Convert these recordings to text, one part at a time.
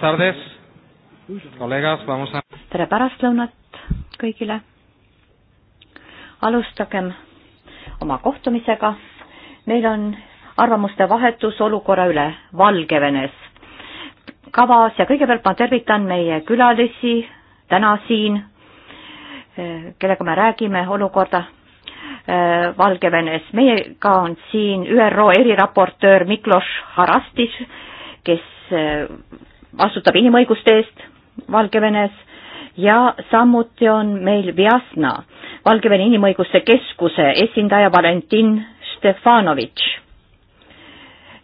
Buenas tardes, kollegas, vamos a... tere pärastlõunat kõigile. alustagem oma kohtumisega. meil on arvamuste vahetus olukorra üle Valgevenes kavas ja kõigepealt ma tervitan meie külalisi täna siin, kellega me räägime olukorda äh, Valgevenes. meiega on siin ÜRO eriraportöör Miklos Harastis, kes äh, vastutab inimõiguste eest Valgevenes ja samuti on meil Vjasna, Valgevene Inimõiguste Keskuse esindaja Valentin Stefanovitš.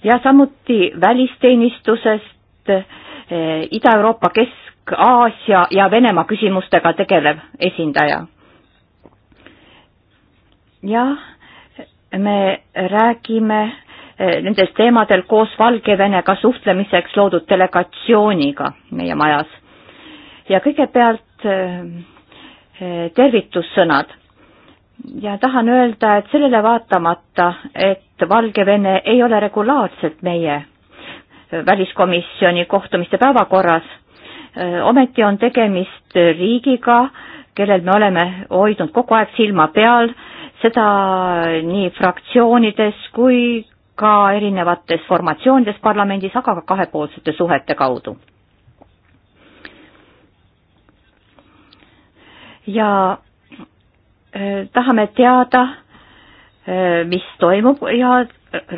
ja samuti välisteenistusest eh, Ida-Euroopa, Kesk-Aasia ja Venemaa küsimustega tegelev esindaja. jah, me räägime Eh, nendes teemadel koos Valgevenega suhtlemiseks loodud delegatsiooniga meie majas. ja kõigepealt eh, eh, tervitussõnad ja tahan öelda, et sellele vaatamata, et Valgevene ei ole regulaarselt meie väliskomisjoni kohtumiste päevakorras, ometi on tegemist riigiga, kellel me oleme hoidnud kogu aeg silma peal, seda nii fraktsioonides kui ka erinevates formatsioonides parlamendis, aga ka kahepoolsete suhete kaudu. ja eh, tahame teada eh,, mis toimub ja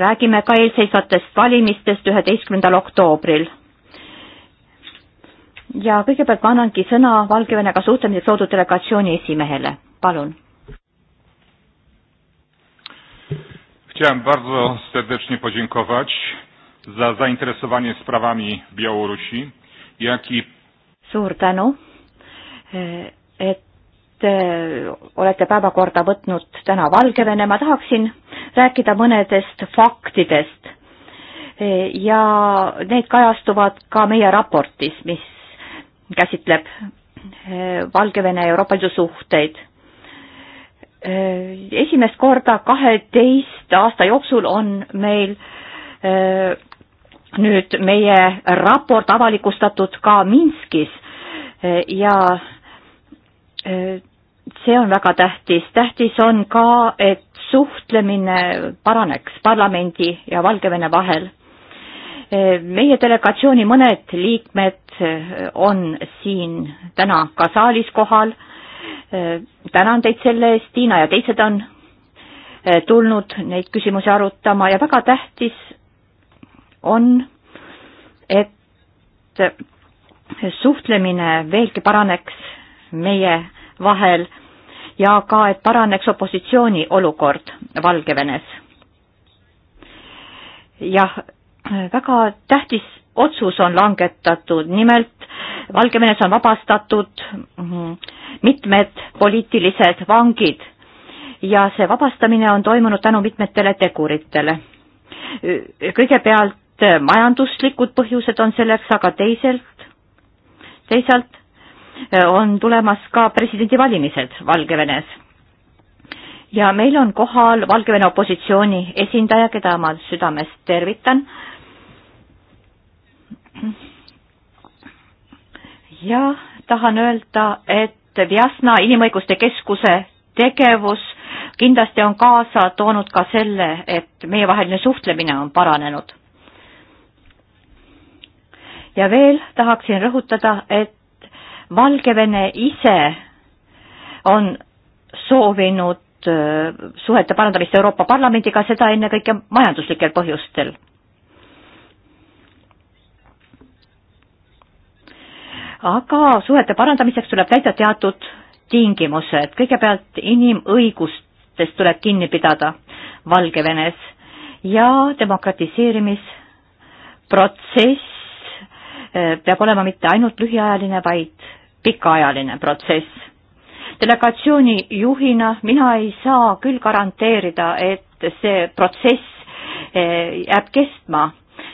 räägime ka eelseisvatest valimistest üheteistkümnendal oktoobril. ja kõigepealt ma annangi sõna Valgevenega suhtlemiseks loodud delegatsiooni esimehele, palun Chciałem bardzo serdecznie podziękować za zainteresowanie sprawami Białorusi, jak i suur tänu, et e, olete päevakorda võtnud täna Valgevene, ma tahaksin rääkida mõnedest faktidest e, ja need kajastuvad ka meie raportis, mis käsitleb e, Valgevene ja Euroopa Liidu suhteid Äh, esimest korda kaheteist aasta jooksul on meil äh, nüüd meie raport avalikustatud ka Minskis äh, ja see on väga tähtis. tähtis on ka, et suhtlemine paraneks parlamendi ja Valgevene vahel. meie delegatsiooni mõned liikmed on siin täna ka saalis kohal tänan teid selle eest, Tiina ja teised on eh, tulnud neid küsimusi arutama ja väga tähtis on, et suhtlemine veelgi paraneks meie vahel ja ka, et paraneks opositsiooni olukord Valgevenes. jah, väga tähtis otsus on langetatud, nimelt Valgevenes on vabastatud mm, mitmed poliitilised vangid ja see vabastamine on toimunud tänu mitmetele teguritele. kõigepealt eh, majanduslikud põhjused on selleks, aga teiselt, teisalt eh, on tulemas ka presidendivalimised Valgevenes. ja meil on kohal Valgevene opositsiooni esindaja, keda ma südamest tervitan ja tahan öelda, et Vjasna Inimõiguste Keskuse tegevus kindlasti on kaasa toonud ka selle, et meievaheline suhtlemine on paranenud. ja veel tahaksin rõhutada, et Valgevene ise on soovinud äh, suhete parandamist Euroopa Parlamendiga, seda ennekõike majanduslikel põhjustel aga suhete parandamiseks tuleb täita teatud tingimused. kõigepealt inimõigustest tuleb kinni pidada Valgevenes ja demokratiseerimisprotsess eh, peab olema mitte ainult lühiajaline, vaid pikaajaline protsess. delegatsiooni juhina mina ei saa küll garanteerida, et see protsess eh, jääb kestma.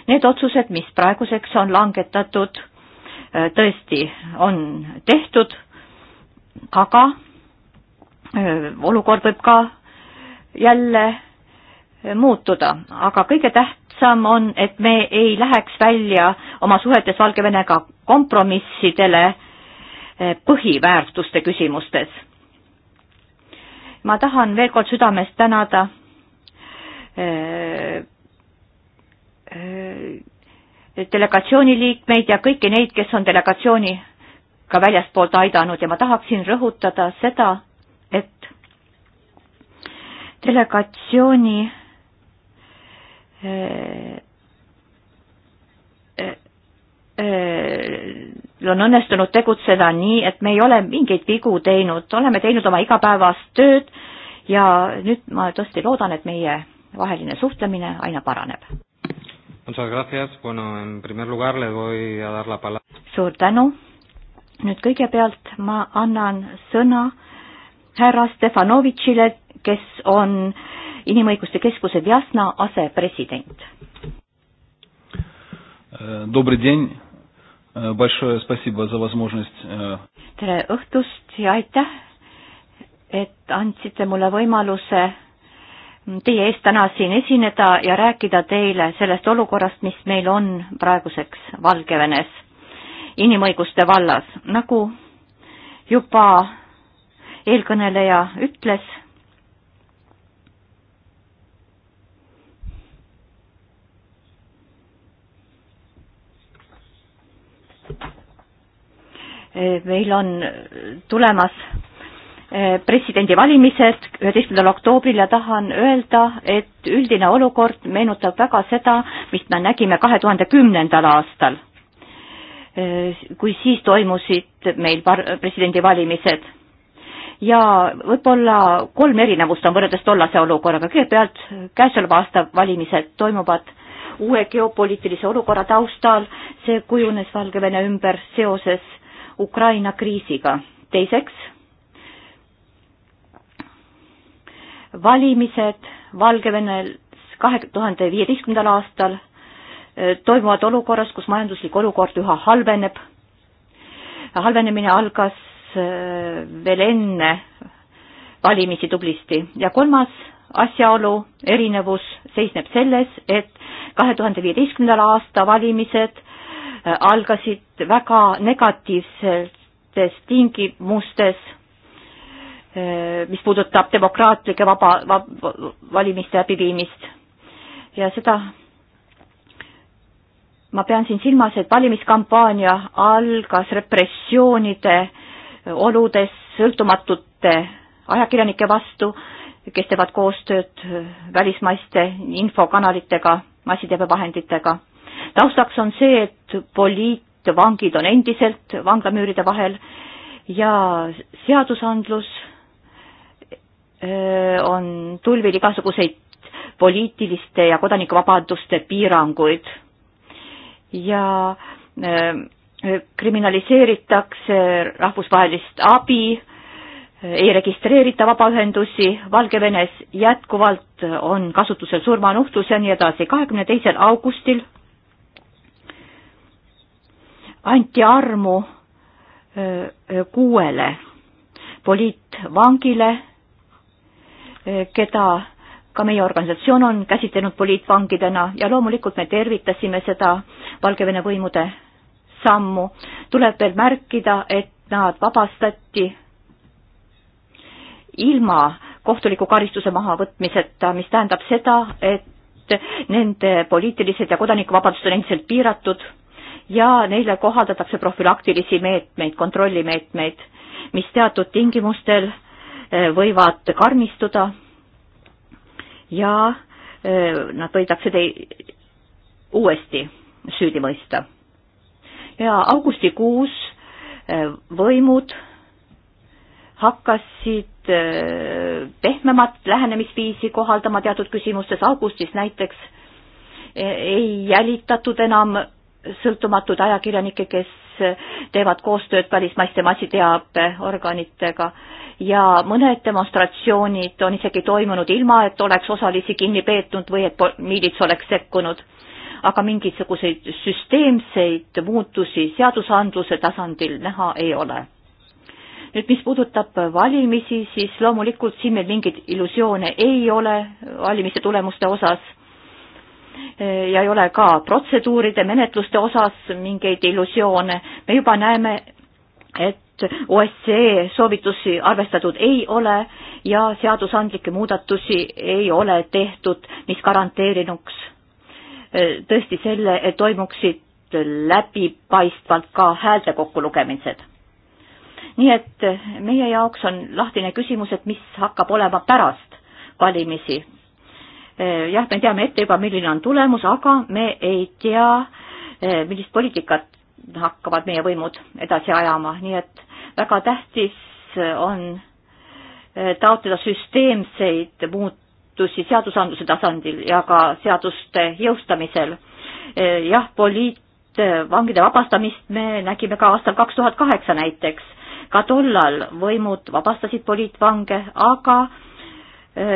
Need otsused, mis praeguseks on langetatud, Äh, tõesti on tehtud, aga äh, olukord võib ka jälle äh, muutuda, aga kõige tähtsam on, et me ei läheks välja oma suhetes Valgevenega kompromissidele põhiväärtuste küsimustes. ma tahan veel kord südamest tänada delegatsiooni liikmeid ja kõiki neid, kes on delegatsiooni ka väljaspoolt aidanud ja ma tahaksin rõhutada seda, et delegatsiooni eh, eh, eh, on õnnestunud tegutseda nii, et me ei ole mingeid vigu teinud, oleme teinud oma igapäevast tööd ja nüüd ma tõesti loodan, et meie vaheline suhtlemine aina paraneb. Muchas gracias. Bueno, en primer lugar le voy a dar la palabra. suur tänu. nüüd kõigepealt ma annan sõna härra Stefanovitšile, kes on Inimõiguste Keskuse Vjasna asepresident. Э, э, э, tere õhtust ja aitäh, et andsite mulle võimaluse teie ees täna siin esineda ja rääkida teile sellest olukorrast, mis meil on praeguseks Valgevenes inimõiguste vallas. nagu juba eelkõneleja ütles, meil on tulemas Eh, presidendivalimised üheteistkümnendal oktoobril ja tahan öelda, et üldine olukord meenutab väga seda, mis me nägime kahe tuhande kümnendal aastal, eh, kui siis toimusid meil presidendivalimised. ja võib-olla kolm erinevust on võrreldes tollase olukorraga, kõigepealt käesoleva aasta valimised toimuvad uue geopoliitilise olukorra taustal, see kujunes Valgevene ümber seoses Ukraina kriisiga. teiseks valimised Valgevenel kahe tuhande viieteistkümnendal aastal eh, toimuvad olukorras, kus majanduslik olukord üha halveneb. halvenemine algas eh, veel enne valimisi tublisti ja kolmas asjaolu, erinevus seisneb selles, et kahe tuhande viieteistkümnenda aasta valimised eh, algasid väga negatiivsetes tingimustes Eh, mis puudutab demokraatlike vaba, vaba, valimiste läbiviimist. ja seda ma pean siin silmas, et valimiskampaania algas repressioonide oludes sõltumatute ajakirjanike vastu, kes teevad koostööd välismaiste infokanalitega, massiteabevahenditega. taustaks on see, et poliitvangid on endiselt vanglamüüride vahel ja seadusandlus on tulvil igasuguseid poliitiliste ja kodanikuvabaduste piiranguid ja kriminaliseeritakse rahvusvahelist abi, ei registreerita vabaühendusi, Valgevenes jätkuvalt on kasutusel surmanuhtlus ja nii edasi. kahekümne teisel augustil anti armu kuuele poliitvangile Eh, keda ka meie organisatsioon on käsitlenud poliitvangidena ja loomulikult me tervitasime seda Valgevene võimude sammu. tuleb veel märkida, et nad vabastati ilma kohtuliku karistuse mahavõtmiseta, mis tähendab seda, et nende poliitilised ja kodanikuvabadused on endiselt piiratud ja neile kohaldatakse profülaktilisi meetmeid, kontrollimeetmeid, mis teatud tingimustel Eh, võivad karmistuda ja eh, nad võidakse tei-, uuesti süüdi mõista. ja augustikuus eh, võimud hakkasid pehmemat lähenemisviisi kohaldama teatud küsimustes, augustis näiteks ei jälitatud enam sõltumatud ajakirjanikke, kes teevad koostööd välismaiste massiteabeorganitega ja mõned demonstratsioonid on isegi toimunud ilma, et oleks osalisi kinni peetud või et miilits oleks sekkunud. aga mingisuguseid süsteemseid muutusi seadusandluse tasandil näha ei ole. nüüd, mis puudutab valimisi, siis loomulikult siin meil mingeid illusioone ei ole valimiste tulemuste osas ja ei ole ka protseduuride, menetluste osas mingeid illusioone. me juba näeme, et OSCE soovitusi arvestatud ei ole ja seadusandlikke muudatusi ei ole tehtud, mis garanteerinuks e, tõesti selle, et toimuksid läbipaistvalt ka häälte kokkulugemised. nii et meie jaoks on lahtine küsimus, et mis hakkab olema pärast valimisi Eh, jah, me teame ette juba, milline on tulemus, aga me ei tea, eh, millist poliitikat hakkavad meie võimud edasi ajama, nii et väga tähtis on eh, taotleda süsteemseid muutusi seadusandluse tasandil ja ka seaduste jõustamisel. jah, poliitvangide vabastamist me nägime ka aastal kaks tuhat kaheksa näiteks, ka tollal võimud vabastasid poliitvange, aga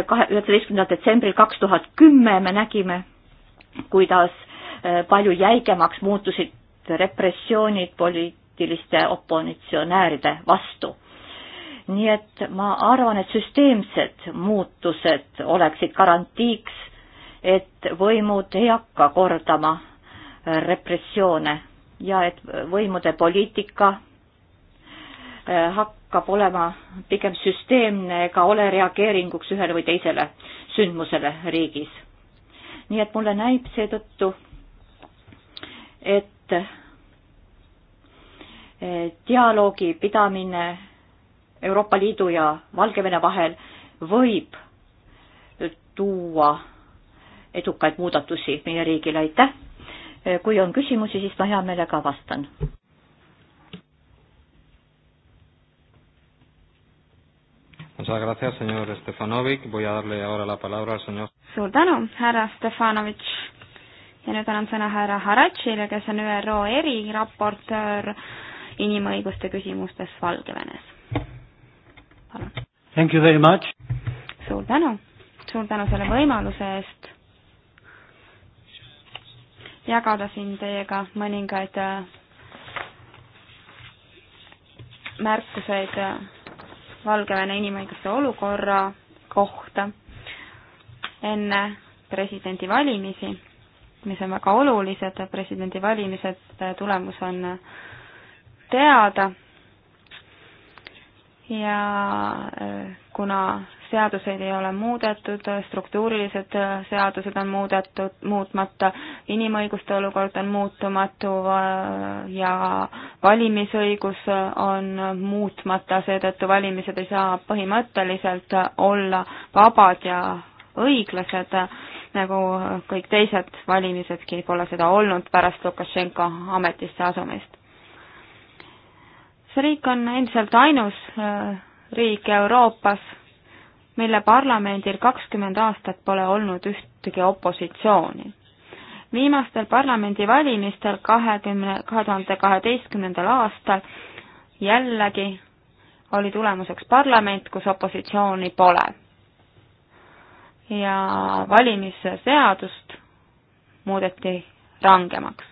kahe, üheksateistkümnendal detsembril kaks tuhat kümme me nägime, kuidas äh, palju jäigemaks muutusid repressioonid poliitiliste opositsionääride vastu. nii et ma arvan, et süsteemsed muutused oleksid garantiiks, et võimud ei hakka kordama äh, repressioone ja et võimude poliitika Eh, hakkab olema pigem süsteemne ega ole reageeringuks ühele või teisele sündmusele riigis. nii et mulle näib seetõttu, et eh, dialoogi pidamine Euroopa Liidu ja Valgevene vahel võib tuua edukaid muudatusi meie riigile, aitäh! Eh, kui on küsimusi, siis ma hea meelega vastan. Muchas gracias, señor Stefanovic. Voy a darle ahora la palabra al señor. suur tänu, härra Stefanovic. ja nüüd annan sõna härra Haratšile, kes on ÜRO eriraportöör inimõiguste küsimustes Valgevenes. palun. Thank you very much. suur tänu, suur tänu selle võimaluse eest jagada siin teiega mõningaid äh, märkuseid äh, Valgevene inimõiguste olukorra kohta enne presidendivalimisi, mis on väga olulised, presidendivalimised tulemus on teada ja äh, kuna seaduseid ei ole muudetud, struktuurilised äh, seadused on muudetud, muutmata, inimõiguste olukord on muutumatu äh, ja valimisõigus äh, on muutmata, seetõttu valimised ei saa põhimõtteliselt olla vabad ja õiglased, nagu kõik teised valimisedki pole seda olnud pärast Lukašenka ametisse asumist. see riik on endiselt ainus riik Euroopas, mille parlamendil kakskümmend aastat pole olnud ühtegi opositsiooni. viimastel parlamendivalimistel kahekümne, kahe tuhande kaheteistkümnendal aastal jällegi oli tulemuseks parlament, kus opositsiooni pole. ja valimisseadust muudeti rangemaks.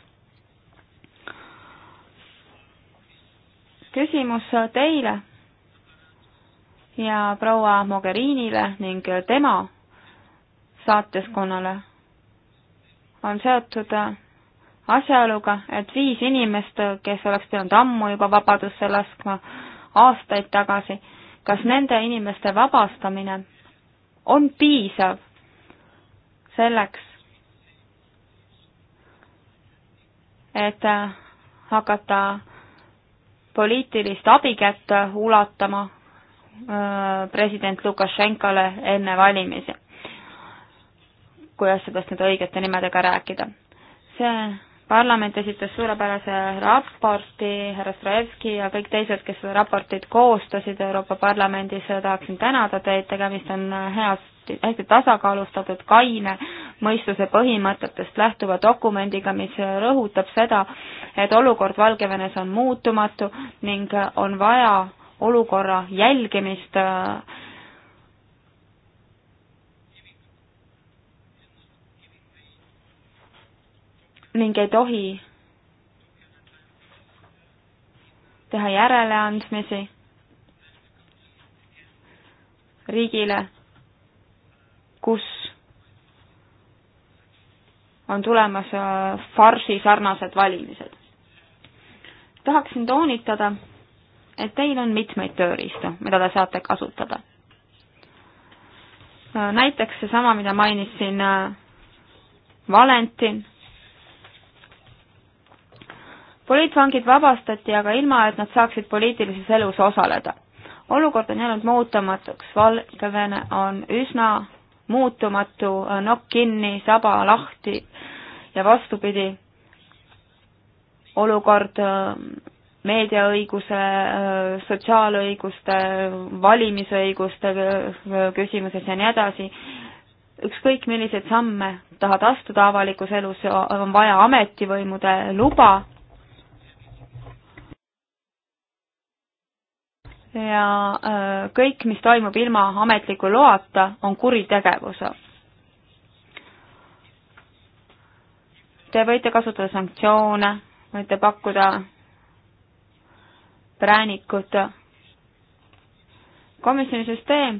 küsimus teile ja proua Mogherinile ning tema saatkonnale on seotud asjaoluga, et viis inimest, kes oleks pidanud ammu juba vabadusse laskma, aastaid tagasi, kas nende inimeste vabastamine on piisav selleks, et hakata poliitilist abikätt ulatama Äh, president Lukašenkale enne valimisi, kui asjadest nüüd õigete nimedega rääkida. see parlament esitas suurepärase raporti, härra Strojevski ja kõik teised, kes seda raportit koostasid Euroopa Parlamendis, tahaksin tänada teid, tegemist on heast hästi tasakaalustatud, kaine, mõistuse põhimõtetest lähtuva dokumendiga, mis rõhutab seda, et olukord Valgevenes on muutumatu ning on vaja olukorra jälgimist äh, ning ei tohi teha järeleandmisi riigile, kus on tulemas äh, farsi sarnased valimised. tahaksin toonitada, et teil on mitmeid tööriistu, mida te saate kasutada. Äh, näiteks seesama, mida mainisin äh, Valentin. poliitvangid vabastati aga ilma, et nad saaksid poliitilises elus osaleda. olukord on jäänud muutumatuks, Valgevene on üsna muutumatu, äh, nokk kinni, saba lahti ja vastupidi, olukord meediaõiguse, sotsiaalõiguste, valimisõiguste küsimuses ja nii edasi, ükskõik milliseid samme tahad astuda avalikus elus, on vaja ametivõimude luba ja äh, kõik, mis toimub ilma ametliku loata, on kuritegevus. Te võite kasutada sanktsioone, võite pakkuda präänikud. komisjoni süsteem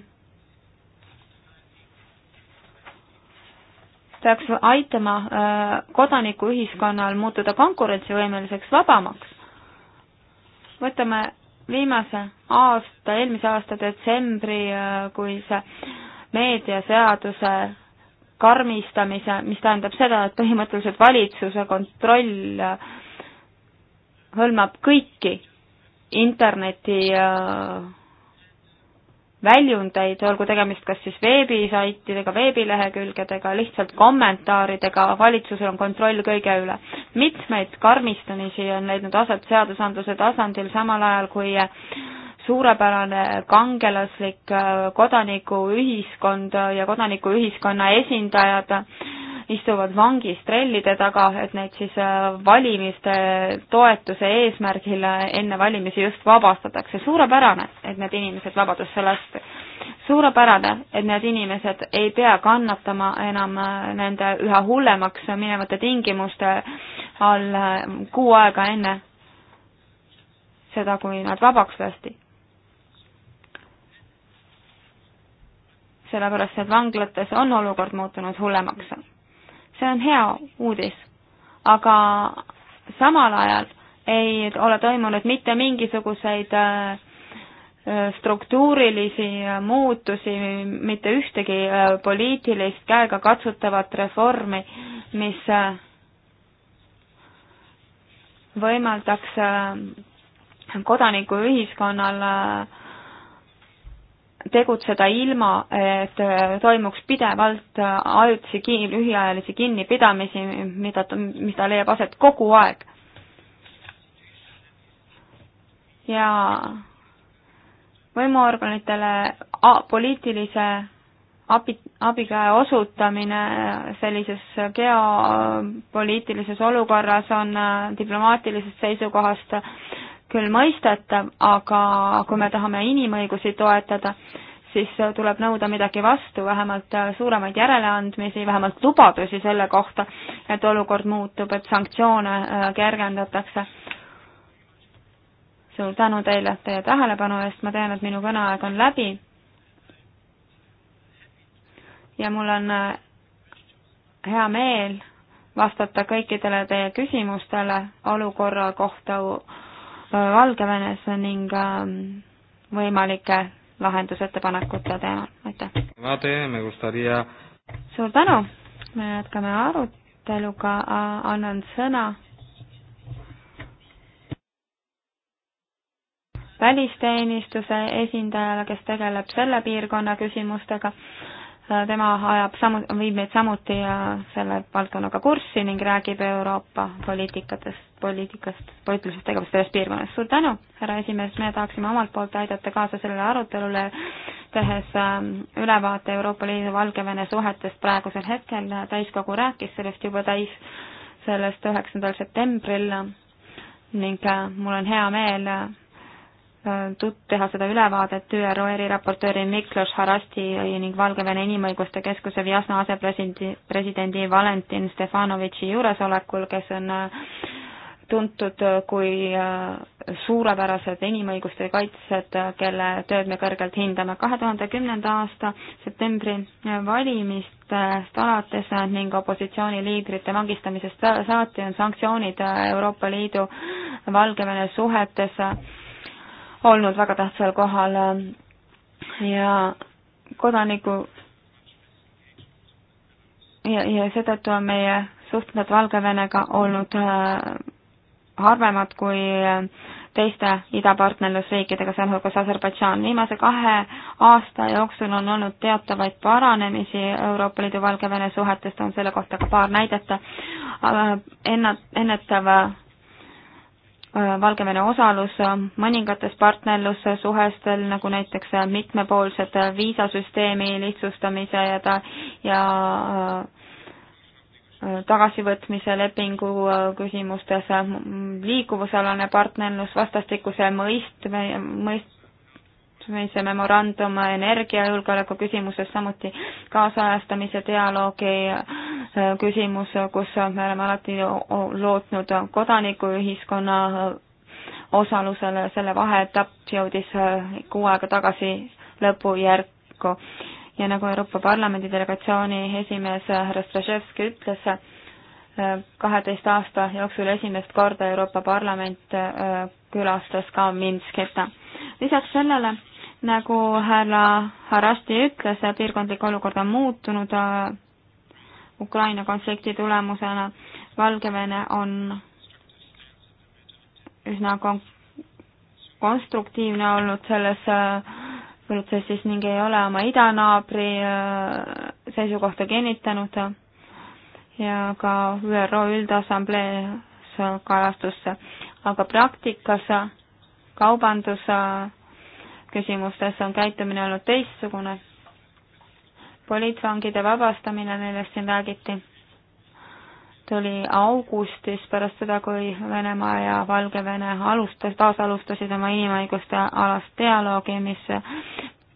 peaks aitama äh, kodanikuühiskonnal muutuda konkurentsivõimeliseks vabamaks. võtame viimase aasta, eelmise aasta detsembri, äh, kui see meediaseaduse karmistamise, mis tähendab seda, et põhimõtteliselt valitsuse kontroll äh, hõlmab kõiki interneti äh, väljundeid, olgu tegemist kas siis veebisaitidega, veebilehekülgedega, lihtsalt kommentaaridega, valitsusel on kontroll kõige üle. mitmeid karmistamisi on leidnud aset seadusandluse tasandil, samal ajal kui suurepärane kangelaslik äh, kodanikuühiskond ja kodanikuühiskonna esindajad istuvad vangis trellide taga, et neid siis äh, valimiste toetuse eesmärgil äh, enne valimisi just vabastatakse. suurepärane, et need inimesed vabadusse lasti. suurepärane, et need inimesed ei pea kannatama enam äh, nende üha hullemaks minevate tingimuste all kuu aega enne seda, kui nad vabaks lasti sellepärast et vanglates on olukord muutunud hullemaks see on hea uudis, aga samal ajal ei ole toimunud mitte mingisuguseid äh, äh, struktuurilisi äh, muutusi, mitte ühtegi poliitilist käegakatsutavat reformi, mis võimaldaks kodanikuühiskonnal tegutseda ilma, et äh, toimuks pidevalt äh, ajutisi, lühiajalisi kinnipidamisi, mida, mida leiab aset kogu aeg. ja võimuorganitele poliitilise abi, abikäe osutamine äh, sellises geopoliitilises olukorras on diplomaatilisest seisukohast küll mõistetav, aga kui me tahame inimõigusi toetada, siis tuleb nõuda midagi vastu, vähemalt suuremaid järeleandmisi, vähemalt lubadusi selle kohta, et olukord muutub, et sanktsioone äh, kergendatakse. suur tänu teile teie tähelepanu eest, ma tean, et minu kõneaeg on läbi. ja mul on äh, hea meel vastata kõikidele teie küsimustele olukorra kohta Valgevenes ning ähm, võimalike lahendusettepanekute teemal, aitäh! suur tänu, me jätkame aruteluga, annan sõna välisteenistuse esindajale, kes tegeleb selle piirkonna küsimustega Äh, tema ajab samu, viib meid samuti äh, selle valdkonnaga kurssi ning räägib Euroopa poliitikatest, poliitikast, poliitilisest tegevust selles piirkonnas. suur tänu, härra esimees, me tahaksime omalt poolt aidata kaasa sellele arutelule, tehes äh, ülevaate Euroopa Liidu Valgevene suhetest praegusel hetkel, täiskogu rääkis sellest juba täis, sellest üheksandal septembril ning mul on hea meel tut-, teha seda ülevaadet ÜRO eriraportööri Miklos Harasti ning Valgevene Inimõiguste Keskuse Vjasna asepresidendi, presidendi Valentin Stefanovitši juuresolekul, kes on äh, tuntud äh, kui äh, suurepärased inimõiguste kaitsjad, kelle tööd me kõrgelt hindame. kahe tuhande kümnenda aasta septembri valimistest alates ning opositsiooniliidrite vangistamisest saati on sanktsioonid Euroopa Liidu Valgevene suhetes olnud väga tähtsal kohal ja kodaniku ja, ja seetõttu on meie suhted Valgevenega olnud äh, harvemad kui äh, teiste idapartnerlusriikidega, sealhulgas Aserbaidžaan. viimase kahe aasta jooksul on olnud teatavaid paranemisi Euroopa Liidu Valgevene suhetest, on selle kohta ka paar näidet. Äh, ennetav Äh, Valgevene osalus äh, mõningates partnerlussuhestel, nagu näiteks äh, mitmepoolsed viisasüsteemi lihtsustamised ja tagasivõtmise lepingu küsimustes, liikuvusalane partnerlus, vastastikuse mõist-, mõist-, mõistmise memorandum energiajulgeoleku küsimuses, samuti kaasajastamise dialoogi äh, küsimus, kus me oleme alati lootnud kodanikuühiskonna äh, osalusele, selle vaheetapp jõudis äh, kuu aega tagasi lõpujärku. ja nagu Euroopa Parlamendi delegatsiooni esimees härra Straževski ütles, kaheteist aasta jooksul esimest korda Euroopa Parlament külastas ka Minskit. lisaks sellele nagu härra Harasti ütles, piirkondlik olukord on muutunud äh, Ukraina konflikti tulemusena. Valgevene on üsna kon-, konstruktiivne olnud selles äh, protsessis ning ei ole oma idanaabri äh, seisukohta kinnitanud ja ka ÜRO Üldassamblees kajastusse. aga praktikas kaubandus küsimustes on käitumine olnud teistsugune. poliitvangide vabastamine, millest siin räägiti, tuli augustis pärast seda, kui Venemaa ja Valgevene alustas, taas alustasid oma inimõiguste alast dialoogi, mis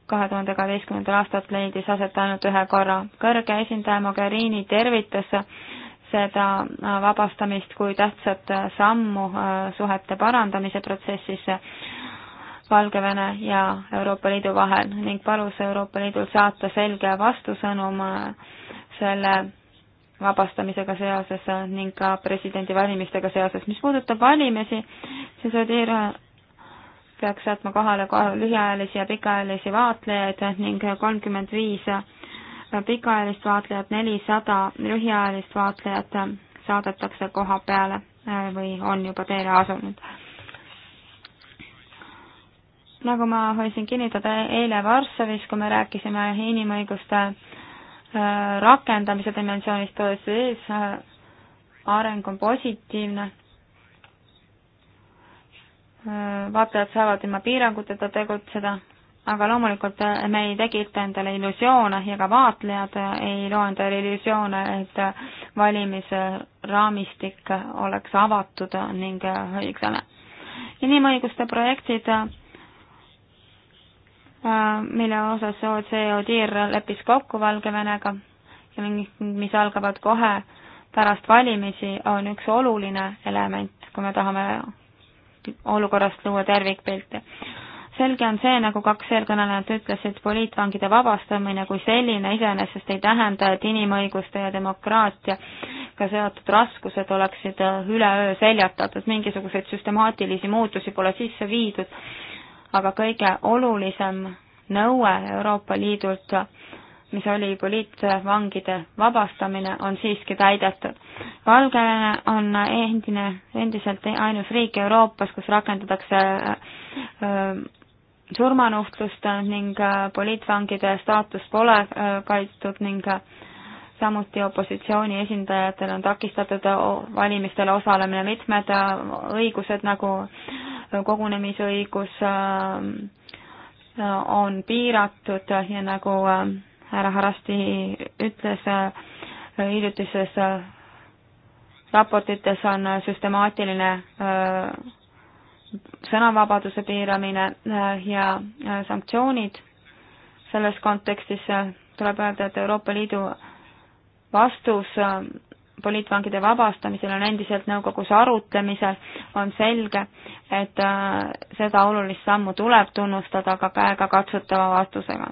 kahe tuhande kaheteistkümnendal aastal leidis aset ainult ühe korra. kõrge esindaja Mogherini tervitas seda vabastamist kui tähtsat sammu äh, suhete parandamise protsessis Valgevene ja Euroopa Liidu vahel ning palus Euroopa Liidul saata selge vastusõnum äh, selle vabastamisega seoses äh, ning ka presidendivalimistega seoses. mis puudutab valimisi, siis Odir peaks saatma kohale lühiajalisi ja pikaajalisi vaatlejaid ning kolmkümmend viis äh, pikaajalist vaatlejat, nelisada lühiajalist vaatlejat saadetakse koha peale või on juba teele asunud nagu ma võisin kinnitada eile Varssavis, kui me rääkisime inimõiguste äh, rakendamise dimensioonist OSCE-s, äh, areng on positiivne. Äh, vaatajad saavad ilma piiranguteta tegutseda, aga loomulikult me ei tekita endale illusioone ja ka vaatlejad ei loo endale illusioone, et valimisraamistik oleks avatud ning õiglane. inimõiguste projektid Äh, mille osas OCE Odir leppis kokku Valgevenega ja mis algavad kohe pärast valimisi, on üks oluline element, kui me tahame olukorrast luua tervikpilti. selge on see, nagu kaks eelkõnelejat ütlesid, poliitvangide vabastamine kui selline iseenesest ei tähenda, et inimõiguste ja demokraatiaga seotud raskused oleksid äh, üleöö seljatatud, mingisuguseid süstemaatilisi muutusi pole sisse viidud aga kõige olulisem nõue Euroopa Liidult, mis oli poliitvangide vabastamine, on siiski täidetud. Valgevene on endine, endiselt ainus riik Euroopas, kus rakendatakse äh, äh, surmanuhtlust ning äh, poliitvangide staatus pole kaitstud ning samuti opositsiooni esindajatel on takistatud valimistel osalemine, mitmed äh, õigused nagu kogunemisõigus ähm, äh, on piiratud ja nagu äh, härra Harasti ütles, hiljutises raportites on süstemaatiline sõnavabaduse piiramine ja sanktsioonid. selles kontekstis tuleb öelda, et Euroopa Liidu vastus äh, poliitvangide vabastamisel on endiselt nõukogus arutlemisel, on selge, et äh, seda olulist sammu tuleb tunnustada ka käegakatsutava vastusega.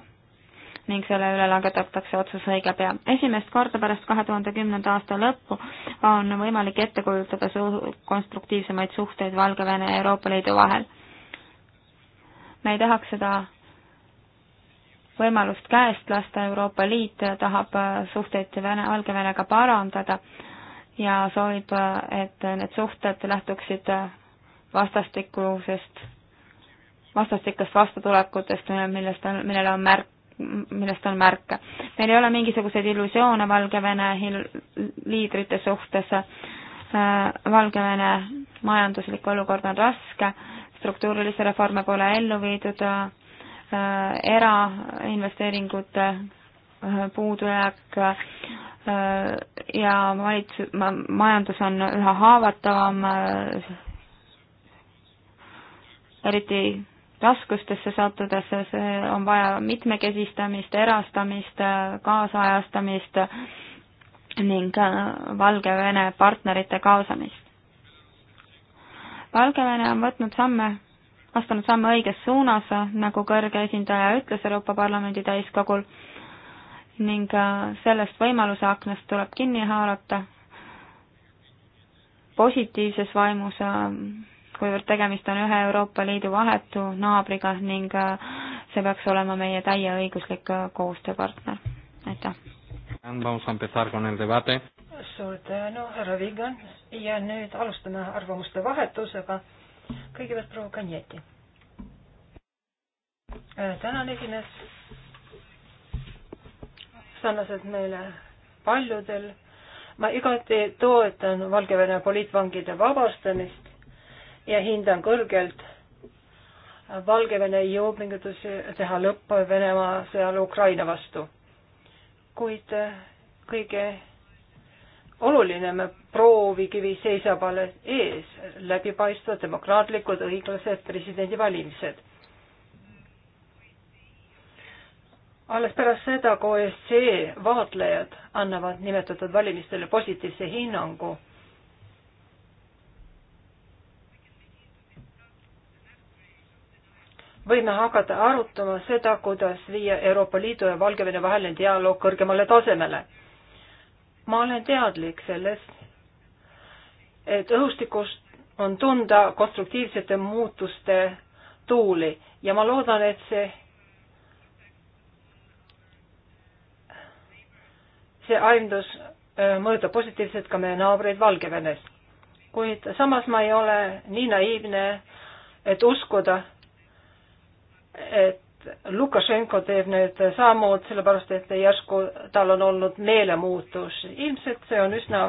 ning selle üle langetatakse otsus õige pea. esimest korda pärast kahe tuhande kümnenda aasta lõppu on võimalik ette kujutada su-, konstruktiivsemaid suhteid Valgevene ja Euroopa Liidu vahel. me ei tahaks seda võimalust käest lasta, Euroopa Liit tahab äh, suhteid Vene, Valgevenega parandada ja soovib, äh, et need suhted lähtuksid äh, vastastikusest, vastastikest vastutulekutest, millest on, millele on märk, millest on märke. meil ei ole mingisuguseid illusioone Valgevene liidrite suhtes, Valgevene majanduslik olukord on raske, struktuurilisi reforme pole ellu viidud, Äh, erainvesteeringute äh, puudujääk äh, ja valitsus, majandus on üha haavatavam, eriti raskustesse sattudes, see on vaja mitmekesistamist, erastamist, kaasajastamist ning Valgevene partnerite kaasamist. Valgevene on võtnud samme astunud samme õiges suunas, nagu kõrge esindaja ütles Euroopa Parlamendi täiskogul ning äh, sellest võimaluse aknast tuleb kinni haarata positiivses vaimus, äh, kuivõrd tegemist on ühe Euroopa Liidu vahetu naabriga ning äh, see peaks olema meie täieõiguslik koostööpartner. aitäh! suur tänu, härra Vigan ja nüüd alustame arvamuste vahetusega kõigepealt proua Kanjeti. Äh, tänan, esimees. sarnaselt meile paljudel, ma igati toetan Valgevene poliitvangide vabastamist ja hindan kõrgelt Valgevene jõupingutusi teha lõpp Venemaa sõjale Ukraina vastu. kuid kõige oluline proovikivi seisab alles ees, läbipaistvad, demokraatlikud, õiglased presidendivalimised. alles pärast seda, kui OSCE vaatlejad annavad nimetatud valimistele positiivse hinnangu, võime hakata arutama seda, kuidas viia Euroopa Liidu ja Valgevene vaheline dialoog kõrgemale tasemele ma olen teadlik sellest, et õhustikus on tunda konstruktiivsete muutuste tuuli ja ma loodan, et see, see aimdus äh, mõjutab positiivselt ka meie naabreid Valgevenes. kuid samas ma ei ole nii naiivne, et uskuda, et Lukašenko teeb nüüd sammud, sellepärast et järsku tal on olnud meelemuutus. ilmselt see on üsna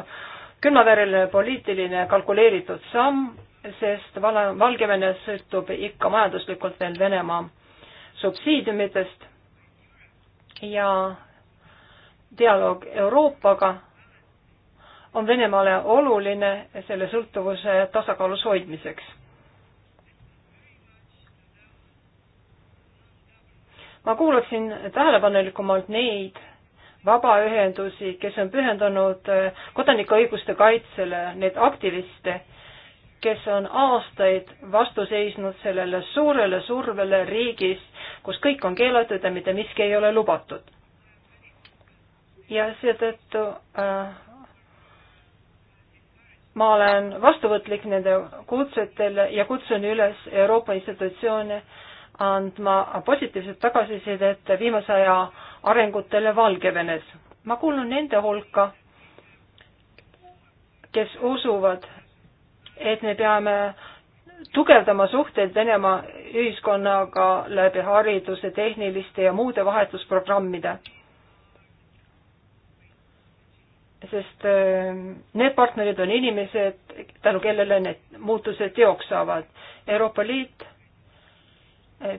külmavereline poliitiline kalkuleeritud samm, sest vala, Valgevene sõltub ikka majanduslikult veel Venemaa subsiidiumitest ja dialoog Euroopaga on Venemaale oluline selle sõltuvuse tasakaalus hoidmiseks ma kuulaksin tähelepanelikumalt neid vabaühendusi, kes on pühendunud äh, kodanikuõiguste kaitsele, neid aktiviste, kes on aastaid vastu seisnud sellele suurele survele riigis, kus kõik on keelatud ja mitte miski ei ole lubatud. ja seetõttu äh, ma olen vastuvõtlik nende kutsetele ja kutsun üles Euroopa institutsioone äh, andma positiivset tagasisidet viimase aja arengutele Valgevenes. ma kuulun nende hulka, kes usuvad, et me peame tugevdama suhteid Venemaa ühiskonnaga läbi hariduse, tehniliste ja muude vahetusprogrammide. sest äh, need partnerid on inimesed, tänu kellele need muutused teoks saavad. Euroopa Liit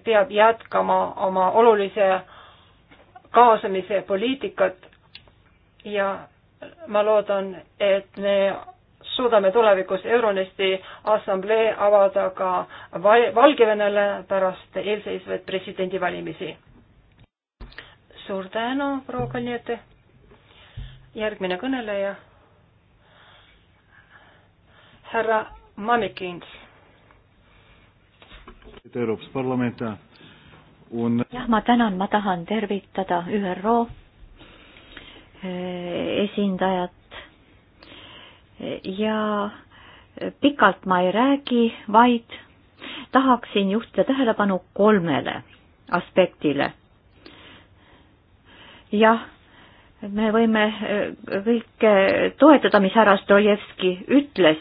peab jätkama oma olulise kaasamise poliitikat ja ma loodan, et me suudame tulevikus Euronesti assamblee avada ka Valgevenele pärast eelseisvaid presidendivalimisi. suur tänu, proua Kalniete. järgmine kõneleja, härra Mamikins tervitused Euroopa Parlamenti on. jah, ma tänan, ma tahan tervitada ÜRO eh, esindajat eh, ja eh, pikalt ma ei räägi, vaid tahaksin juhtida tähelepanu kolmele aspektile. jah, me võime kõike toetada, mis härra Stoljevski ütles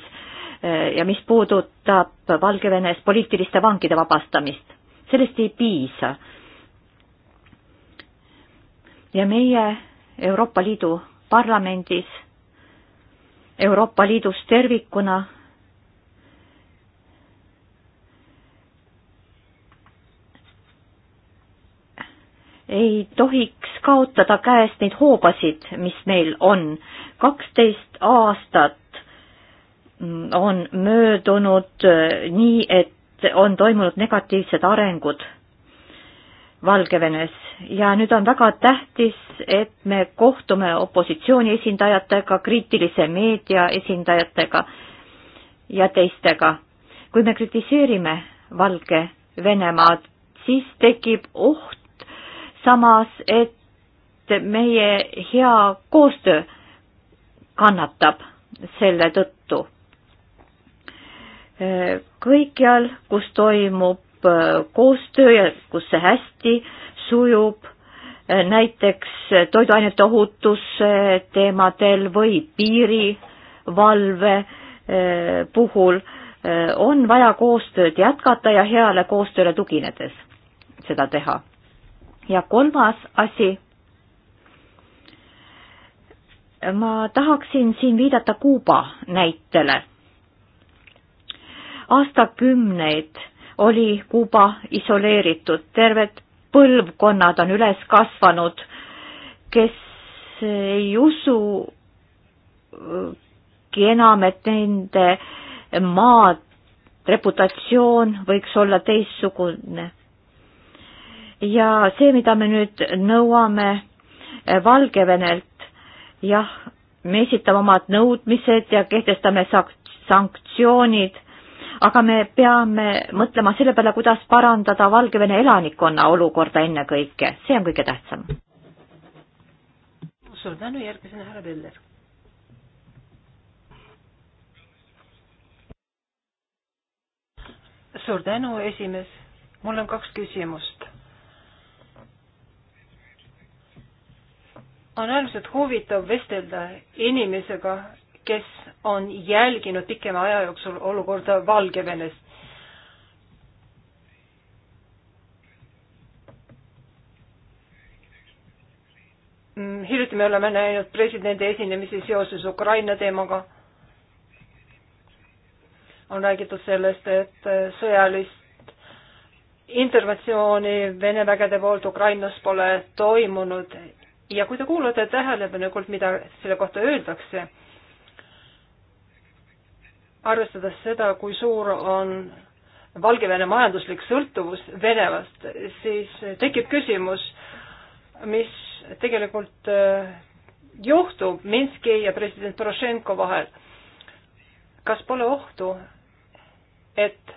Eh, ja mis puudutab Valgevenes poliitiliste vangide vabastamist. sellest ei piisa. ja meie Euroopa Liidu parlamendis, Euroopa Liidus tervikuna ei tohiks kaotada käest neid hoobasid, mis meil on. kaksteist aastat on möödunud äh, nii, et on toimunud negatiivsed arengud Valgevenes ja nüüd on väga tähtis, et me kohtume opositsiooni esindajatega, kriitilise meedia esindajatega ja teistega. kui me kritiseerime Valgevenemaad, siis tekib oht samas, et meie hea koostöö kannatab selle tõttu kõikjal, kus toimub äh, koostöö ja kus see hästi sujub, äh, näiteks toiduainete ohutuse teemadel või piirivalve äh, puhul on vaja koostööd jätkata ja heale koostööle tuginedes seda teha. ja kolmas asi, ma tahaksin siin viidata Kuuba näitele aastakümneid oli Kuuba isoleeritud, terved põlvkonnad on üles kasvanud, kes ei usugi enam, et nende maad reputatsioon võiks olla teistsugune. ja see, mida me nüüd nõuame Valgevenelt, jah, me esitame omad nõudmised ja kehtestame sanktsioonid aga me peame mõtlema selle peale, kuidas parandada Valgevene elanikkonna olukorda ennekõike, see on kõige tähtsam. suur tänu, järgmisena härra Peller. suur tänu, esimees. mul on kaks küsimust. on äärmiselt huvitav vestelda inimesega, kes on jälginud pikema aja jooksul olukorda Valgevenes. Mm, hiljuti me oleme näinud presidendi esinemisi seoses Ukraina teemaga. on räägitud sellest, et äh, sõjalist interventsiooni Vene vägede poolt Ukrainas pole toimunud ja kui te kuulate tähelepanelikult, mida selle kohta öeldakse, arvestades seda, kui suur on Valgevene majanduslik sõltuvus Venemaast, siis tekib küsimus, mis tegelikult äh, juhtub Minski ja president Porošenko vahel. kas pole ohtu, et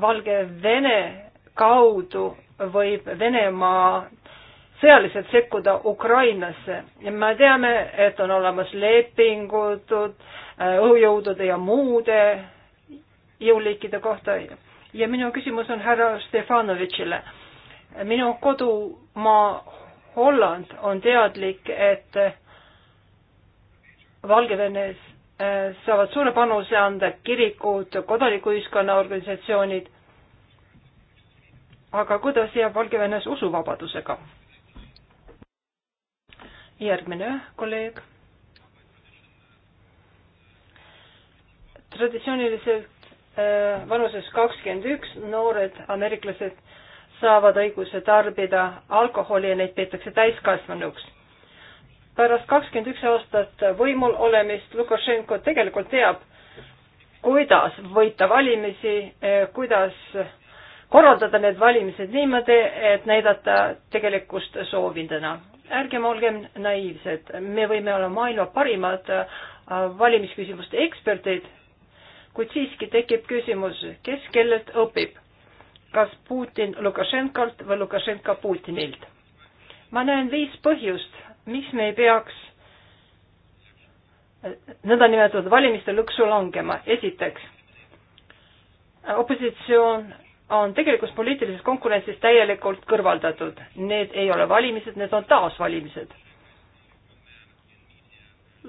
Valgevene kaudu võib Venemaa sõjaliselt sekkuda Ukrainasse ja me teame, et on olemas lepingud, Äh, õhujõudude ja muude jõuliikide kohta. ja minu küsimus on härra Stefanovitšile. minu kodumaa Holland on teadlik, et äh, Valgevenes äh, saavad suure panuse anda kirikud, kodanikuühiskonna organisatsioonid. aga kuidas jääb Valgevenes usuvabadusega? järgmine kolleeg traditsiooniliselt äh, vanuses kakskümmend üks noored ameeriklased saavad õiguse tarbida alkoholi ja neid peetakse täiskasvanuks. pärast kakskümmend üks aastat võimul olemist Lukašenko tegelikult teab, kuidas võita valimisi, äh, kuidas korraldada need valimised niimoodi, et näidata tegelikkust soovindena. ärgem olgem naiivsed, me võime olla maailma parimad äh, valimisküsimuste eksperdid kuid siiski tekib küsimus, kes kellelt õpib, kas Putin Lukašenkalt või Lukašenka Putinilt. ma näen viis põhjust, miks me ei peaks nõndanimetatud valimiste lõksu langema. esiteks, opositsioon on tegelikult poliitilisest konkurentsist täielikult kõrvaldatud. Need ei ole valimised, need on taasvalimised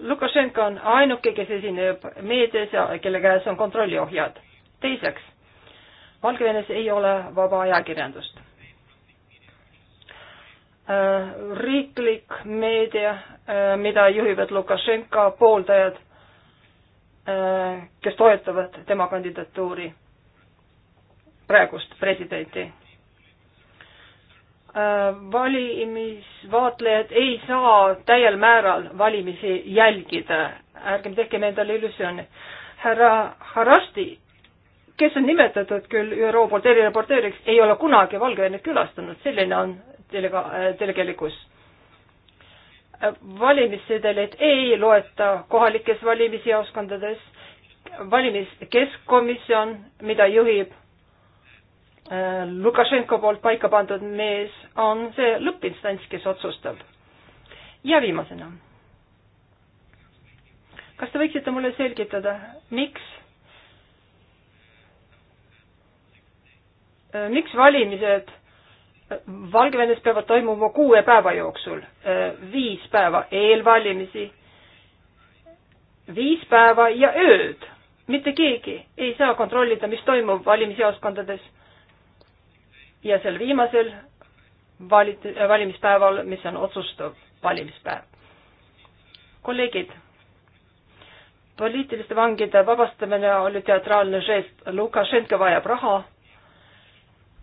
Lukašenko on ainuke, kes esineb meedias ja kelle käes on kontrolliohjad. teiseks, Valgevenes ei ole vaba ajakirjandust. Äh, riiklik meedia, äh, mida juhivad Lukašenka pooldajad, äh, kes toetavad tema kandidatuuri, praegust presidenti Äh, valimisvaatlejad ei saa täiel määral valimisi jälgida, ärgem tehkem endale illusioone. härra Harasti, kes on nimetatud küll ÜRO poolt erireporteeriks, ei ole kunagi Valgevenet külastanud, selline on telega-, tegelikkus. valimissedeleid ei loeta kohalikes valimisjaoskondades, valimiskeskkomisjon, mida juhib Äh, Lukašenko poolt paika pandud mees on see lõppinstants, kes otsustab. ja viimasena. kas te võiksite mulle selgitada, miks, äh, miks valimised Valgevenes peavad toimuma kuue päeva jooksul, äh, viis päeva eelvalimisi, viis päeva ja ööd. mitte keegi ei saa kontrollida, mis toimub valimisjaoskondades ja sel viimasel valit-, valimispäeval, mis on otsustav valimispäev. kolleegid, poliitiliste vangide vabastamine oli teatraalne žest, Lukašenka vajab raha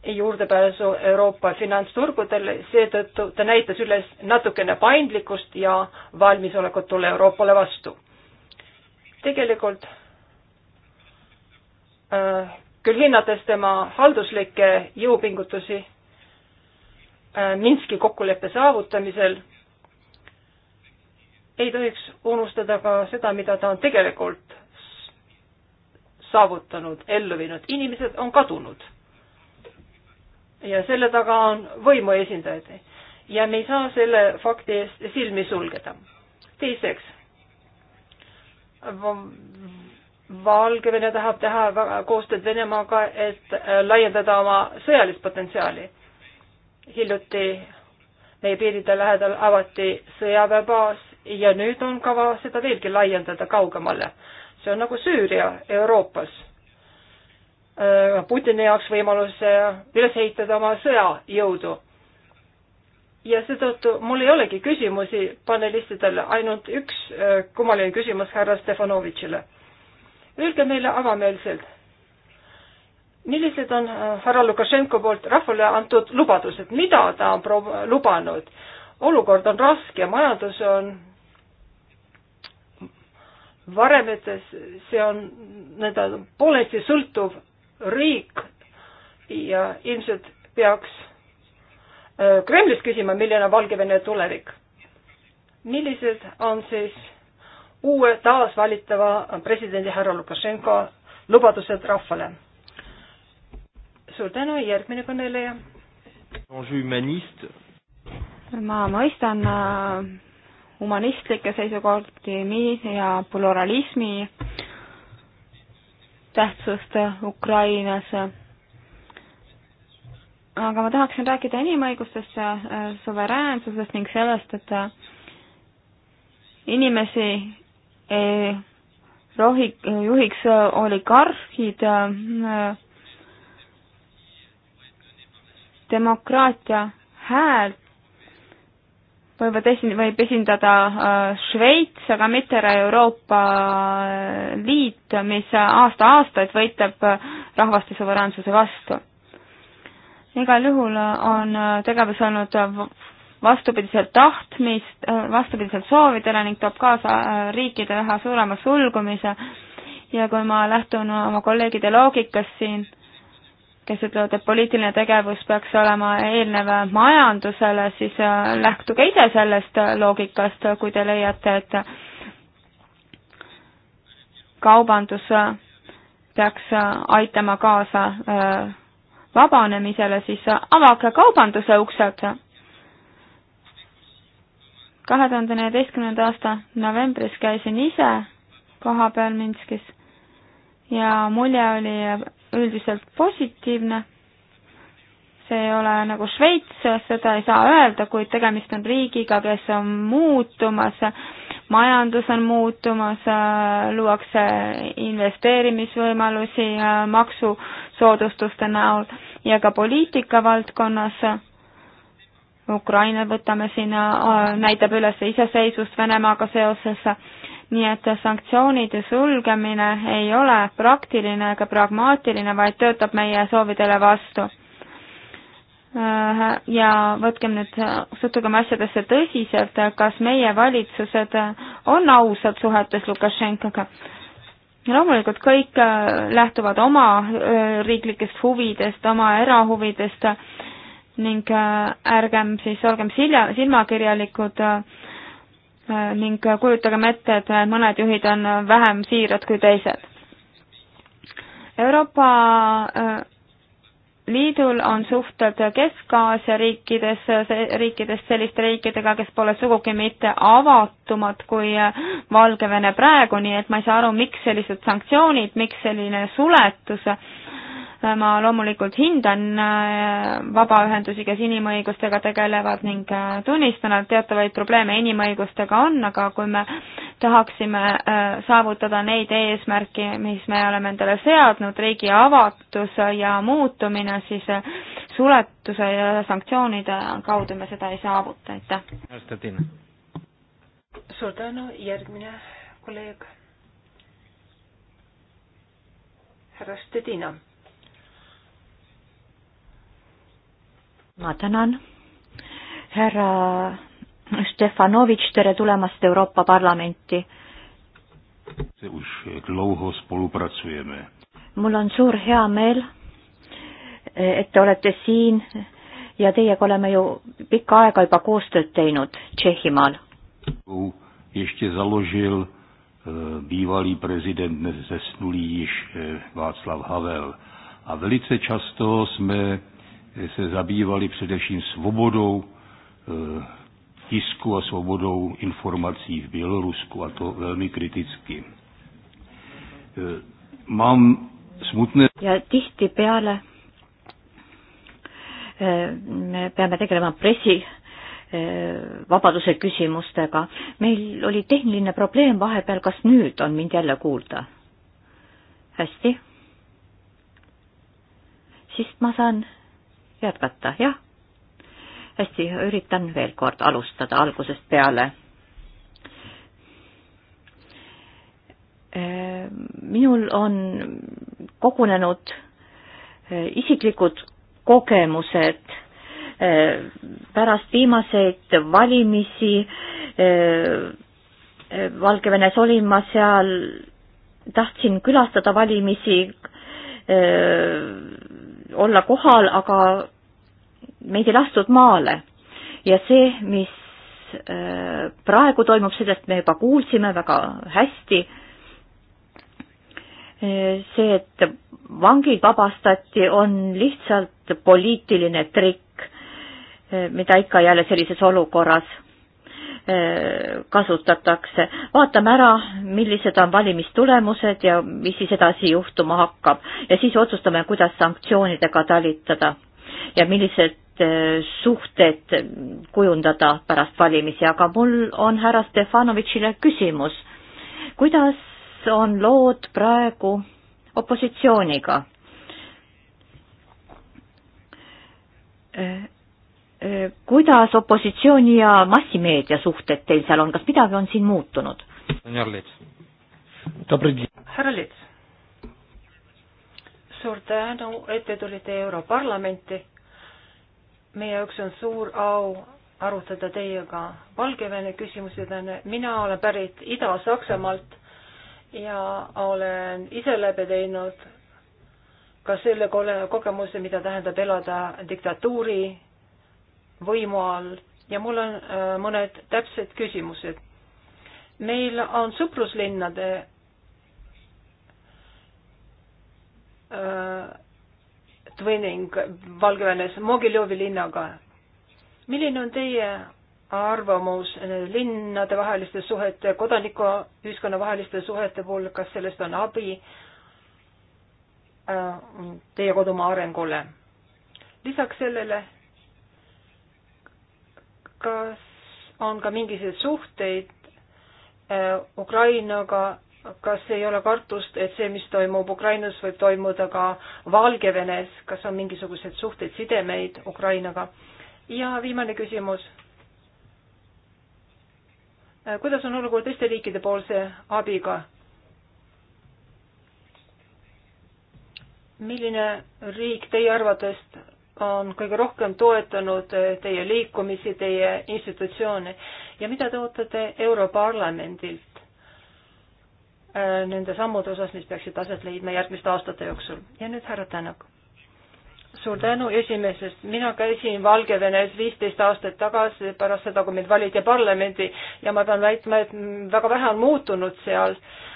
juurdepääsu Euroopa finantsturgudele, seetõttu ta näitas üles natukene paindlikkust ja valmisolekut tulla Euroopale vastu. tegelikult äh, küll hinnates tema halduslikke jõupingutusi äh, Minski kokkuleppe saavutamisel, ei tohiks unustada ka seda, mida ta on tegelikult saavutanud, ellu viinud. inimesed on kadunud. ja selle taga on võimu esindajad. ja me ei saa selle fakti eest silmi sulgeda. teiseks, Valgevene tahab teha koostööd Venemaaga, et äh, laiendada oma sõjalist potentsiaali. hiljuti meie piiride lähedal avati sõjaväebaas ja nüüd on kava seda veelgi laiendada kaugemale. see on nagu Süüria Euroopas. Äh, Putini jaoks võimalus äh, üles ehitada oma sõjajõudu. ja seetõttu mul ei olegi küsimusi panelistidele, ainult üks kummaline küsimus härra Stefanovitšile Öelge meile avameelselt, millised on äh, härra Lukašenko poolt rahvale antud lubadused, mida ta on pro-, lubanud? olukord on raske, majandus on varemetes, see on nii-öelda poolesti sõltuv riik ja ilmselt peaks äh, Kremlis küsima, milline on Valgevene tulevik. millised on siis uue taasvalitava presidendi härra Lukašenko lubadused rahvale. suur tänu, järgmine kõneleja. ma mõistan äh, humanistlikke seisukohti ja pluralismi tähtsust Ukrainas aga ma tahaksin rääkida inimõigustest ja äh, suveräänsusest ning sellest, et äh, inimesi rohi, juhiks äh, oligarhid, äh, demokraatia hääl võivad esin-, võib esindada äh, Šveits, aga mitte Euroopa Liit, mis aasta-aastaid võitleb rahvaste suveräänsuse vastu. igal juhul on tegevus olnud vastupidiselt tahtmist, vastupidiselt soovidele ning toob kaasa äh, riikide üha suurema sulgumise ja kui ma lähtun oma kolleegide loogikast siin, kes ütlevad, et poliitiline tegevus peaks olema eelnev majandusele, siis äh, lähtuge ise sellest loogikast, kui te leiate, et kaubandus äh, peaks aitama kaasa vabanemisele, siis avage kaubanduse uksed kahe tuhande neljateistkümnenda aasta novembris käisin ise kohapeal Minskis ja mulje oli üldiselt positiivne. see ei ole nagu Šveits, seda ei saa öelda, kuid tegemist on riigiga, kes on muutumas, majandus on muutumas, luuakse investeerimisvõimalusi maksusoodustuste näol ja ka poliitika valdkonnas Ukraina võtame siin, äh, näitab üles iseseisvust Venemaaga seoses, nii et sanktsioonide sulgemine ei ole praktiline ega pragmaatiline, vaid töötab meie soovidele vastu. Äh, ja võtkem nüüd, suhtugem asjadesse tõsiselt, kas meie valitsused on ausad suhetes Lukašenkaga loomulikult kõik äh, lähtuvad oma riiklikest huvidest, oma erahuvidest ning äh, ärgem siis olgem silja, silmakirjalikud äh, äh, ning kujutagem ette, et mõned juhid on vähem siirad kui teised. Euroopa Liidul on suhted Kesk-Aasia riikides, riikidest selliste riikidega, kes pole sugugi mitte avatumad kui Valgevene praegu, nii et ma ei saa aru, miks sellised sanktsioonid, miks selline suletus äh, ma loomulikult hindan äh, vabaühendusi, kes inimõigustega tegelevad ning äh, tunnistan, et teatavaid probleeme inimõigustega on, aga kui me tahaksime äh, saavutada neid eesmärke, mis me oleme endale seadnud, riigi avatus ja muutumine, siis suletuse ja sanktsioonide kaudu me seda ei saavuta, aitäh. suur tänu, järgmine kolleeg härra Stedina. ma tänan, härra Stefanovitš, tere tulemast Euroopa Parlamenti. mul on suur heameel, et te olete siin ja teiega oleme ju pikka aega juba koostööd teinud Tšehhimaal. ještě založil eh, bývalý prezident, dnes zesnulý již eh, Václav Havel. A velice často jsme se zabývali především svobodou eh, tisku a svobodou informací v Bělorusku, a to velmi kriticky. Eh, mám smutné... ja tihtipeale eh, me peame tegelema pressi vabaduse küsimustega. meil oli tehniline probleem vahepeal, kas nüüd on mind jälle kuulda? hästi. siis ma saan jätkata, jah? hästi, üritan veel kord alustada algusest peale. minul on kogunenud eh, isiklikud kogemused eh, pärast viimaseid valimisi eh, Valgevenes olin ma seal, tahtsin külastada valimisi olla kohal, aga meid ei lastud maale. ja see, mis äh, praegu toimub, sellest me juba kuulsime väga hästi, äh, see, et vangid vabastati, on lihtsalt poliitiline trikk, äh, mida ikka jälle sellises olukorras Äh, kasutatakse. vaatame ära, millised on valimistulemused ja mis siis edasi juhtuma hakkab ja siis otsustame, kuidas sanktsioonidega talitada ja millised äh, suhted kujundada pärast valimisi, aga mul on härra Stefanovitšile küsimus. kuidas on lood praegu opositsiooniga? Äh, Äh, kuidas opositsiooni ja massimeedia suhted teil seal on, kas midagi on siin muutunud? härra Lits, suur tänu, et te tulite Europarlamenti. meie jaoks on suur au arutada teiega Valgevene küsimusi, mina olen pärit Ida-Saksamaalt ja olen ise läbi teinud ka selle kogemuse, mida tähendab elada diktatuuri võimu all ja mul on äh, mõned täpsed küsimused. meil on sõpruslinnade äh, twinning Valgevenes Mogiljovi linnaga. milline on teie arvamus linnadevaheliste suhete, kodanikuühiskonna vaheliste suhete puhul, kas sellest on abi äh, teie kodumaa arengule? lisaks sellele kas on ka mingisuguseid suhteid äh, Ukrainaga, kas ei ole kartust, et see, mis toimub Ukrainas, võib toimuda ka Valgevenes, kas on mingisuguseid suhteid, sidemeid Ukrainaga? ja viimane küsimus. Äh, kuidas on olukord teiste riikide poolse abiga? milline riik teie arvates on kõige rohkem toetanud teie liikumisi, teie institutsioone ja mida te ootate Europarlamendilt äh, nende sammude osas, mis peaksid aset leidma järgmiste aastate jooksul. ja nüüd härra Tänak. suur tänu esimesest. mina käisin Valgevenes viisteist aastat tagasi pärast seda, kui mind valiti parlamendi ja ma pean väitma, et väga vähe on muutunud seal.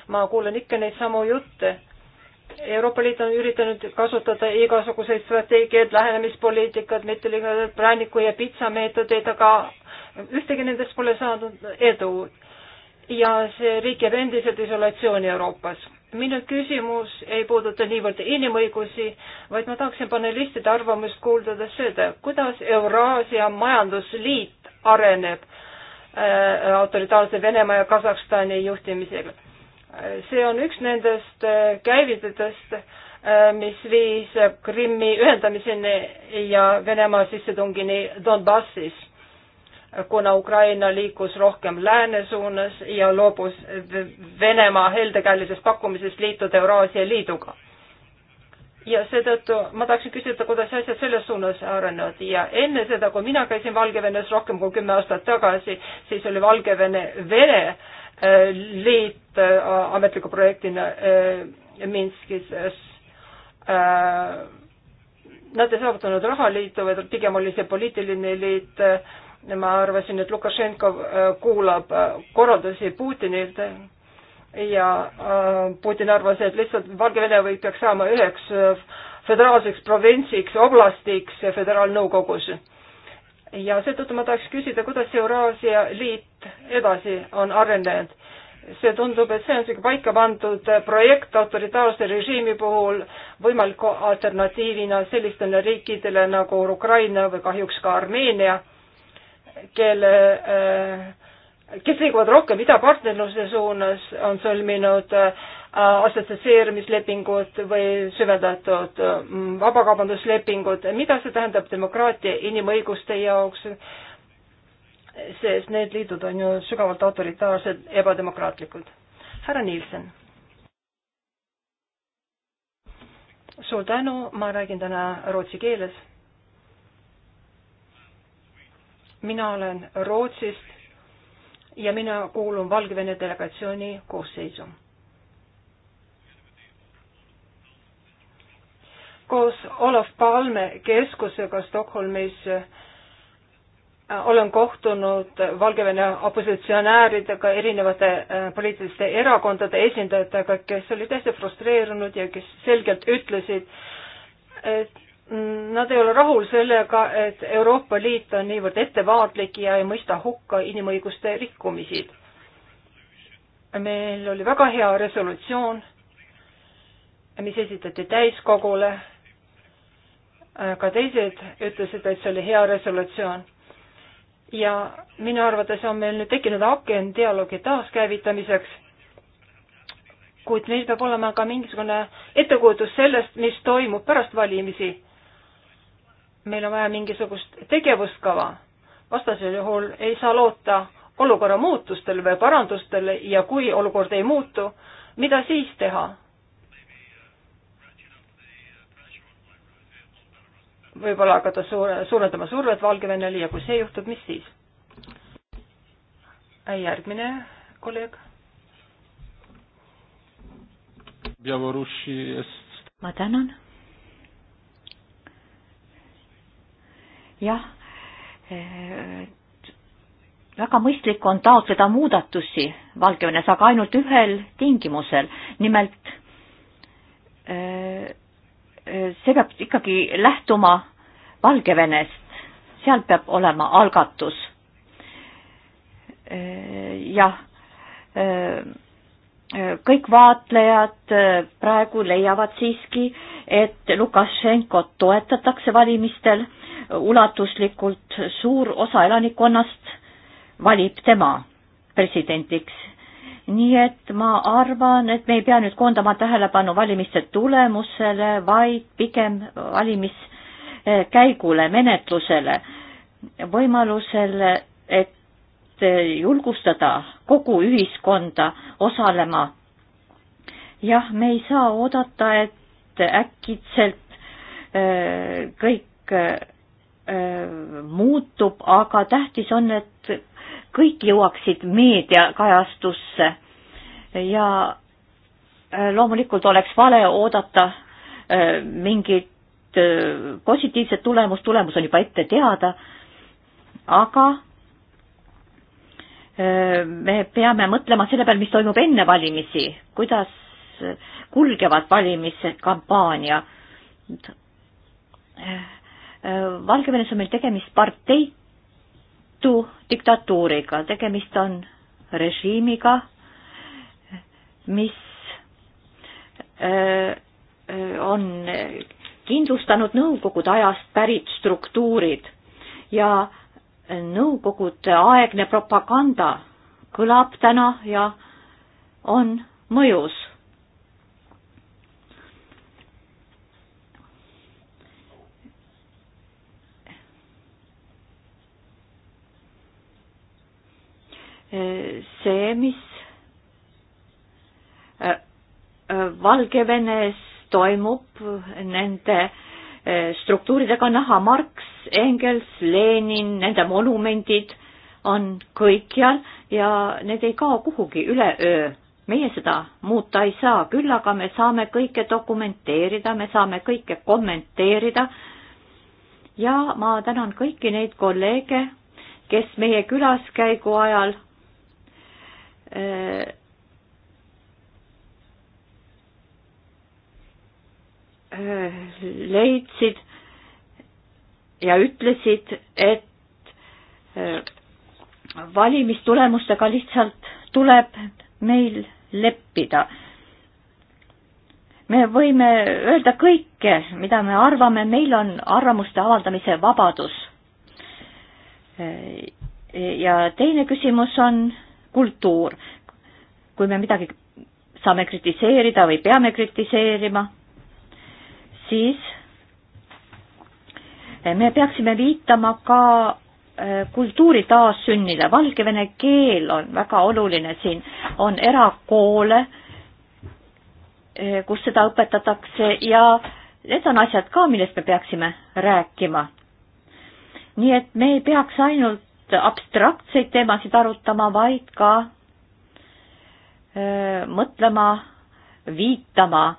ma kuulen ikka neid samu jutte Euroopa Liit on üritanud kasutada igasuguseid strateegiaid, lähenemispoliitikat, mitte liiga prääniku ja pitsa meetodeid, aga ühtegi nendest pole saanud edu. ja see riik jääb endiselt isolatsiooni Euroopas. minu küsimus ei puuduta niivõrd inimõigusi, vaid ma tahaksin panelistide arvamust kuuldada seda, kuidas Euraasia Majandusliit areneb äh, autoritaarse Venemaa ja Kasahstani juhtimisega see on üks nendest äh, käivitetest, äh, mis viis Krimmi ühendamiseni ja Venemaa sissetungini Donbassis, kuna Ukraina liikus rohkem lääne suunas ja loobus Venemaa heldekäelisest pakkumisest liituda Euraasia Liiduga ja seetõttu ma tahaksin küsida, kuidas asjad selles suunas arenevad ja enne seda, kui mina käisin Valgevenes rohkem kui kümme aastat tagasi, siis oli Valgevene vene Äh, liit äh, ametliku projektina äh, Minskis. Nad ei saavutanud rahaliitu, vaid pigem oli see poliitiline liit. ma arvasin, et Lukašenko kuulab korraldusi Putinilt ja Putin arvas, et lihtsalt Valgevene võib, peaks saama üheks föderaalseks provintsiks, oblastiks föderaalnõukogus ja seetõttu ma tahaks küsida, kuidas Euraasia Liit edasi on arenenud. see tundub, et see on sihuke paika pandud projekt autoritaarse režiimi puhul võimaliku alternatiivina sellistele riikidele nagu Ukraina või kahjuks ka Armeenia, kelle äh, kes liiguvad rohkem idapartnerluse suunas, on sõlminud äh, assotsieerimislepingut või süvendatud mm, vabakaubanduslepingut, mida see tähendab demokraatia inimõiguste jaoks, sest need liidud on ju sügavalt autoritaarsed, ebademokraatlikud. härra Nielsen. suur tänu, ma räägin täna rootsi keeles. mina olen Rootsist ja mina kuulun Valgevene delegatsiooni koosseisu koos Olav Palme keskusega Stockholmis äh, olen kohtunud Valgevene opositsionääridega, erinevate äh, poliitiliste erakondade esindajatega, kes olid hästi frustreerunud ja kes selgelt ütlesid, et mm, nad ei ole rahul sellega, et Euroopa Liit on niivõrd ettevaatlik ja ei mõista hukka inimõiguste rikkumisi. meil oli väga hea resolutsioon, mis esitati täiskogule Äh, ka teised ütlesid, et see oli hea resolutsioon. ja minu arvates on meil nüüd tekkinud aken dialoogi taaskäivitamiseks, kuid meil peab olema ka mingisugune ettekujutus sellest, mis toimub pärast valimisi. meil on vaja mingisugust tegevuskava, vastasel juhul ei saa loota olukorra muutustele või parandustele ja kui olukord ei muutu, mida siis teha? võib-olla hakata suur-, suurendama survet Valgevenele ja kui see juhtub, mis siis? järgmine kolleeg. ma tänan. jah, eh, väga mõistlik on taotleda muudatusi Valgevenes, aga ainult ühel tingimusel, nimelt öö, eh, see peab ikkagi lähtuma Valgevenest, seal peab olema algatus. Äh, jah, äh, äh, kõik vaatlejad praegu leiavad siiski, et Lukašenkot toetatakse valimistel ulatuslikult, suur osa elanikkonnast valib tema presidendiks nii et ma arvan, et me ei pea nüüd koondama tähelepanu valimiste tulemusele, vaid pigem valimiskäigule, menetlusele, võimalusele, et julgustada kogu ühiskonda osalema. jah, me ei saa oodata, et äkitselt äh, kõik äh, muutub, aga tähtis on, et kõik jõuaksid meediakajastusse ja äh, loomulikult oleks vale oodata äh, mingit äh, positiivset tulemust, tulemus on juba ette teada, aga me peame mõtlema selle peale, mis toimub enne valimisi, kuidas kulgevad valimiskampaania. Valgevenes on meil tegemist partei Liitu diktatuuriga, tegemist on režiimiga, mis öö, on kindlustanud Nõukogude ajast pärit struktuurid ja Nõukogude aegne propaganda kõlab täna ja on mõjus see, mis äh, äh, Valgevenes toimub nende äh, struktuuridega näha, Marx, Engels, Lenin, nende monumendid on kõikjal ja need ei kao kuhugi üleöö. meie seda muuta ei saa, küll aga me saame kõike dokumenteerida, me saame kõike kommenteerida. ja ma tänan kõiki neid kolleege, kes meie külaskäigu ajal Äh, leidsid ja ütlesid, et äh, valimistulemustega lihtsalt tuleb meil leppida. me võime öelda kõike, mida me arvame, meil on arvamuste avaldamise vabadus. Äh, ja teine küsimus on kultuur. kui me midagi saame kritiseerida või peame kritiseerima, siis eh, me peaksime viitama ka eh, kultuuri taassünnile, valgevene keel on väga oluline siin, on erakoole, eh, kus seda õpetatakse ja need on asjad ka, millest me peaksime rääkima. nii et me ei peaks ainult abstraktseid teemasid arutama, vaid ka öö, mõtlema, viitama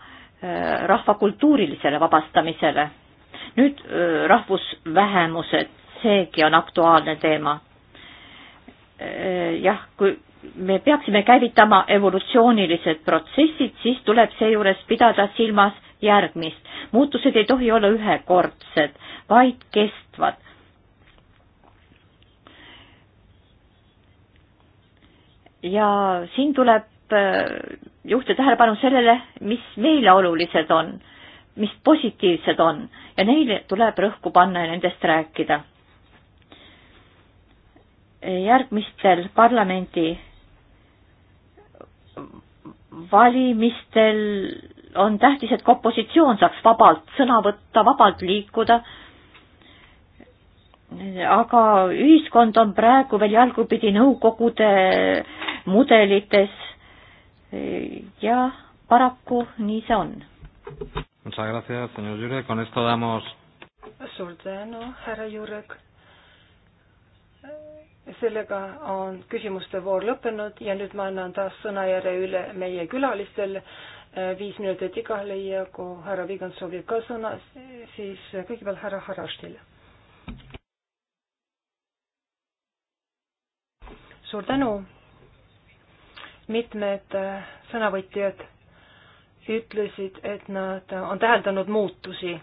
rahva kultuurilisele vabastamisele. nüüd öö, rahvusvähemused, seegi on aktuaalne teema. jah, kui me peaksime käivitama evolutsioonilised protsessid, siis tuleb seejuures pidada silmas järgmist. muutused ei tohi olla ühekordsed, vaid kestvad. ja siin tuleb äh, juhtida tähelepanu sellele, mis meile olulised on, mis positiivsed on ja neile tuleb rõhku panna ja nendest rääkida. järgmistel parlamendi valimistel on tähtis, et ka opositsioon saaks vabalt sõna võtta, vabalt liikuda. aga ühiskond on praegu veel jalgupidi nõukogude mudelites ja paraku nii see on. suur tänu, härra Jurek. sellega on küsimuste voor lõppenud ja nüüd ma annan taas sõnajärje üle meie külalistele viis minutit igale ja kui härra Vigan soovib ka sõna, siis kõigepealt härra Harastile. suur tänu mitmed äh, sõnavõtjad ütlesid, et nad äh, on täheldanud muutusi.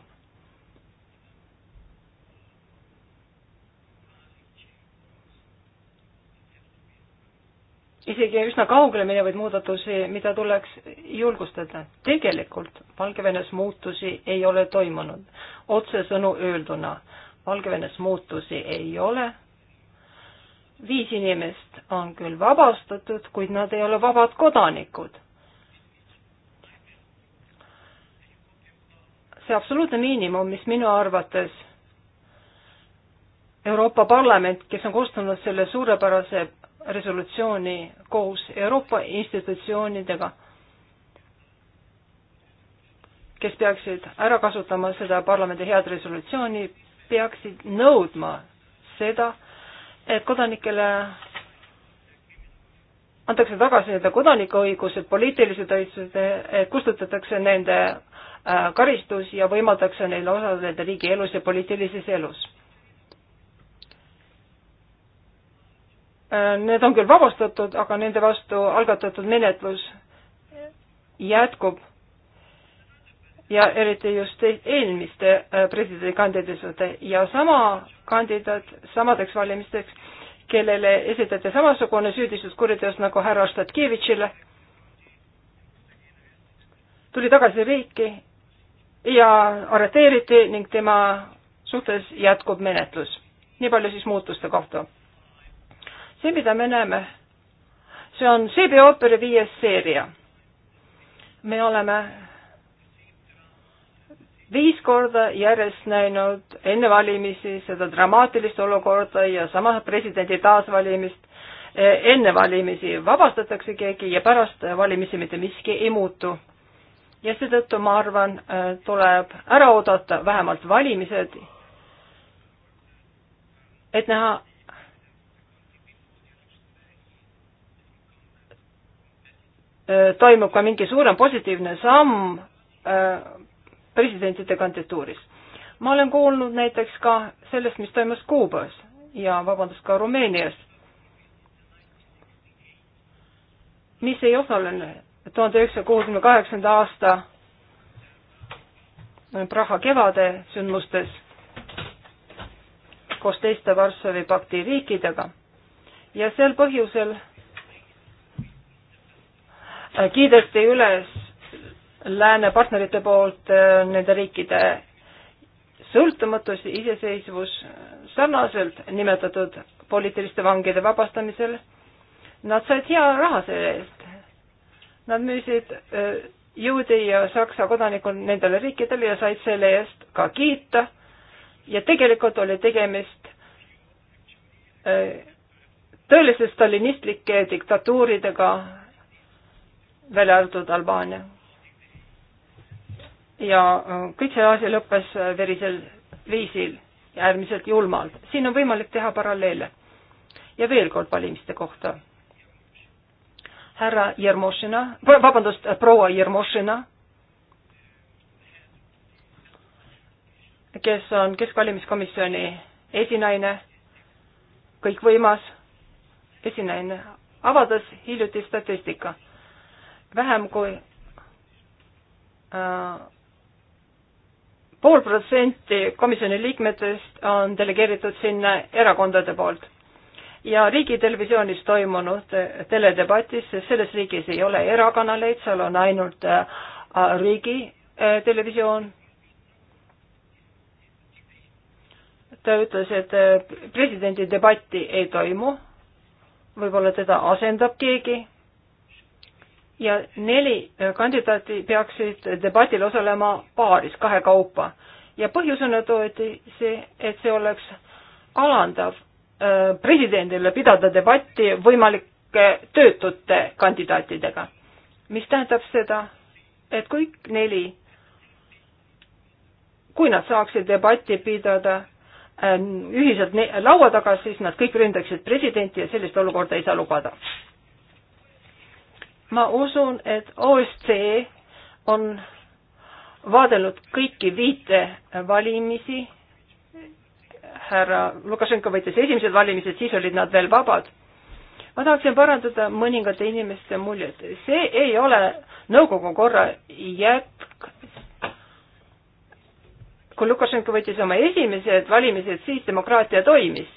isegi üsna kaugele minevaid muudatusi, mida tuleks julgustada. tegelikult Valgevenes muutusi ei ole toimunud, otsesõnu öelduna. Valgevenes muutusi ei ole viis inimest on küll vabastatud, kuid nad ei ole vabad kodanikud. see absoluutne miinimum, mis minu arvates Euroopa Parlament, kes on koostanud selle suurepärase resolutsiooni koos Euroopa institutsioonidega, kes peaksid ära kasutama seda parlamendi head resolutsiooni, peaksid nõudma seda, et kodanikele antakse tagasi nende kodanikuõigused, poliitilised õigused, kustutatakse nende äh, karistus ja võimaldatakse neil osaleda riigielus ja poliitilises elus. Äh, need on küll vabastatud, aga nende vastu algatatud menetlus jätkub ja eriti just eelmiste äh, presidendikandidaatide suhtes ja sama kandidaat samadeks valimisteks, kellele esitati samasugune süüdistus kuriteos nagu härra Štatkevitšile, tuli tagasi riiki ja arreteeriti ning tema suhtes jätkub menetlus. nii palju siis muutuste kohta. see, mida me näeme, see on seebiooper viies seeria. me oleme viis korda järjest näinud enne valimisi seda dramaatilist olukorda ja sama presidendi taasvalimist e, enne valimisi vabastatakse keegi ja pärast valimisi mitte miski ei muutu. ja seetõttu ma arvan, e, tuleb ära oodata vähemalt valimised, et näha, e, toimub ka mingi suurem positiivne samm presidentide kandidatuuris. ma olen kuulnud näiteks ka sellest, mis toimus Kuubas ja vabandust, ka Rumeenias, mis ei osalenud tuhande üheksasaja kuuekümne kaheksanda aasta Praha kevade sündmustes koos teiste Varssavi pakti riikidega ja sel põhjusel kiideti üles lääne partnerite poolt äh, nende riikide sõltumatus, iseseisvus sarnaselt nimetatud poliitiliste vangide vabastamisel. Nad said hea raha selle eest. Nad müüsid äh, juudi ja saksa kodanikud nendele riikidele ja said selle eest ka kiita. ja tegelikult oli tegemist äh, tõeliselt stalinistlike diktatuuridega, välja arvatud Albaania ja äh, kõik see asi lõppes äh, verisel viisil ja äärmiselt julmalt. siin on võimalik teha paralleele. ja veel kord valimiste kohta. härra Jermošina, vabandust, proua Jermošina, kes on Keskvalimiskomisjoni esinaine, kõikvõimas esinaine, avaldas hiljuti statistika. vähem kui äh, pool protsenti komisjoni liikmetest on delegeeritud sinna erakondade poolt. ja riigitelevisioonis toimunud teledebatis, sest selles riigis ei ole erakanaleid, seal on ainult äh, riigi äh, televisioon. ta ütles, et äh, presidendi debatti ei toimu, võib-olla teda asendab keegi ja neli äh, kandidaati peaksid debatil osalema paaris, kahe kaupa. ja põhjusena toodi see, et see oleks alandav äh, presidendile pidada debatti võimalike töötute kandidaatidega, mis tähendab seda, et kõik neli, kui nad saaksid debatti pidada äh, ühiselt laua taga, siis nad kõik ründaksid presidenti ja sellist olukorda ei saa lubada ma usun, et OSCE on vaadelnud kõiki viite valimisi. härra Lukašenko võitis esimesed valimised, siis olid nad veel vabad. ma tahaksin parandada mõningate inimeste muljet. see ei ole nõukogu korra jätk. kui Lukašenko võttis oma esimesed valimised, siis demokraatia toimis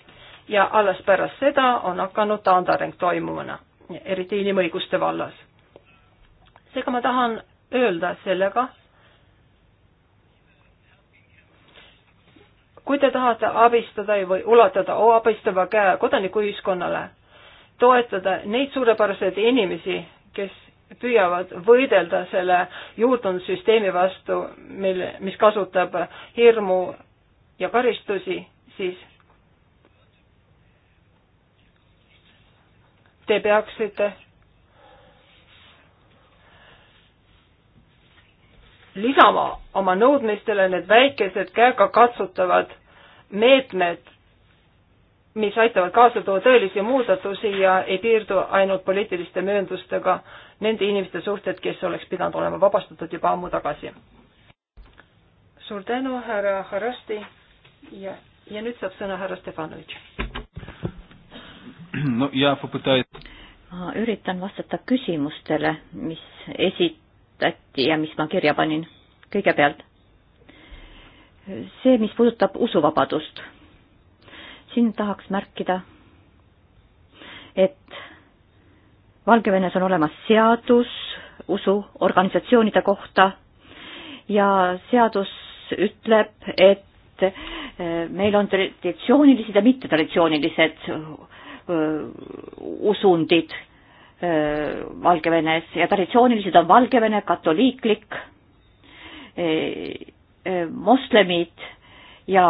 ja alles pärast seda on hakanud taandareng toimuma, eriti inimõiguste vallas seega ma tahan öelda sellega, kui te tahate abistada või ulatada abistava käe kodanikuühiskonnale, toetada neid suurepäraseid inimesi, kes püüavad võidelda selle juurdunud süsteemi vastu, mille, mis kasutab hirmu ja karistusi, siis te peaksite lisama oma nõudmistele need väikesed käegakatsutavad meetmed, mis aitavad kaasa tuua tõelisi muudatusi ja ei piirdu ainult poliitiliste mööndustega nende inimeste suhted, kes oleks pidanud olema vabastatud juba ammu tagasi. suur tänu, härra Harasti ja, ja nüüd saab sõna härra Stefanovitš. no ja, ma üritan vastata küsimustele, mis esit-, esitati ja mis ma kirja panin. kõigepealt see, mis puudutab usuvabadust. siin tahaks märkida, et Valgevenes on olemas seadus usuorganisatsioonide kohta ja seadus ütleb, et eh, meil on traditsioonilised ja mittetraditsioonilised eh, usundid Äh, Valgevenes ja traditsioonilised on Valgevene katoliiklik, äh, äh, moslemid ja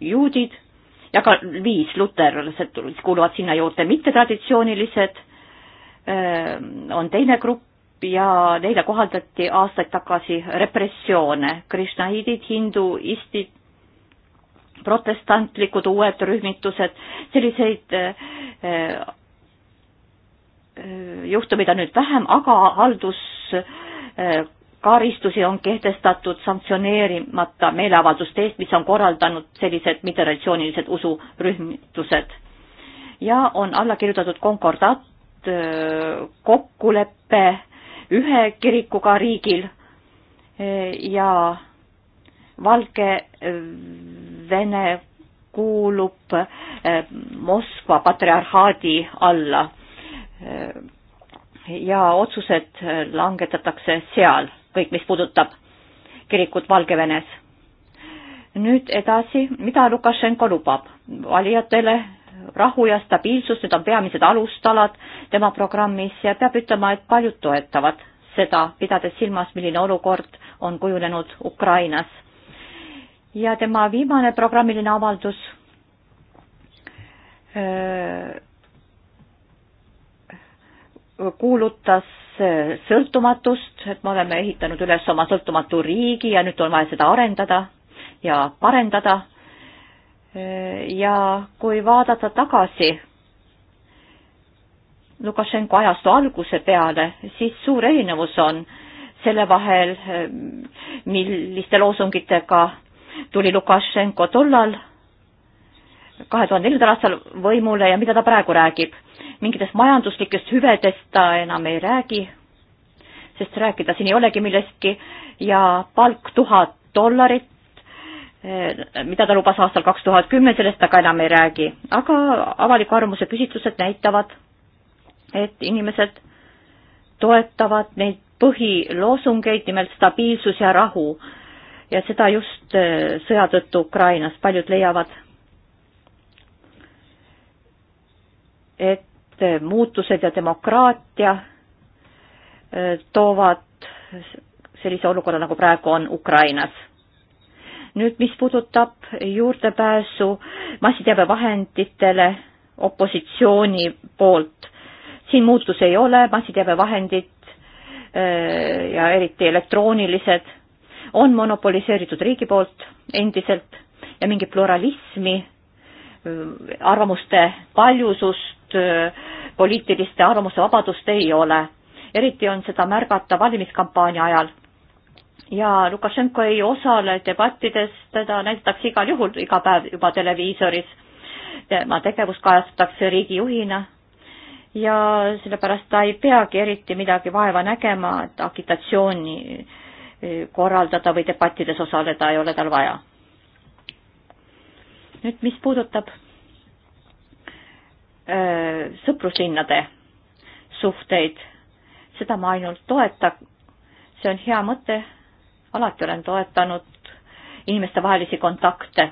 juudid ja ka viis luterlased kuuluvad sinna juurde, mittetraditsioonilised on teine grupp ja neile kohaldati aastaid tagasi repressioone, krishnaidid, hinduistid, protestantlikud uued rühmitused, selliseid juhtumeid on nüüd vähem, aga halduskaristusi on kehtestatud sanktsioneerimata meeleavalduste eest, mis on korraldanud sellised mitterelatsioonilised usurühmitused. ja on alla kirjutatud konkordat, äh, kokkulepe ühe kirikuga riigil äh, ja Valgevene äh, kuulub Moskva patriarhaadi alla ja otsused langetatakse seal, kõik, mis puudutab kirikut Valgevenes. nüüd edasi, mida Lukašenko lubab valijatele? rahu ja stabiilsus, need on peamised alustalad tema programmis ja peab ütlema, et paljud toetavad seda, pidades silmas, milline olukord on kujunenud Ukrainas. ja tema viimane programmiline avaldus öö, äh, kuulutas eh, sõltumatust, et me oleme ehitanud üles oma sõltumatu riigi ja nüüd on vaja seda arendada ja parendada. Eh, ja kui vaadata tagasi Lukašenko ajastu alguse peale, siis suur erinevus on selle vahel, eh, milliste loosungitega tuli Lukašenko tollal kahe tuhande neljandal aastal võimule ja mida ta praegu räägib mingitest majanduslikest hüvedest ta enam ei räägi, sest rääkida siin ei olegi millestki ja palk tuhat dollarit, eh, mida ta lubas aastal kaks tuhat kümme, sellest ta ka enam ei räägi, aga avaliku arvamuse küsitlused näitavad, et inimesed toetavad neid põhiloosungeid, nimelt stabiilsus ja rahu. ja seda just eh, sõja tõttu Ukrainas paljud leiavad, et et äh, muutused ja demokraatia äh, toovad sellise olukorra, nagu praegu on Ukrainas. nüüd, mis puudutab juurdepääsu massiteabevahenditele opositsiooni poolt, siin muutusi ei ole, massiteabevahendid äh, ja eriti elektroonilised on monopoliseeritud riigi poolt endiselt ja mingit pluralismi Äh, arvamuste paljusust, äh, poliitiliste arvamuste vabadust ei ole. eriti on seda märgata valimiskampaania ajal. ja Lukašenko ei osale debattides, teda näidatakse igal juhul iga päev juba televiisoris. tema tegevust kajastatakse riigijuhina ja sellepärast ta ei peagi eriti midagi vaeva nägema, et agitatsiooni äh, korraldada või debattides osaleda ei ole tal vaja nüüd, mis puudutab öö, äh, sõpruslinnade suhteid, seda ma ainult toetan, see on hea mõte, alati olen toetanud inimestevahelisi kontakte.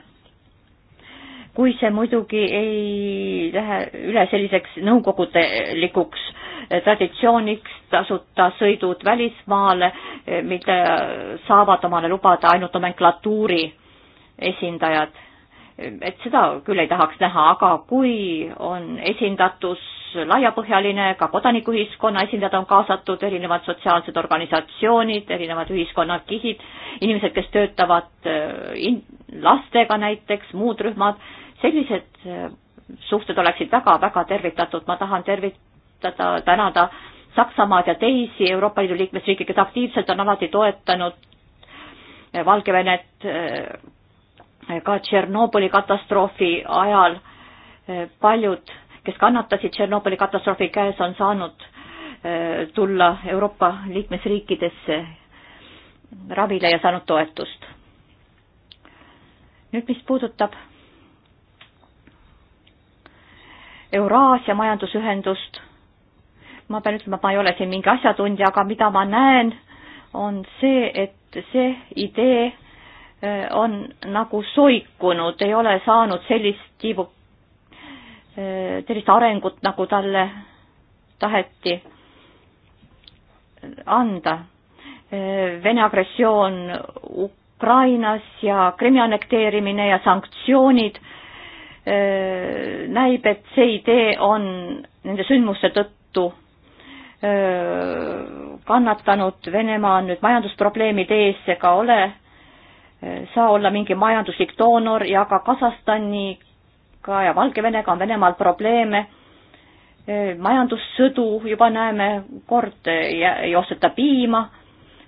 kui see muidugi ei lähe üle selliseks nõukogudelikuks äh, traditsiooniks, tasuta sõidud välismaale, äh, mida saavad omale lubada ainult nomenklatuuri esindajad et seda küll ei tahaks näha, aga kui on esindatus laiapõhjaline, ka kodanikuühiskonna esindajad on kaasatud, erinevad sotsiaalsed organisatsioonid, erinevad ühiskonnakihid, inimesed, kes töötavad äh, in-, lastega näiteks, muud rühmad, sellised äh, suhted oleksid väga-väga tervitatud, ma tahan tervitada, tänada Saksamaad ja teisi Euroopa Liidu liikmesriike, kes aktiivselt on alati toetanud äh, Valgevenet ka Tšernobõli katastroofi ajal eh, paljud, kes kannatasid Tšernobõli katastroofi käes, on saanud eh, tulla Euroopa liikmesriikidesse ravile ja saanud toetust. nüüd, mis puudutab Euraasia majandusühendust, ma pean ütlema, ma ei ole siin mingi asjatundja, aga mida ma näen, on see, et see idee Äh, on nagu soikunud, ei ole saanud sellist tiibu, äh, sellist arengut, nagu talle taheti anda. Äh, Vene agressioon Ukrainas ja Krimmi annekteerimine ja sanktsioonid näib, et see idee on nende sündmuste tõttu kannatanud, Venemaa on nüüd majandusprobleemide ees ega ole saa olla mingi majanduslik doonor ja ka Kasahstaniga ja Valgevenega on Venemaal probleeme. majandussõdu juba näeme, kord ei osteta piima,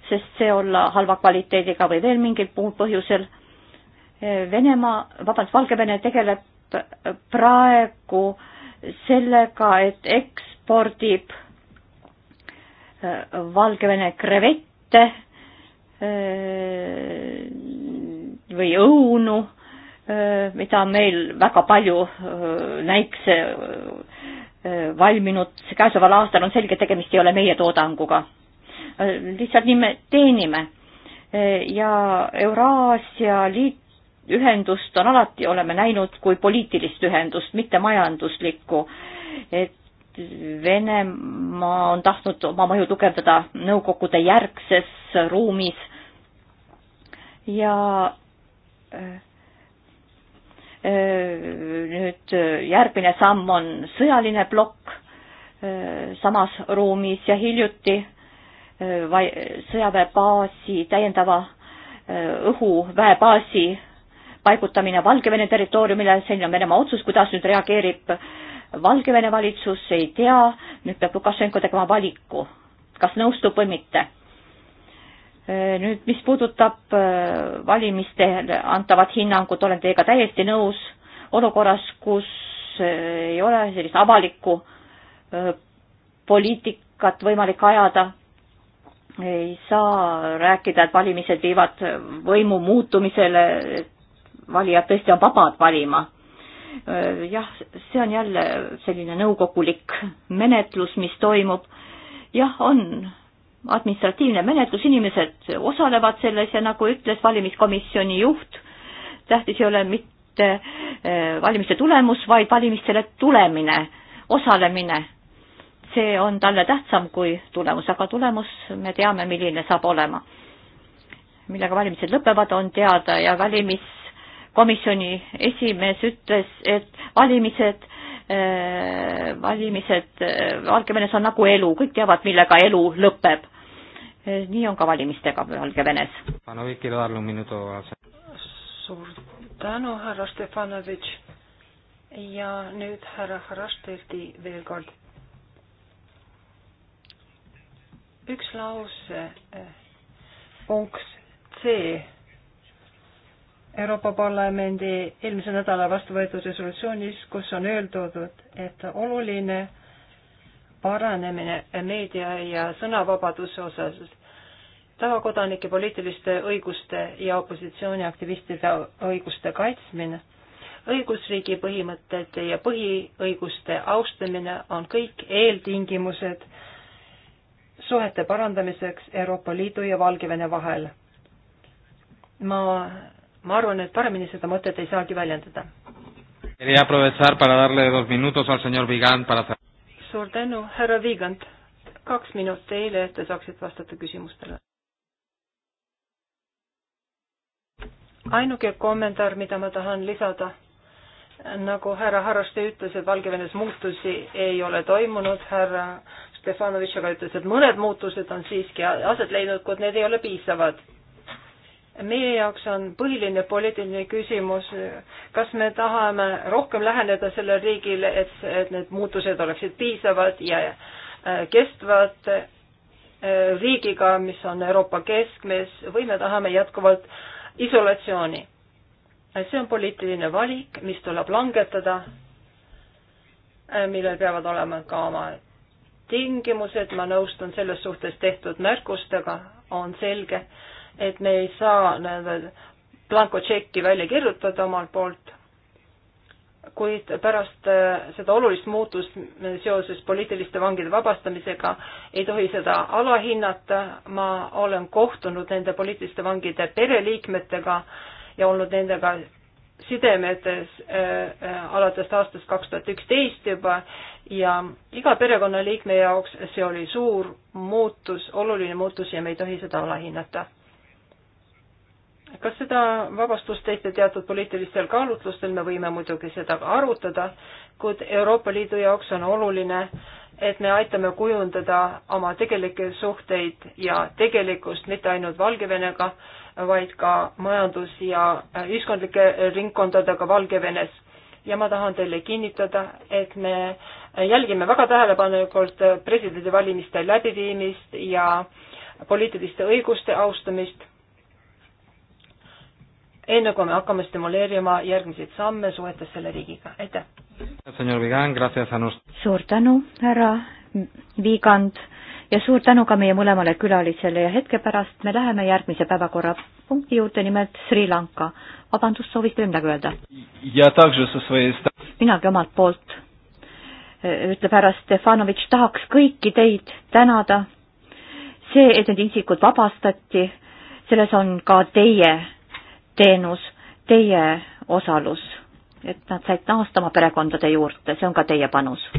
sest see olla halva kvaliteediga või veel mingil muul põhjusel. Venemaa, vabandust, Valgevene tegeleb praegu sellega, et ekspordib Valgevene krevette või õunu, mida meil väga palju näikse valminud käesoleval aastal on selge, tegemist ei ole meie toodanguga. lihtsalt nii me teenime ja Euraasia liit, ühendust on alati, oleme näinud kui poliitilist ühendust, mitte majanduslikku. et Venemaa on tahtnud oma mõju tugevdada Nõukogude järgses ruumis ja äh, äh, nüüd järgmine samm on sõjaline plokk äh, samas ruumis ja hiljuti sõjaväebaasi täiendava õhuväebaasi paigutamine Valgevene territooriumile, selline on Venemaa otsus, kuidas nüüd reageerib Valgevene valitsus ei tea, nüüd peab Lukašenko tegema valiku, kas nõustub või mitte. nüüd, mis puudutab äh, valimistele antavat hinnangut, olen teiega täiesti nõus, olukorras, kus äh, ei ole sellist avalikku äh, poliitikat võimalik ajada, ei saa rääkida, et valimised viivad võimu muutumisele, valijad tõesti on vabad valima Äh, jah, see on jälle selline nõukogulik menetlus, mis toimub. jah, on administratiivne menetlus, inimesed osalevad selles ja nagu ütles valimiskomisjoni juht, tähtis ei ole mitte äh, valimiste tulemus, vaid valimistele tulemine, osalemine. see on talle tähtsam kui tulemus, aga tulemus, me teame, milline saab olema millega valimised lõpevad, on teada ja valimis komisjoni esimees ütles, et valimised, eh, valimised eh, Valgevenes on nagu elu, kõik teavad, millega elu lõpeb. Eh, nii on ka valimistega Valgevenes. suur tänu, härra Stefanovitš. ja nüüd härra Harastevti veel kord. üks lause, punkt C Euroopa Parlamendi eelmise nädala vastu võetud resolutsioonis, kus on öeldud, et oluline paranemine meedia ja sõnavabaduse osas tavakodanike poliitiliste õiguste ja opositsiooniaktivistide õiguste kaitsmine, õigusriigi põhimõtete ja põhiõiguste austamine on kõik eeltingimused suhete parandamiseks Euroopa Liidu ja Valgevene vahel. ma ma arvan, et paremini seda mõtet ei saagi väljendada. suur tänu, härra Vigand. kaks minutit teile, et te saaksite vastata küsimustele. ainuke kommentaar, mida ma tahan lisada, nagu härra Harraste ütles, et Valgevenes muutusi ei ole toimunud, härra Stefanovitš aga ütles, et mõned muutused on siiski aset leidnud, kuid need ei ole piisavad meie jaoks on põhiline poliitiline küsimus, kas me tahame rohkem läheneda sellele riigile, et, et need muutused oleksid piisavad ja äh, kestvad äh, riigiga, mis on Euroopa keskmes, või me tahame jätkuvalt isolatsiooni. see on poliitiline valik, mis tuleb langetada, äh, millel peavad olema ka oma tingimused, ma nõustun selles suhtes tehtud märkustega, on selge, et me ei saa nii-öelda blankotšekki välja kirjutada omalt poolt, kuid pärast äh, seda olulist muutust seoses poliitiliste vangide vabastamisega ei tohi seda alahinnata. ma olen kohtunud nende poliitiliste vangide pereliikmetega ja olnud nendega sidemetes äh, äh alates aastast kaks tuhat üksteist juba ja iga perekonnaliikme jaoks see oli suur muutus, oluline muutus ja me ei tohi seda alahinnata kas seda vabastust tehti teatud poliitilistel kaalutlustel, me võime muidugi seda arutada, kuid Euroopa Liidu jaoks on oluline, et me aitame kujundada oma tegelikke suhteid ja tegelikkust mitte ainult Valgevenega, vaid ka majandus- ja äh, ühiskondlike ringkondadega Valgevenes. ja ma tahan teile kinnitada, et me jälgime väga tähelepanelikult presidendivalimiste läbiviimist ja poliitiliste õiguste austamist enne kui me hakkame stimuleerima järgmiseid samme suhetes selle riigiga, aitäh! suur tänu, härra Viigand ja suur tänu ka meie mõlemale külalisele ja hetke pärast me läheme järgmise päevakorrapunkti juurde, nimelt Sri Lanka. vabandust, soovisite midagi öelda? minagi omalt poolt, e, ütleb härra Stefanovitš, tahaks kõiki teid tänada. see, et need isikud vabastati, selles on ka teie teenus, teie osalus, et nad said naasta oma perekondade juurde, see on ka teie panus.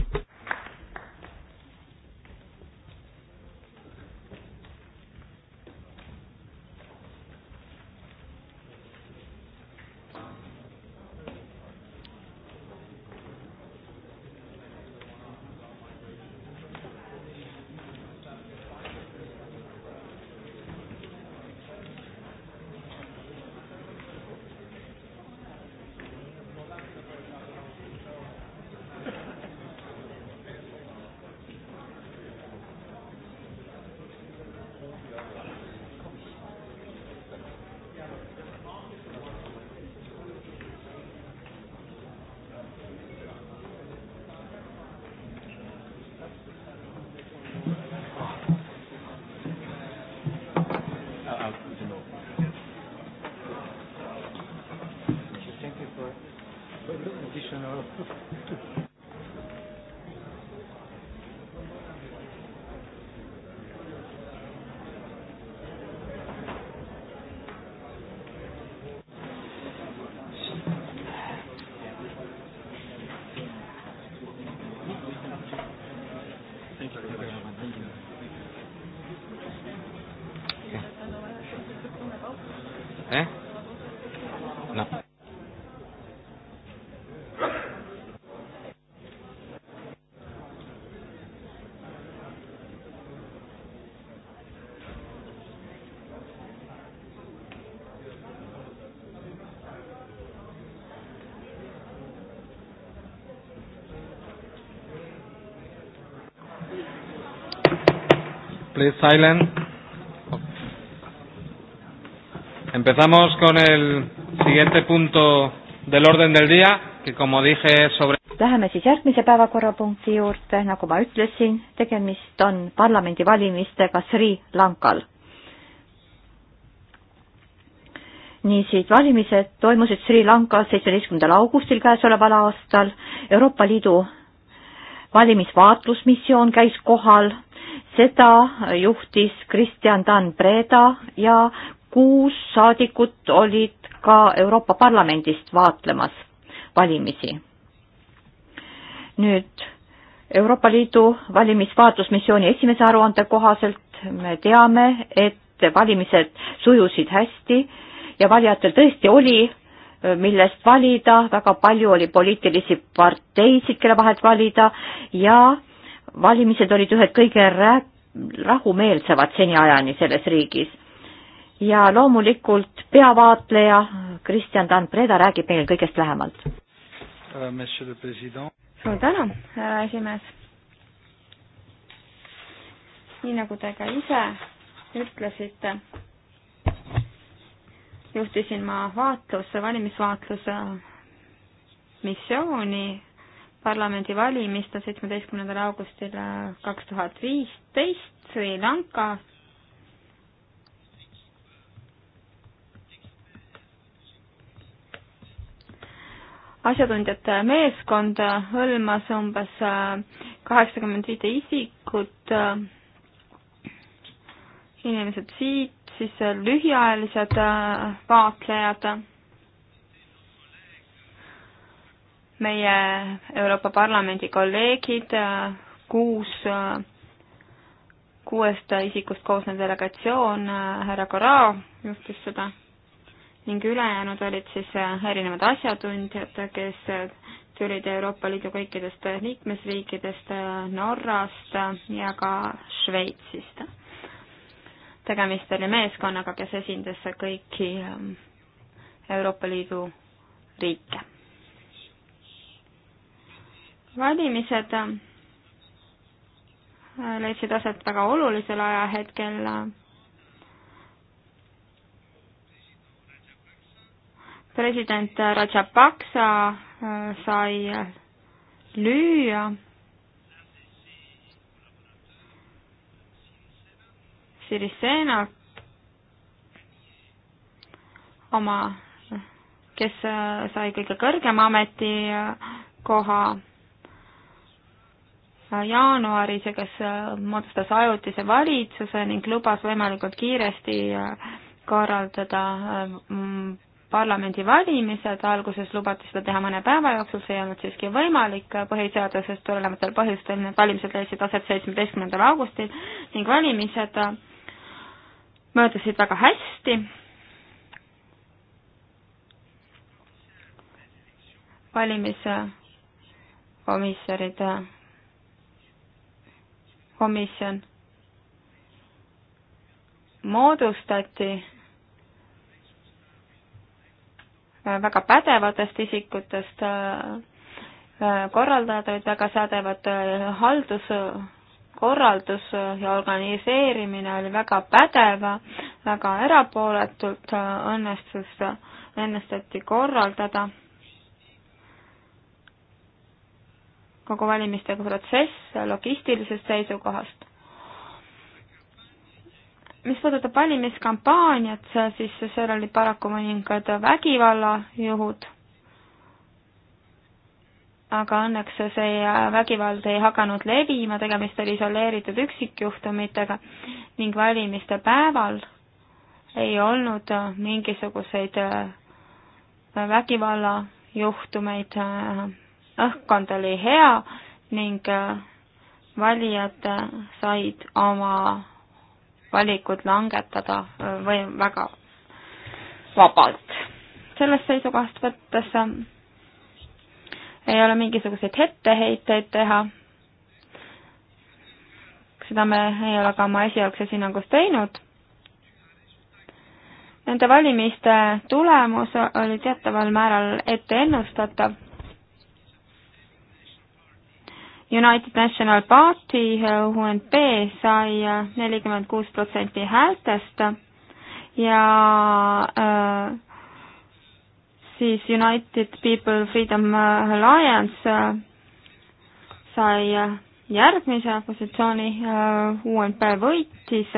Please silent. Empezamos con el siguiente punto del orden del día, que como dije sobre Läheme siis järgmise päevakorrapunkti juurde, nagu ma ütlesin, tegemist on parlamendivalimistega Sri Lankal. niisiis, valimised toimusid Sri Lankas seitsmeteistkümnendal augustil käesoleval aastal, Euroopa Liidu valimisvaatlusmissioon käis kohal seda juhtis Kristjan Dan Breda ja kuus saadikut olid ka Euroopa Parlamendist vaatlemas valimisi. nüüd Euroopa Liidu valimisvaatlusmissiooni esimese aruande kohaselt me teame, et valimised sujusid hästi ja valijatel tõesti oli, äh, millest valida, väga palju oli poliitilisi parteisid, kelle vahelt valida ja valimised olid ühed kõige rahumeelsevad seniajani selles riigis. ja loomulikult peavaatleja Kristjan Dan Preda räägib meile kõigest lähemalt. Äh, suur tänu, härra esimees. nii nagu te ka ise ütlesite, juhtisin ma vaatluse, valimisvaatluse missiooni parlamendivalimistel seitsmeteistkümnendal augustil äh, kaks tuhat viisteist Sri Lanka. asjatundjate meeskond hõlmas umbes äh, kaheksakümmend viite isikut, äh, inimesed siit, siis lühiajalised vaatlejad meie Euroopa Parlamendi kolleegid, kuus, kuuest isikust koosnev delegatsioon, härra Corao juhtis seda ning ülejäänud olid siis erinevad asjatundjad, kes tulid Euroopa Liidu kõikidest liikmesriikidest, Norrast ja ka Šveitsist. tegemist oli meeskonnaga, kes esindas kõiki Euroopa Liidu riike valimised äh, leidsid aset väga olulisel ajahetkel. president Rajapaksa äh, sai lüüa. Sirisena oma, kes äh, sai kõige kõrgema ametikoha Äh, jaanuaris ja kes äh, moodustas ajutise valitsuse ning lubas võimalikult kiiresti äh, korraldada mm, parlamendivalimised, alguses lubati seda teha mõne päeva jooksul, see ei olnud siiski võimalik, põhiseadusest tulenevatel põhjustel need valimised leidsid aset seitsmeteistkümnendal augustil ning valimised möödusid väga hästi, valimiskomissarid komisjon moodustati väga pädevatest isikutest, korraldajad olid väga sädevad, halduskorraldus ja organiseerimine oli väga pädeva, väga erapooletult õnnestus, õnnestati korraldada kogu valimiste protsess logistilisest seisukohast. mis puudutab valimiskampaaniat, siis seal olid paraku mõningad vägivallajuhud, aga õnneks see vägivald ei hakanud levima, tegemist oli isoleeritud üksikjuhtumitega ning valimiste päeval ei olnud mingisuguseid vägivallajuhtumeid õhkkond oli hea ning äh, valijad äh, said oma valikud langetada äh, või väga vabalt. sellest seisukohast võttes ei ole mingisuguseid etteheiteid teha, seda me ei ole ka oma esialgses hinnangus teinud. Nende valimiste tulemus oli teataval määral ette ennustatav United National Party, eh, UNP sai eh, nelikümmend kuus protsenti häältest ja äh, siis United People Freedom Alliance sai järgmise positsiooni, UNP võitis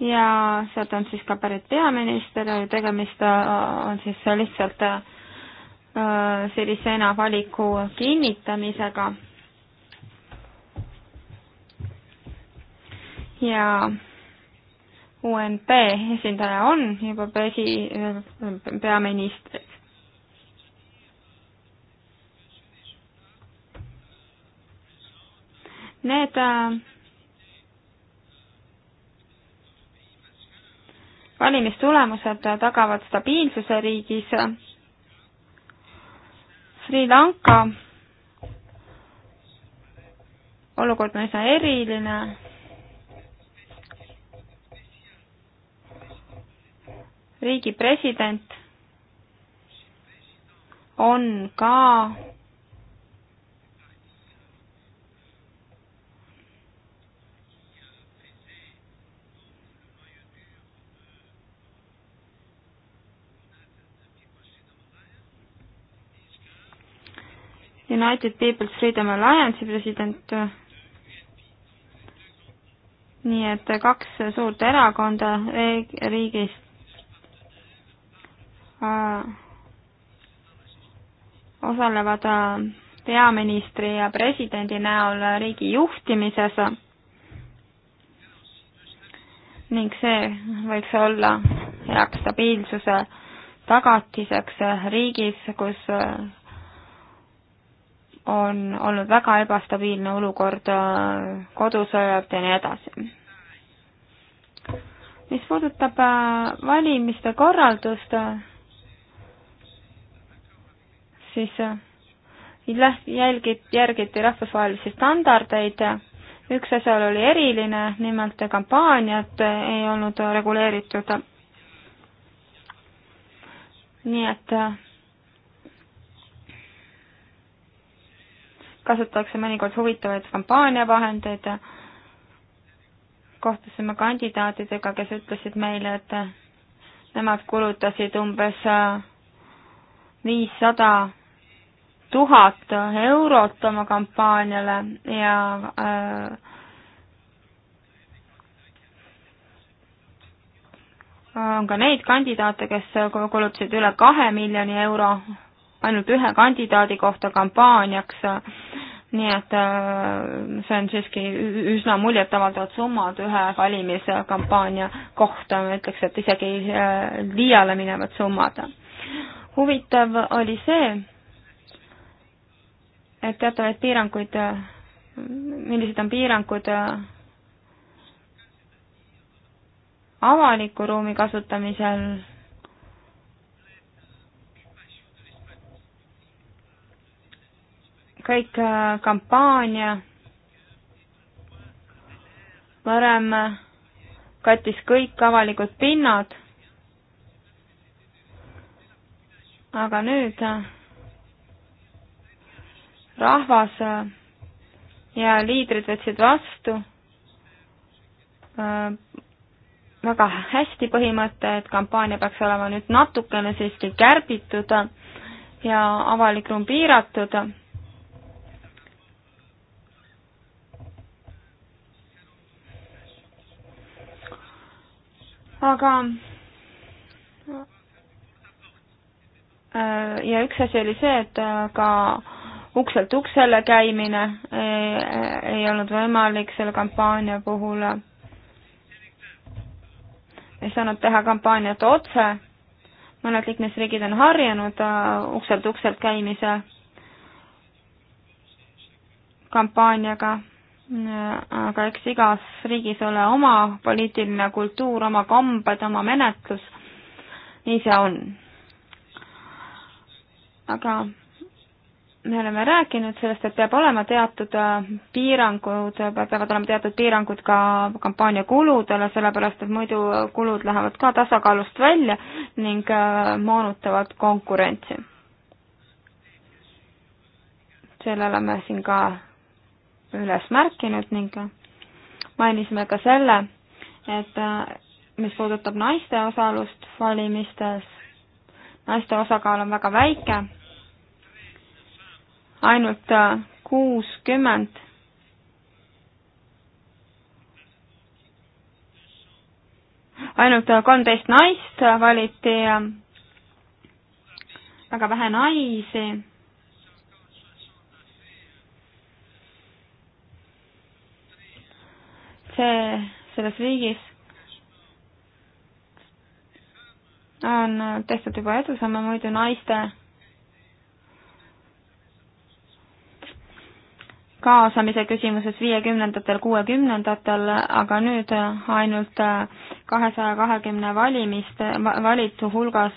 ja sealt on siis ka pärit peaminister, tegemist äh, on siis lihtsalt äh, sellise enavaliku kinnitamisega. ja UNP esindaja on juba presi-, peaministriks. Need äh, valimistulemused tagavad stabiilsuse riigis. Sri Lanka olukord on üsna eriline. riigi president on ka United People's Freedom Alliance'i president. nii et kaks suurt erakonda riigis osalevad peaministri ja presidendi näol riigi juhtimises ning see võiks olla heaks stabiilsuse tagatiseks riigis, kus on olnud väga ebastabiilne olukord kodusõjad ja nii edasi. mis puudutab äh, valimiste korraldust, siis äh, jälgib, järgiti rahvusvahelisi standardeid. üks asjaolu oli eriline, nimelt kampaaniat ei olnud reguleeritud. nii et äh, kasutatakse mõnikord huvitavaid kampaaniavahendeid, kohtusime kandidaatidega, kes ütlesid meile, et nemad kulutasid umbes äh, viissada tuhat eurot oma kampaaniale ja äh, on ka neid kandidaate, kes kulutasid üle kahe miljoni euro ainult ühe kandidaadi kohta kampaaniaks, nii et äh, see on siiski üsna muljetavaldavad summad ühe valimiskampaania kohta, ma ütleks, et isegi äh, liiale minevad summad. huvitav oli see, et teatavaid piiranguid, äh, millised on piirangud avaliku ruumi kasutamisel kõik äh, kampaania varem kattis kõik avalikud pinnad, aga nüüd äh, rahvas äh, ja liidrid võtsid vastu väga hästi põhimõte, et kampaania peaks olema nüüd natukene siiski kärbitud ja avalik ruum piiratud aga äh, ja üks asi oli see, et äh, ka ukselt uksele käimine ei, äh, ei olnud võimalik selle kampaania puhul. ei saanud teha kampaaniat otse, mõned liikmesriigid on harjunud ukselt ukselt käimise kampaaniaga aga eks igas riigis ole oma poliitiline kultuur, oma kambad, oma menetlus, nii see on. aga me oleme rääkinud sellest, et peab olema teatud äh, piirangud, peavad olema teatud piirangud ka kampaania kuludele, sellepärast et muidu kulud lähevad ka tasakaalust välja ning äh, moonutavad konkurentsi. sellele me siin ka üles märkinud ning mainisime ka selle, et mis puudutab naiste osalust valimistes, naiste osakaal on väga väike, ainult äh, kuuskümmend ainult äh, kolmteist naist valiti, äh, väga vähe naisi see, selles riigis on tehtud juba edusamme, muidu naiste kaasamise küsimuses viiekümnendatel, kuuekümnendatel, aga nüüd ainult kahesaja kahekümne valimist, valitu hulgas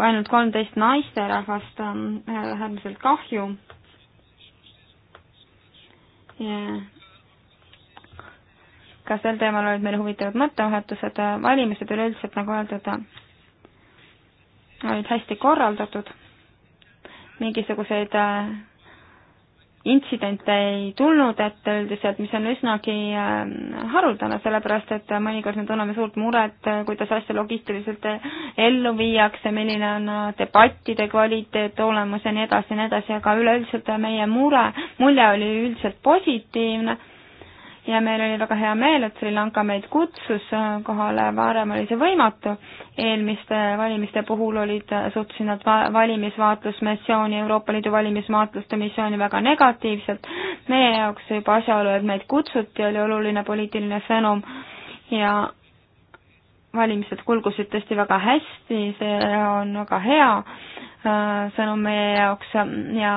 ainult kolmteist naisterahvast, äärmiselt kahju ka sel teemal olid meil huvitavad mõttevahetused, valimised üleüldiselt, nagu öeldud, olid hästi korraldatud, mingisuguseid äh, intsidente ei tulnud ette üldiselt, mis on üsnagi äh, haruldane, sellepärast et mõnikord me tunneme suurt muret, äh, kuidas asja logistiliselt ellu viiakse, milline on debattide kvaliteet olemas ja nii edasi ja nii edasi, aga üleüldiselt meie mure, mulje oli üldiselt positiivne ja meil oli väga hea meel, et Sri Lanka meid kutsus äh, kohale, varem oli see võimatu. eelmiste valimiste puhul olid, äh, suhtusid nad valimisvaatlusmissiooni, Euroopa Liidu valimisvaatluste missiooni väga negatiivselt. meie jaoks juba asjaolu, et meid kutsuti, oli oluline poliitiline sõnum ja valimised kulgusid tõesti väga hästi, see on väga hea, Äh, sõnum meie jaoks ja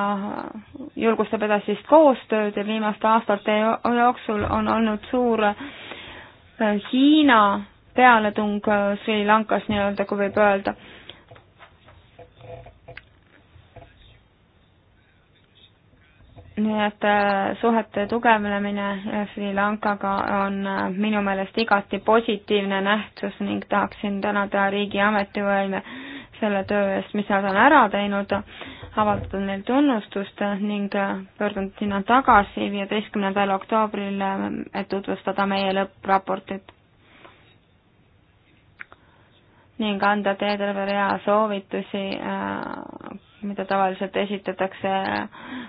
julgustab edasist koostööd ja viimaste aastate jooksul on olnud suur äh, Hiina pealetung äh, Sri Lankas nii-öelda, kui võib öelda. nii et suhete tugevnemine Sri Lankaga on minu meelest igati positiivne nähtus ning tahaksin tänada riigi ametivõime äh, selle töö eest, mis nad on ära teinud, avaldatud neil tunnustust ning pöördunud sinna tagasi viieteistkümnendal oktoobril, et tutvustada meie lõppraportit. ning anda teie terve rea soovitusi äh, mida tavaliselt esitatakse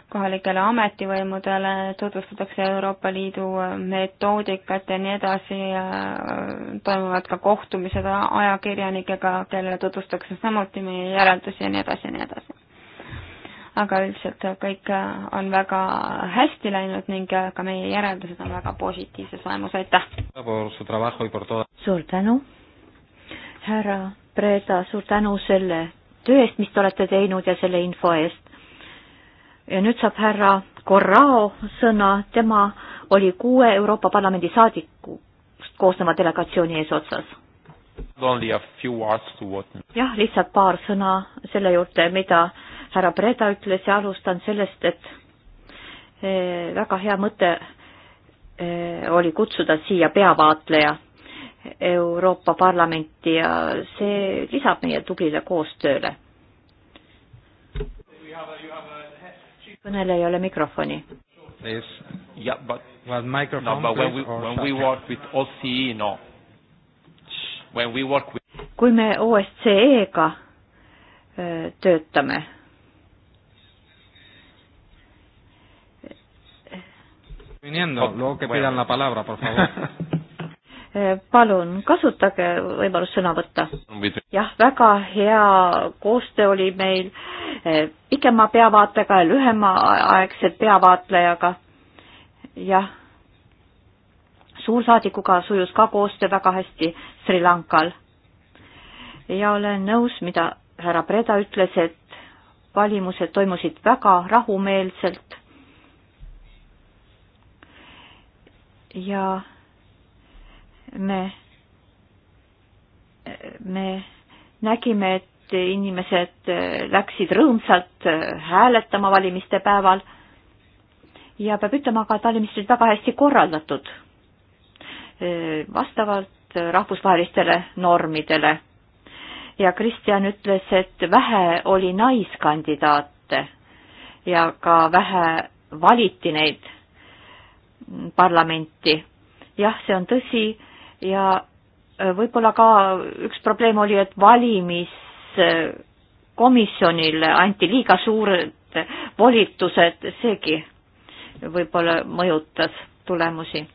kohalikele ametivõimudele, tutvustatakse Euroopa Liidu metoodikat ja nii edasi, äh, toimuvad ka kohtumised ajakirjanikega, kellele tutvustatakse samuti meie järeldusi ja nii edasi ja nii edasi. aga üldiselt kõik äh, on väga hästi läinud ning äh, ka meie järeldused on väga positiivses vaimus, aitäh! suur tänu, härra Preda, suur tänu selle töö eest, mis te olete teinud ja selle info eest. ja nüüd saab härra Corrao sõna, tema oli kuue Euroopa Parlamendi saadikust koosneva delegatsiooni eesotsas. jah, lihtsalt paar sõna selle juurde, mida härra Breda ütles ja alustan sellest, et eh, väga hea mõte eh, oli kutsuda siia peavaatleja Euroopa Parlamenti ja see lisab meie tublile koostööle. kõnel ei ole mikrofoni. Yes. Yeah, but well, microphone. No, but when we when we work with OCE, no. When we work with. kui me OSCE-ga äh, töötame viniendo, luego que pidan la palabra, por favor. palun kasutage võimalust sõna võtta. jah, väga hea koostöö oli meil eh, pikema peavaatega ja lühemaaegse peavaatlejaga. jah, suursaadikuga sujus ka koostöö väga hästi Sri Lankal. ja olen nõus, mida härra Preda ütles, et valimused toimusid väga rahumeelselt. ja me, me nägime, et inimesed äh, läksid rõõmsalt äh, hääletama valimiste päeval ja peab ütlema ka, et valimised olid väga hästi korraldatud äh, vastavalt rahvusvahelistele normidele. ja Kristjan ütles, et vähe oli naiskandidaate ja ka vähe valiti neid mm, parlamenti. jah, see on tõsi ja äh, võib-olla ka üks probleem oli, et valimiskomisjonile äh, anti liiga suured volitused, seegi võib-olla mõjutas tulemusi.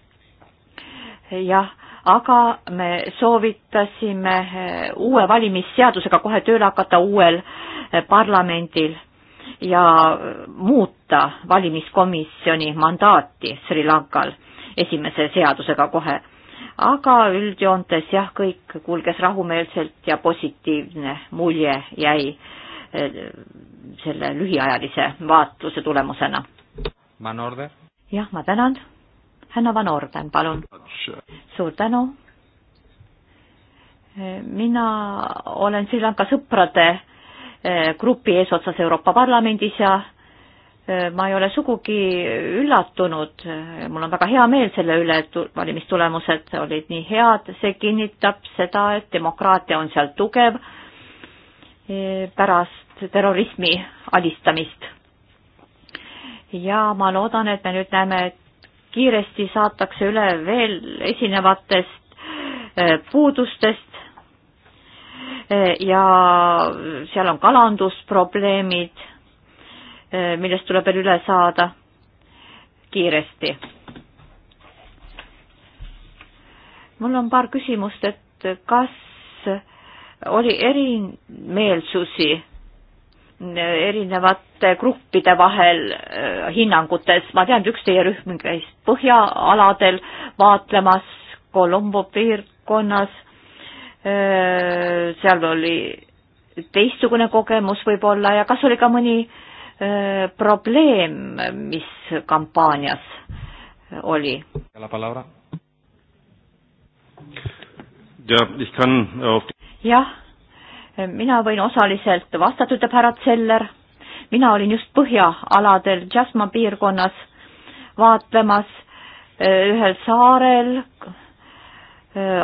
jah, aga me soovitasime äh, uue valimisseadusega kohe tööle hakata uuel parlamendil ja muuta valimiskomisjoni mandaati Sri Lankal esimese seadusega kohe aga üldjoontes jah, kõik kulges rahumeelselt ja positiivne mulje jäi eh, selle lühiajalise vaatluse tulemusena. jah, ma tänan. Hanno Van Orden, palun. suur tänu. Eh, mina olen Sri Lanka sõprade eh, grupi eesotsas Euroopa Parlamendis ja ma ei ole sugugi üllatunud, mul on väga hea meel selle üle, et valimistulemused olid nii head, see kinnitab seda, et demokraatia on seal tugev e, pärast terrorismi alistamist. ja ma loodan, et me nüüd näeme, et kiiresti saatakse üle veel esinevatest e, puudustest e, ja seal on kalandusprobleemid Eh, millest tuleb veel üle saada kiiresti. mul on paar küsimust, et kas oli erimeelsusi erinevate gruppide vahel eh, hinnangutes, ma tean, et üks teie rühm käis põhjaaladel vaatlemas Colombo piirkonnas, eh, seal oli teistsugune kogemus võib-olla ja kas oli ka mõni äh, Äh, probleem, mis kampaanias oli? Äh, jah, mina võin osaliselt vastata, ütleb härra Zeller. mina olin just põhjaaladel Jasma piirkonnas vaatlemas äh, ühel saarel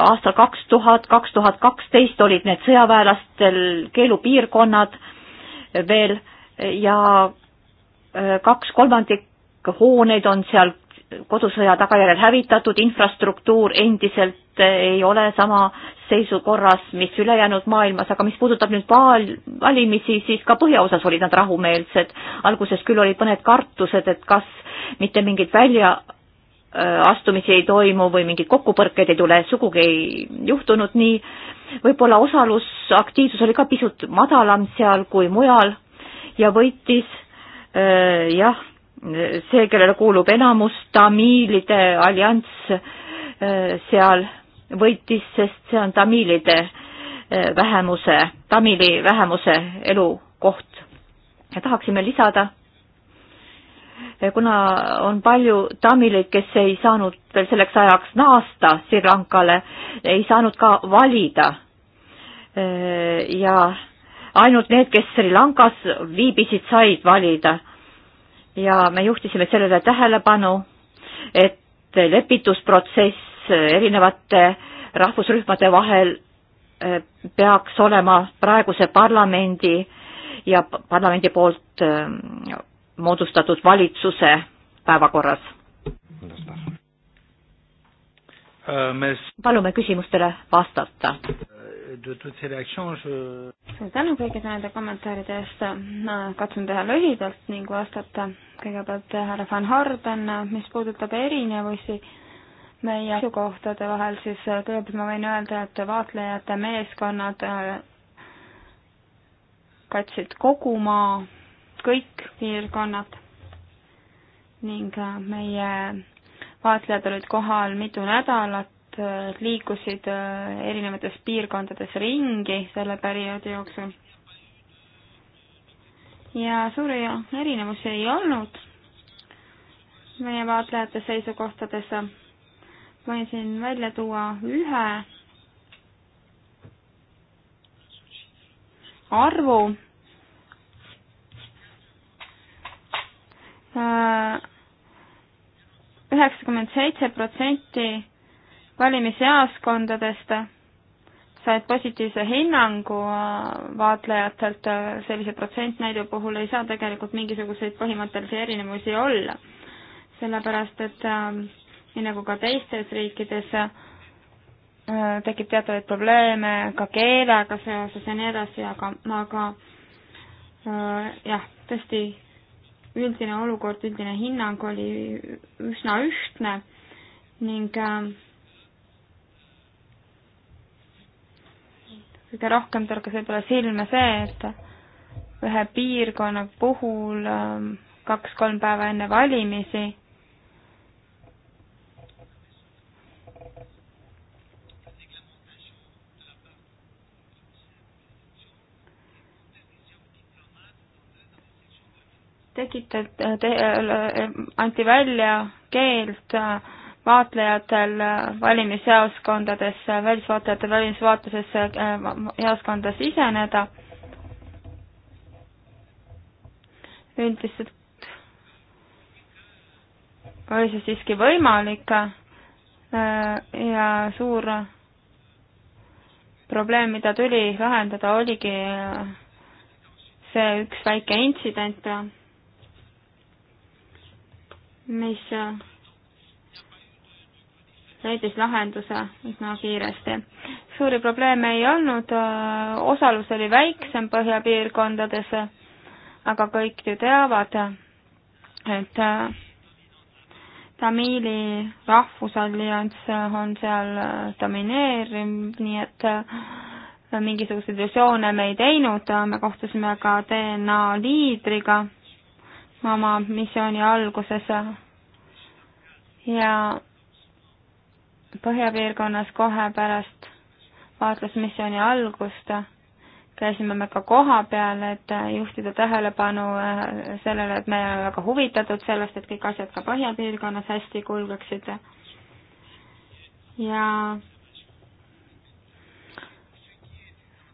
aastal kaks tuhat, kaks tuhat kaksteist olid need sõjaväelastel keelupiirkonnad veel ja e, kaks kolmandikku hooneid on seal kodusõja tagajärjel hävitatud, infrastruktuur endiselt e, ei ole sama seisukorras, mis ülejäänud maailmas, aga mis puudutab nüüd vaal-, valimisi, siis ka põhjaosas olid nad rahumeelsed. alguses küll olid mõned kartused, et kas mitte mingeid väljaastumisi e, ei toimu või mingeid kokkupõrkeid ei tule, sugugi ei juhtunud nii. võib-olla osalusaktiivsus oli ka pisut madalam seal kui mujal ja võitis äh, jah, see, kellele kuulub enamus, tamiilide allianss äh, seal võitis, sest see on tamiilide äh, vähemuse, tamiili vähemuse elukoht. ja tahaksime lisada, kuna on palju tamiileid, kes ei saanud veel selleks ajaks naasta Sri Lankale, ei saanud ka valida ja ainult need, kes Sri Lankas viibisid, said valida. ja me juhtisime sellele tähelepanu, et lepitusprotsess erinevate rahvusrühmade vahel eh, peaks olema praeguse parlamendi ja parlamendi poolt eh, moodustatud valitsuse päevakorras. Äh, palume küsimustele vastata. Äh, suur tänu kõigile nende kommentaaride eest, ma katsun teha lühidalt ning vastata kõigepealt härra Van Harden, mis puudutab erinevusi meie asukohtade vahel, siis kõigepealt ma võin öelda, et vaatlejate meeskonnad äh, katsid kogu maa, kõik piirkonnad ning äh, meie vaatlejad olid kohal mitu nädalat, nad äh, liikusid äh, erinevates piirkondades ringi selle perioodi jooksul. ja suuri erinevusi ei olnud meie vaatlejate seisukohtades. võin siin välja tuua ühe arvu äh, üheksakümmend seitse protsenti valimisjaoskondadest said positiivse hinnangu äh, vaatlejatelt, äh, sellise protsentnäidu puhul ei saa tegelikult mingisuguseid põhimõttelisi erinevusi olla. sellepärast, et ähm, nii nagu ka teistes riikides äh, tekib teatavaid probleeme ka keelega seoses ja nii edasi, aga, aga jah, tõesti üldine olukord, üldine hinnang oli üsna ühtne ning äh, kõige rohkem torkas võib-olla silma see, et ühe piirkonna puhul ähm, kaks-kolm päeva enne valimisi tekitati te,, anti välja keeld äh, vaatlejatel äh, valimisjaoskondades, äh, välisvaatlejatel valimisvaatlusesse äh, jaoskonda siseneda. üldiselt oli see siiski võimalik ja suur probleem, mida tuli lahendada, oligi see üks väike intsident, mis leidis lahenduse üsna kiiresti. suuri probleeme ei olnud, osalus oli väiksem põhjapiirkondades, aga kõik ju teavad, et Tamiili rahvusallianss on seal domineeriv, nii et mingisuguseid visioone me ei teinud, me kohtusime ka DNA liidriga oma missiooni alguses ja põhjapiirkonnas kohe pärast vaatlusmissiooni algust käisime me ka koha peal, et juhtida tähelepanu äh, sellele, et me oleme väga huvitatud sellest, et kõik asjad ka põhjapiirkonnas hästi kulgeksid. ja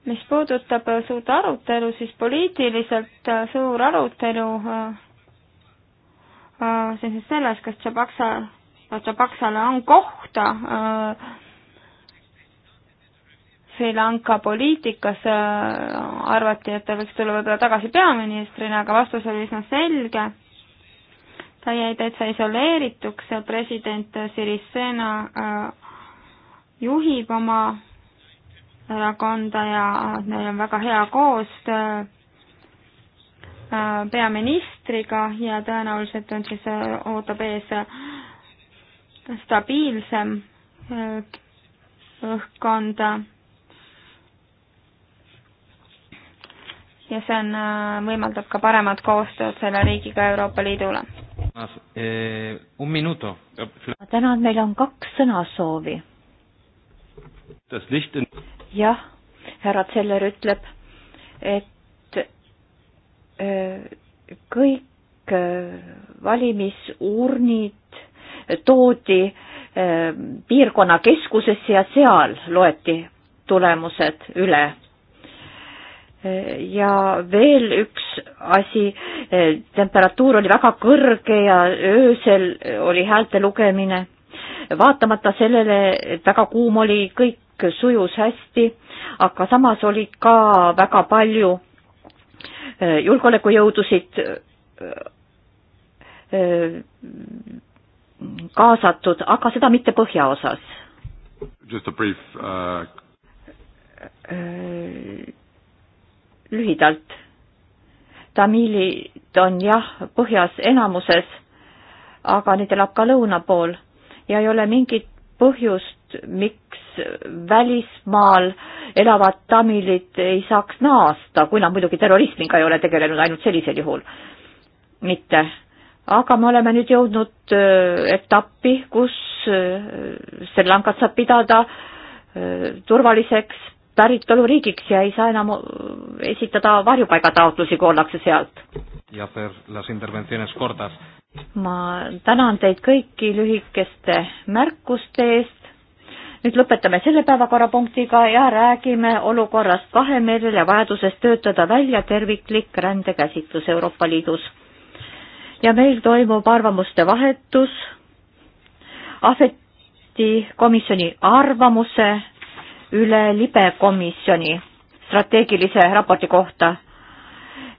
mis puudutab suurt arutelu, siis poliitiliselt äh, suur arutelu äh, seisnes selles, kas Tšabaksa Otsa Paksale on kohta äh, Sri Lanka poliitikas, äh, arvati, et ta võiks tulla võib-olla tagasi peaministrina, aga vastus oli üsna selge. ta jäi täitsa isoleerituks, president Sirisena äh, juhib oma erakonda ja neil on väga hea koostöö peaministriga ja tõenäoliselt on siis, ootab ees stabiilsem õhkkond ja see on, äh, võimaldab ka paremat koostööd selle riigiga Euroopa Liidule. Eh, ma tänan, meil on kaks sõnasoovi. jah, härra Zeller ütleb, et äh, kõik äh, valimisuurnid toodi eh, piirkonna keskusesse ja seal loeti tulemused üle. Eh, ja veel üks asi, eh, temperatuur oli väga kõrge ja öösel oli häälte lugemine. vaatamata sellele, et väga kuum oli, kõik sujus hästi, aga samas oli ka väga palju julgeolekujõudusid kaasatud, aga seda mitte põhjaosas. Brief, uh... Äh, lühidalt. tamiilid on jah, põhjas enamuses, aga neid elab ka lõuna pool ja ei ole mingit põhjust, miks välismaal elavad tamilid ei saaks naasta, kui nad muidugi terrorismiga ei ole tegelenud, ainult sellisel juhul mitte aga me oleme nüüd jõudnud äh, etappi, kus äh, Sri Lankat saab pidada äh, turvaliseks päritoluriigiks ja ei saa enam esitada varjupaigataotlusi, kui ollakse sealt. ma tänan teid kõiki lühikeste märkuste eest. nüüd lõpetame selle päevakorrapunktiga ja räägime olukorrast Vahemerel ja vajadusest töötada välja terviklik rändekäsitlus Euroopa Liidus ja meil toimub arvamuste vahetus Ahveti komisjoni arvamuse üle libe komisjoni strateegilise raporti kohta.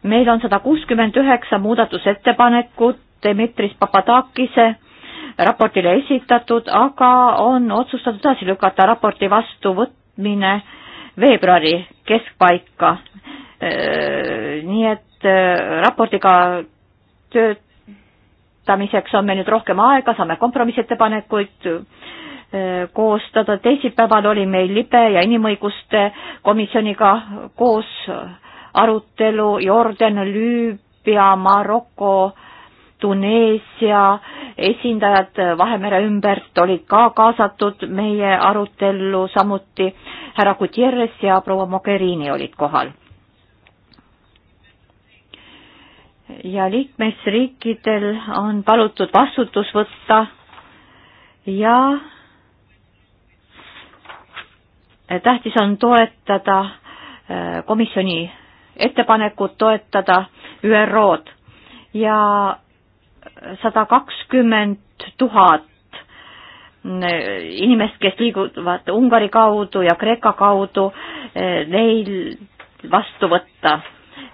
meil on sada kuuskümmend üheksa muudatusettepanekut Dmitris Papadakise raportile esitatud, aga on otsustatud edasi lükata raporti vastuvõtmine veebruari keskpaika. Äh, nii et äh, raportiga tööd arutamiseks on meil nüüd rohkem aega, saame kompromissettepanekuid eh, koostada, teisipäeval oli meil libe ja inimõiguste komisjoniga koos arutelu Jordan, Lüübia, Maroko, Tuneesia esindajad Vahemere ümbert olid ka kaasatud meie arutellu, samuti härra Gutierrez ja proua Mogherini olid kohal. ja liikmesriikidel on palutud vastutus võtta ja tähtis on toetada äh, komisjoni ettepanekut toetada ÜRO-d ja sada kakskümmend tuhat äh, inimest, kes liiguvad Ungari kaudu ja Kreeka kaudu, äh, neil vastu võtta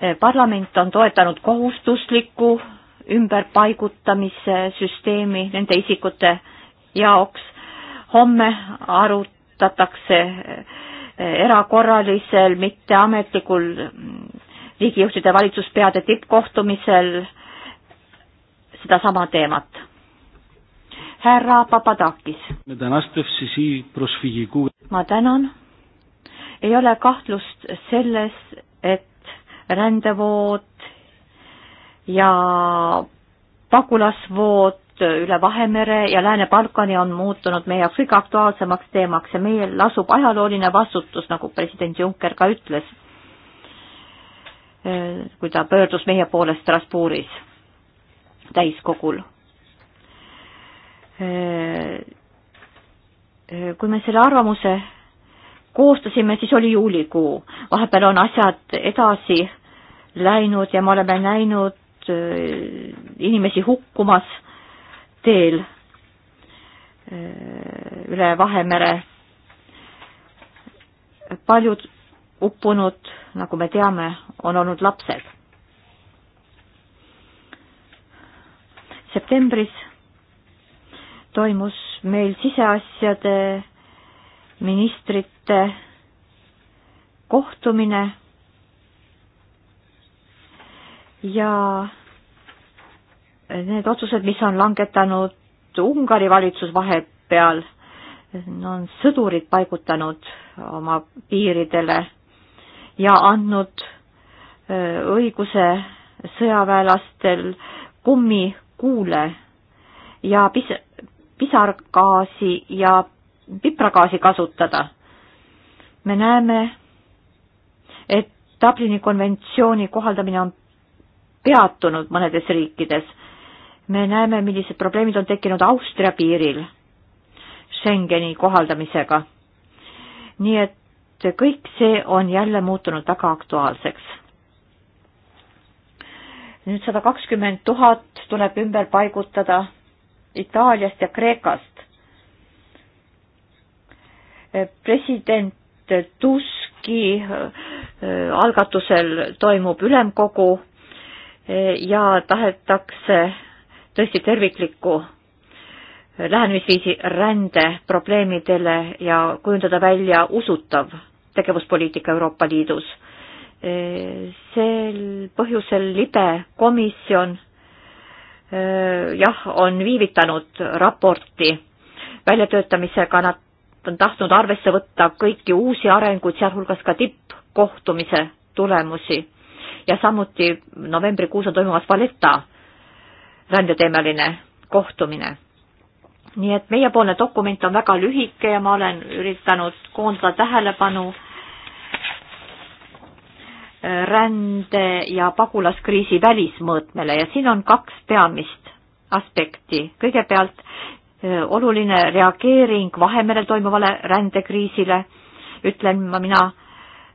Eh, parlament on toetanud kohustuslikku ümberpaigutamise süsteemi nende isikute jaoks. homme arutatakse eh, erakorralisel mitteametlikul mm, riigijuhtide valitsuspeade tippkohtumisel sedasama teemat. härra Papadakis. ma tänan. ei ole kahtlust selles, et rändevood ja pagulasvood üle Vahemere ja Lääne-Balkani on muutunud meie jaoks kõige aktuaalsemaks teemaks ja meil lasub ajalooline vastutus, nagu president Juncker ka ütles, kui ta pöördus meie poole Strasbourgis täiskogul. kui me selle arvamuse koostasime, siis oli juulikuu, vahepeal on asjad edasi läinud ja me oleme näinud äh, inimesi hukkumas teel äh, üle Vahemere. paljud uppunud, nagu me teame, on olnud lapsed. septembris toimus meil siseasjade ministrite kohtumine ja need otsused, mis on langetanud Ungari valitsus vahepeal, on sõdurid paigutanud oma piiridele ja andnud õiguse sõjaväelastel kummikuule ja pis-, pisargaasi ja pipragaasi kasutada. me näeme, et Dublini konventsiooni kohaldamine on peatunud mõnedes riikides. me näeme, millised probleemid on tekkinud Austria piiril Schengeni kohaldamisega. nii et kõik see on jälle muutunud väga aktuaalseks. nüüd sada kakskümmend tuhat tuleb ümber paigutada Itaaliast ja Kreekast. president Tuski äh, algatusel toimub ülemkogu ja tahetakse tõesti terviklikku lähenemisviisi rände probleemidele ja kujundada välja usutav tegevuspoliitika Euroopa Liidus. sel põhjusel libe komisjon jah, on viivitanud raporti väljatöötamisega, nad on tahtnud arvesse võtta kõiki uusi arenguid, sealhulgas ka tippkohtumise tulemusi ja samuti novembrikuus on toimumas Valetta rändeteemaline kohtumine. nii et meiepoolne dokument on väga lühike ja ma olen üritanud koondada tähelepanu äh, rände ja pagulaskriisi välismõõtmele ja siin on kaks peamist aspekti. kõigepealt äh, oluline reageering Vahemerel toimuvale rändekriisile, ütlen ma mina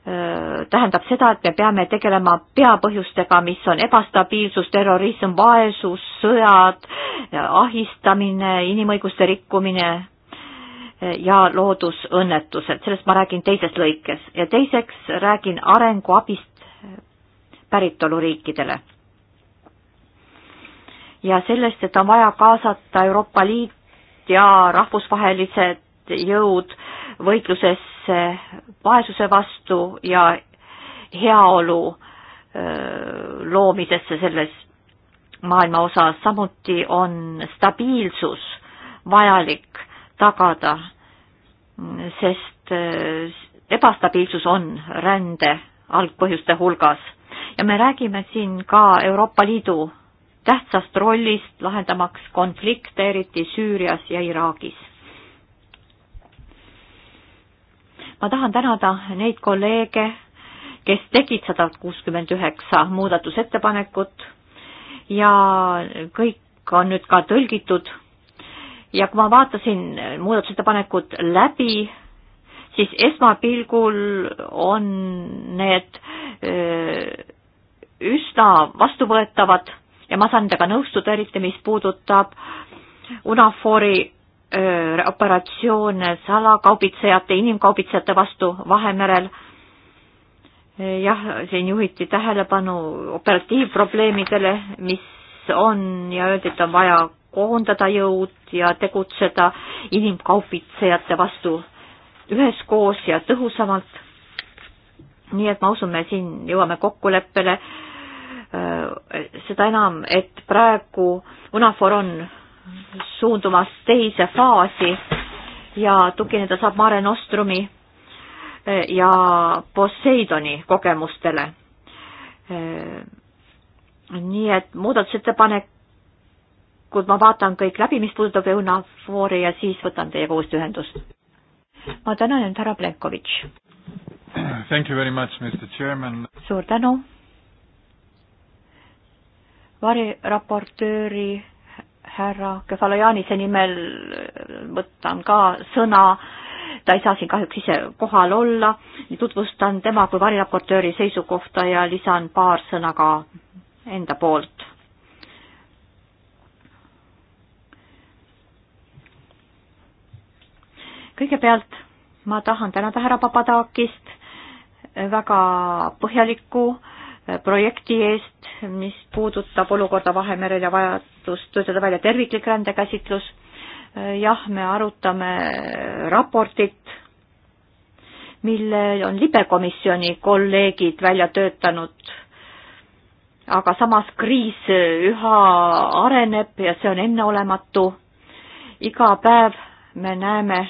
Äh, tähendab seda, et me peame tegelema peapõhjustega, mis on ebastabiilsus, terrorism, vaesus, sõjad, ahistamine, inimõiguste rikkumine äh, ja loodusõnnetused, sellest ma räägin teises lõikes ja teiseks räägin arenguabist äh, päritoluriikidele. ja sellest, et on vaja kaasata Euroopa Liit ja rahvusvahelised jõud võitlusesse vaesuse vastu ja heaolu loomisesse selles maailma osas, samuti on stabiilsus vajalik tagada, sest ebastabiilsus on rände algpõhjuste hulgas ja me räägime siin ka Euroopa Liidu tähtsast rollist lahendamaks konflikte, eriti Süürias ja Iraagis ma tahan tänada neid kolleege, kes tegid sada kuuskümmend üheksa muudatusettepanekut ja kõik on nüüd ka tõlgitud. ja kui ma vaatasin muudatusettepanekud läbi, siis esmapilgul on need öö, äh, üsna vastuvõetavad ja ma saan temaga nõustuda, eriti mis puudutab UNAFOR-i operatsioone salakaubitsejate, inimkaubitsejate vastu Vahemerel. jah, siin juhiti tähelepanu operatiivprobleemidele, mis on ja öeldi, et on vaja koondada jõud ja tegutseda inimkaubitsejate vastu üheskoos ja tõhusamalt. nii et ma usun, me siin jõuame kokkuleppele. seda enam, et praegu UNAFOR on suundumas teise faasi ja tugineda saab Mare Nostrumi eh, ja Poseidoni kogemustele. Eh, nii et muudatusettepanekud ma vaatan kõik läbi, mis puudutab EUNAFOR-i ja siis võtan teiega uuesti ühendust. ma tänan nüüd härra Plenkovitš. Thank you very much, Mr Chairman. suur tänu. variraportööri härra Kefalojanise nimel võtan ka sõna, ta ei saa siin kahjuks ise kohal olla, tutvustan tema kui variraportööri seisukohta ja lisan paar sõna ka enda poolt. kõigepealt ma tahan tänada härra Papadakist väga põhjaliku projekti eest, mis puudutab olukorda Vahemerel ja vajad, käsitlus, töötada välja terviklik rändekäsitlus. jah, me arutame raportit, mille on libekomisjoni kolleegid välja töötanud. aga samas kriis üha areneb ja see on enneolematu. iga päev me näeme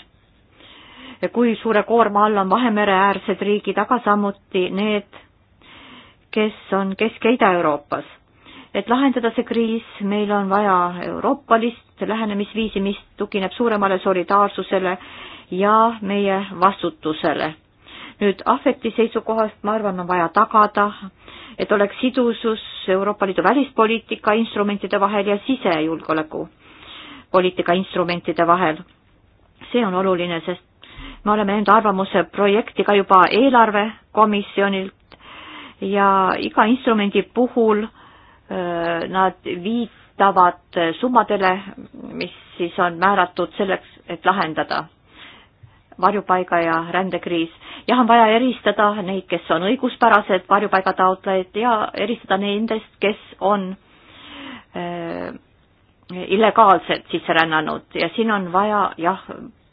kui suure koorma all on Vahemere-äärsed riigid, aga samuti need, kes on Kesk- ja Ida-Euroopas et lahendada see kriis, meil on vaja euroopalist lähenemisviisi, mis tugineb suuremale solidaarsusele ja meie vastutusele. nüüd ahveti seisukohast, ma arvan, on vaja tagada, et oleks sidusus Euroopa Liidu välispoliitika instrumentide vahel ja sisejulgeoleku poliitika instrumentide vahel. see on oluline, sest me oleme enda arvamuse projekti ka juba eelarvekomisjonilt ja iga instrumendi puhul äh, nad viitavad summadele, mis siis on määratud selleks, et lahendada varjupaiga ja rändekriis. jah, on vaja eristada neid, kes on õiguspärased varjupaigataotlejad ja eristada nendest, kes on äh, illegaalselt sisse rännanud ja siin on vaja jah,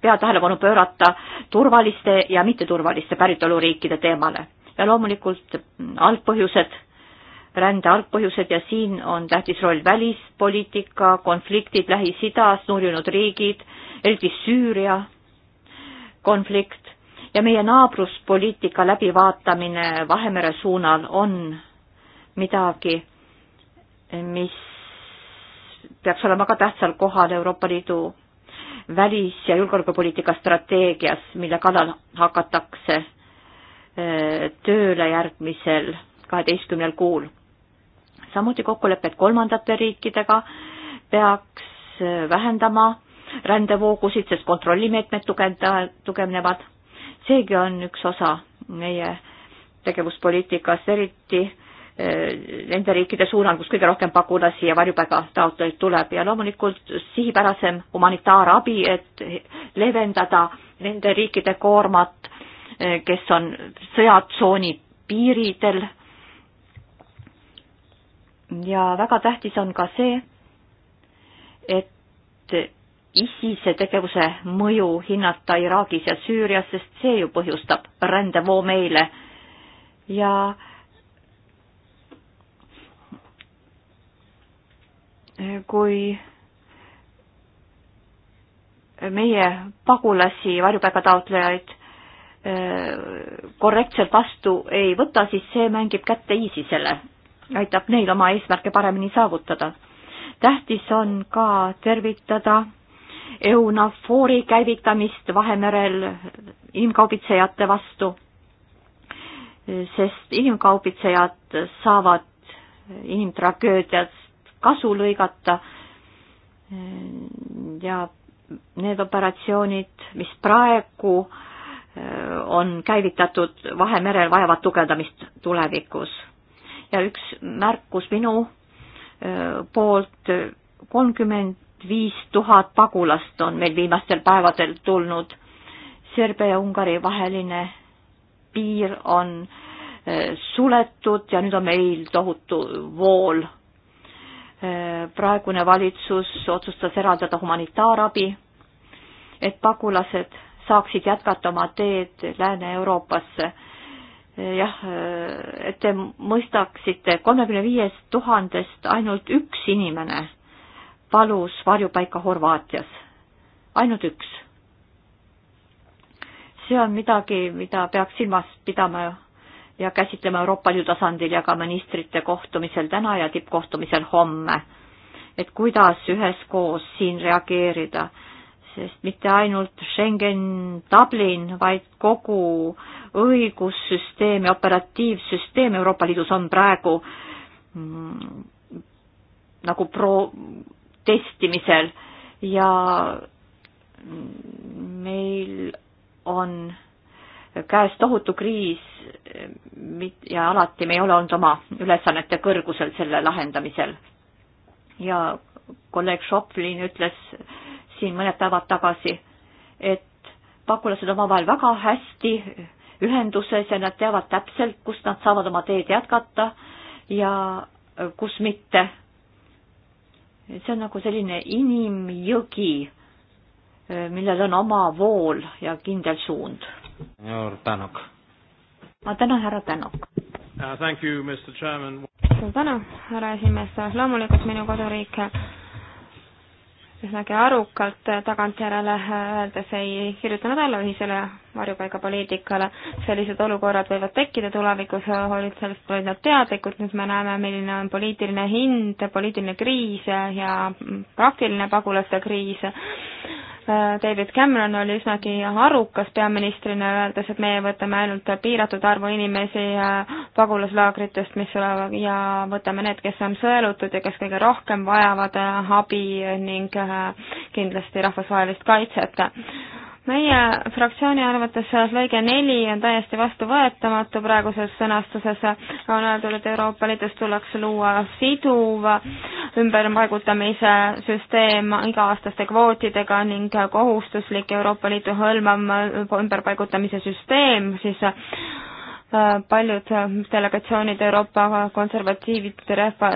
peatähelepanu pöörata turvaliste ja mitteturvaliste päritoluriikide teemale ja loomulikult mm, algpõhjused rände algpõhjused ja siin on tähtis roll välispoliitika, konfliktid Lähis-Idas, nurjunud riigid, eriti Süüria konflikt ja meie naabruspoliitika läbivaatamine Vahemere suunal on midagi, mis peaks olema ka tähtsal kohal Euroopa Liidu välis- ja julgeolekupoliitika strateegias, mille kallal hakatakse eh, tööle järgmisel kaheteistkümnel kuul samuti kokkulepped kolmandate riikidega peaks äh, vähendama rändevoogusid, sest kontrollimeetmed tugevda-, tugevnevad. seegi on üks osa meie tegevuspoliitikast, eriti äh, nende riikide suunal, kus kõige rohkem pagulasi ja varjupaiga taotlejaid tuleb ja loomulikult sihipärasem humanitaarabi, et leevendada nende riikide koormat, äh, kes on sõjatsooni piiridel ja väga tähtis on ka see, et ISISe tegevuse mõju hinnata Iraagis ja Süürias, sest see ju põhjustab rändevoo meile ja kui meie pagulasi, varjupaigataotlejaid eh, korrektselt vastu ei võta, siis see mängib kätte ISISele aitab neil oma eesmärke paremini saavutada. tähtis on ka tervitada EUNAFOR-i käivitamist Vahemerel inimkaubitsejate vastu, sest inimkaubitsejad saavad inimtragöödiast kasu lõigata ja need operatsioonid, mis praegu eh, on käivitatud Vahemerel, vajavad tugevdamist tulevikus ja üks märkus minu poolt, kolmkümmend viis tuhat pagulast on meil viimastel päevadel tulnud. Serbia ja Ungari vaheline piir on suletud ja nüüd on meil tohutu vool. praegune valitsus otsustas eraldada humanitaarabi, et pagulased saaksid jätkata oma teed Lääne-Euroopasse jah, et te mõistaksite, kolmekümne viiest tuhandest ainult üks inimene palus varjupaika Horvaatias. ainult üks. see on midagi, mida peaks silmas pidama ja käsitlema Euroopa Liidu tasandil ja ka ministrite kohtumisel täna ja tippkohtumisel homme. et kuidas üheskoos siin reageerida sest mitte ainult Schengen, Dublin, vaid kogu õigussüsteem ja operatiivsüsteem Euroopa Liidus on praegu mm, nagu pro-, testimisel ja meil on käes tohutu kriis ja alati me ei ole olnud oma ülesannete kõrgusel selle lahendamisel. ja kolleeg Šoplin ütles, siin mõned päevad tagasi, et pagulased on omavahel väga hästi ühenduses ja nad teavad täpselt, kust nad saavad oma teed jätkata ja kus mitte. see on nagu selline inimjõgi, millel on oma vool ja kindel suund. ma tänan, härra Tänok uh,. suur tänu, härra esimees, loomulikult minu koduriik üsnagi arukalt tagantjärele äh, öeldes ei kirjutanud alla ühisele varjupaigapoliitikale. sellised olukorrad võivad tekkida tulevikus, äh, olid sellest olid nad teadlikud, nüüd me näeme, milline on poliitiline hind, poliitiline kriis äh, ja mm, praktiline pagulaste kriis David Cameron oli üsnagi arukas peaministrina, öeldes, et meie võtame ainult piiratud arvu inimesi pagulaslaagritest, mis olevat ja võtame need, kes on sõelutud ja kes kõige rohkem vajavad abi ning kindlasti rahvusvahelist kaitset meie fraktsiooni arvates lõige neli on täiesti vastuvõetamatu praeguses sõnastuses, on öeldud, et Euroopa Liidus tuleks luua siduv ümberpaigutamise süsteem iga-aastaste kvootidega ning kohustuslik Euroopa Liidu hõlmav ümberpaigutamise süsteem siis paljud äh, delegatsioonid, Euroopa konservatiivid,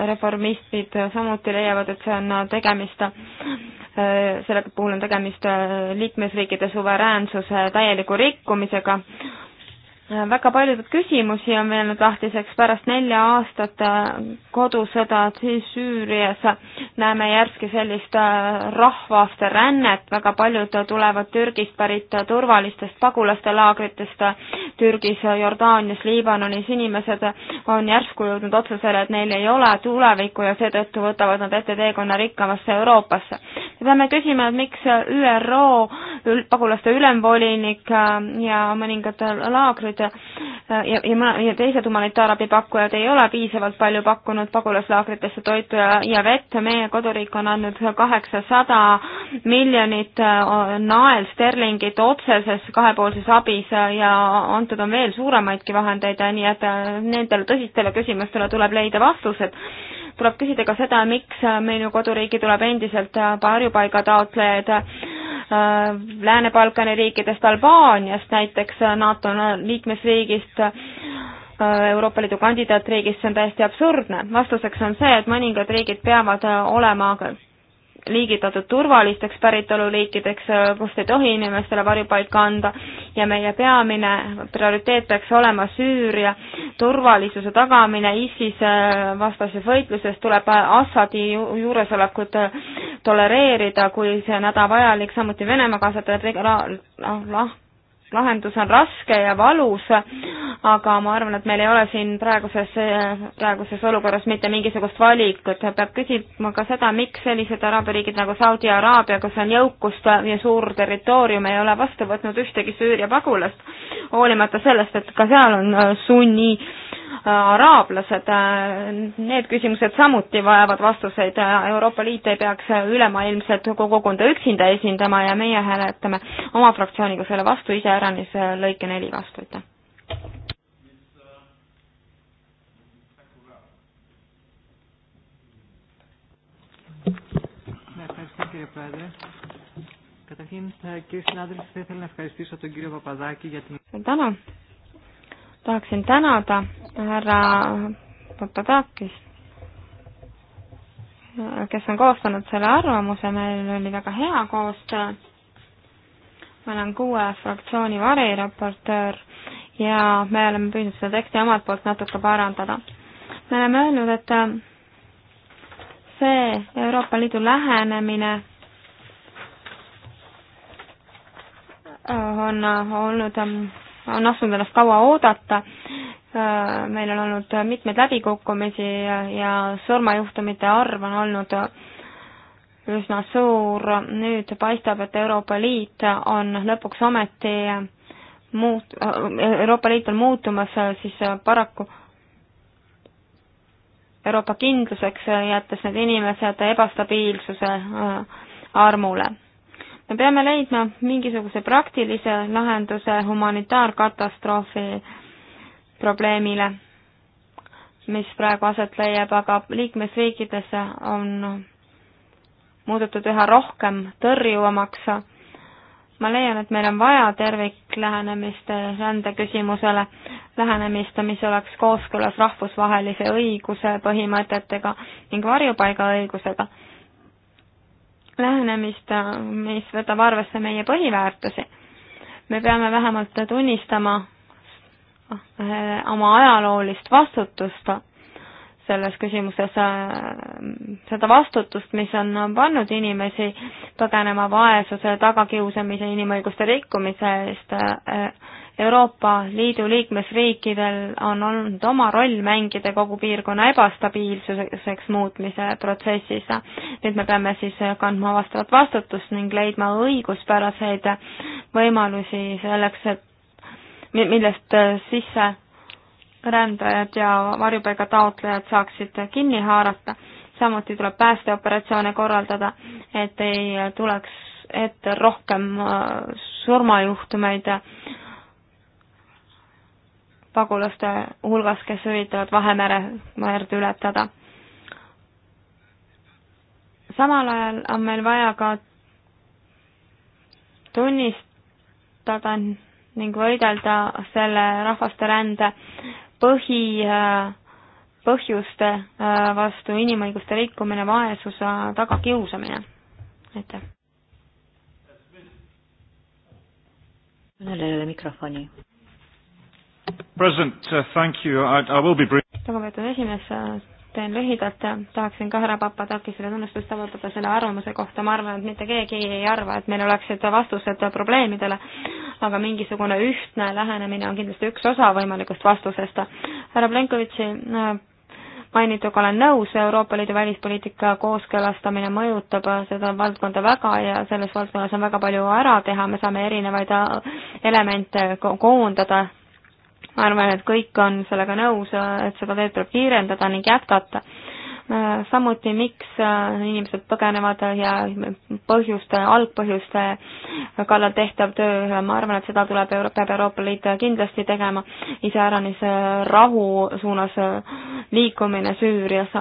reformistid äh, samuti leiavad, et see on äh, tegemist, selle puhul on tegemist liikmesriikide suveräänsuse täieliku rikkumisega Äh, väga paljusid küsimusi on veel nüüd lahtiseks pärast nelja aastat äh, kodusõda Süürias näeme järsku sellist äh, rahvaste rännet, väga paljud tulevad Türgist pärit turvalistest pagulaste laagritest Türgis, Jordaanias, Liibanonis, inimesed on järsku jõudnud otsusele, et neil ei ole tulevikku ja seetõttu võtavad nad ette teekonna rikkamasse Euroopasse. me peame küsima, et miks ÜRO pagulaste ülemvolinik ja mõningad laagrid pakkujaid äh, ja, ja, ja teised humanitaarabipakkujad ei ole piisavalt palju pakkunud pagulaslaagritesse toitu ja, ja vett. meie koduriik on andnud kaheksasada miljonit äh, naelsterlingit otseses kahepoolses abis äh, ja antud on veel suuremaidki vahendeid, nii et nendele tõsistele küsimustele tuleb leida vastused tuleb küsida ka seda, miks minu koduriiki tuleb endiselt varjupaigataotlejaid Lääne-Balkani riikidest, Albaaniast näiteks, NATO liikmesriigist, Euroopa Liidu kandidaatriigist, see on täiesti absurdne. vastuseks on see, et mõningad riigid peavad olema liigitatud turvalisteks päritoluliikideks, kust ei tohi inimestele varjupaika anda ja meie peamine prioriteet peaks olema Süüria turvalisuse tagamine, ISIS vastases võitluses tuleb Assadi juuresolekut tolereerida, kui see on hädavajalik, samuti Venemaa kaasata noh, noh, lahendus on raske ja valus, aga ma arvan, et meil ei ole siin praeguses, praeguses olukorras mitte mingisugust valikut. peab küsima ka seda, miks sellised araabia riigid nagu Saudi Araabia, kus on jõukust ja suur territoorium, ei ole vastu võtnud ühtegi Süüria pagulast, hoolimata sellest, et ka seal on sunni araablased, need küsimused samuti vajavad vastuseid, Euroopa Liit ei peaks ülemaailmset kogukonda üksinda esindama ja meie hääletame oma fraktsiooniga selle vastu, iseäranis lõike neli vastu, aitäh. Καταρχήν, κύριε συνάδελφε, θα ήθελα να ευχαριστήσω τον κύριο Παπαδάκη για την... Σαντάνα tahaksin tänada härra Papadakis, kes on koostanud selle arvamuse, meil oli väga hea koostöö. ma olen kuue fraktsiooni variraportöör ja me oleme püüdnud seda teksti omalt poolt natuke parandada. me oleme öelnud, et see Euroopa Liidu lähenemine on olnud on lasknud ennast kaua oodata. Äh, meil on olnud mitmeid läbikukkumisi ja surmajuhtumite arv on olnud üsna suur. nüüd paistab, et Euroopa Liit on lõpuks ometi muut-, Euroopa Liit on muutumas siis paraku Euroopa kindluseks, jättes need inimesed ebastabiilsuse armule me peame leidma mingisuguse praktilise lahenduse humanitaarkatastroofi probleemile, mis praegu aset leiab, aga liikmesriikides on muudetud üha rohkem tõrjuvamaks. ma leian, et meil on vaja terviklähenemist rändeküsimusele, lähenemist, mis oleks kooskõlas rahvusvahelise õiguse põhimõtetega ning varjupaigaõigusega lähenemist, mis võtab arvesse meie põhiväärtusi. me peame vähemalt tunnistama eh, oma ajaloolist vastutust selles küsimuses, eh, seda vastutust, mis on pannud inimesi põgenema vaesuse, tagakiusamise, inimõiguste rikkumise eest eh, Euroopa Liidu liikmesriikidel on olnud oma roll mängida kogu piirkonna ebastabiilsuseks muutmise protsessis. nüüd me peame siis kandma vastavat vastutust ning leidma õiguspäraseid võimalusi selleks, et millest sisse rändajad ja varjupaiga taotlejad saaksid kinni haarata. samuti tuleb päästeoperatsioone korraldada, et ei tuleks ette rohkem äh, surmajuhtumeid pagulaste hulgas, kes üritavad Vahemere merd ületada. samal ajal on meil vaja ka tunnistada ning võidelda selle rahvasterände põhi, põhjuste äh, vastu inimõiguste rikkumine, vaesus, tagakiusamine. aitäh. kõnelejale mikrofoni President uh,, thank you, I will be brief. lugupeetud esimees, uh, teen lühidalt, uh, tahaksin ka härra Papadakisele tunnustust avaldada selle arvamuse kohta, ma arvan, et mitte keegi ei arva, et meil oleksid vastused probleemidele, aga mingisugune ühtne lähenemine on kindlasti üks osa võimalikust vastusest. härra Plenkovitši uh, mainituga olen nõus, Euroopa Liidu välispoliitika kooskõlastamine mõjutab seda valdkonda väga ja selles valdkonnas on väga palju ära teha, me saame erinevaid elemente koondada ma arvan, et kõik on sellega nõus, et seda teed tuleb kiirendada ning jätkata. Äh, samuti, miks äh, inimesed põgenevad ja põhjuste, algpõhjuste kallal tehtav töö, ma arvan, et seda tuleb Euro-, peab Euroopa Liit kindlasti tegema, iseäranis äh, rahu suunas liikumine Süürias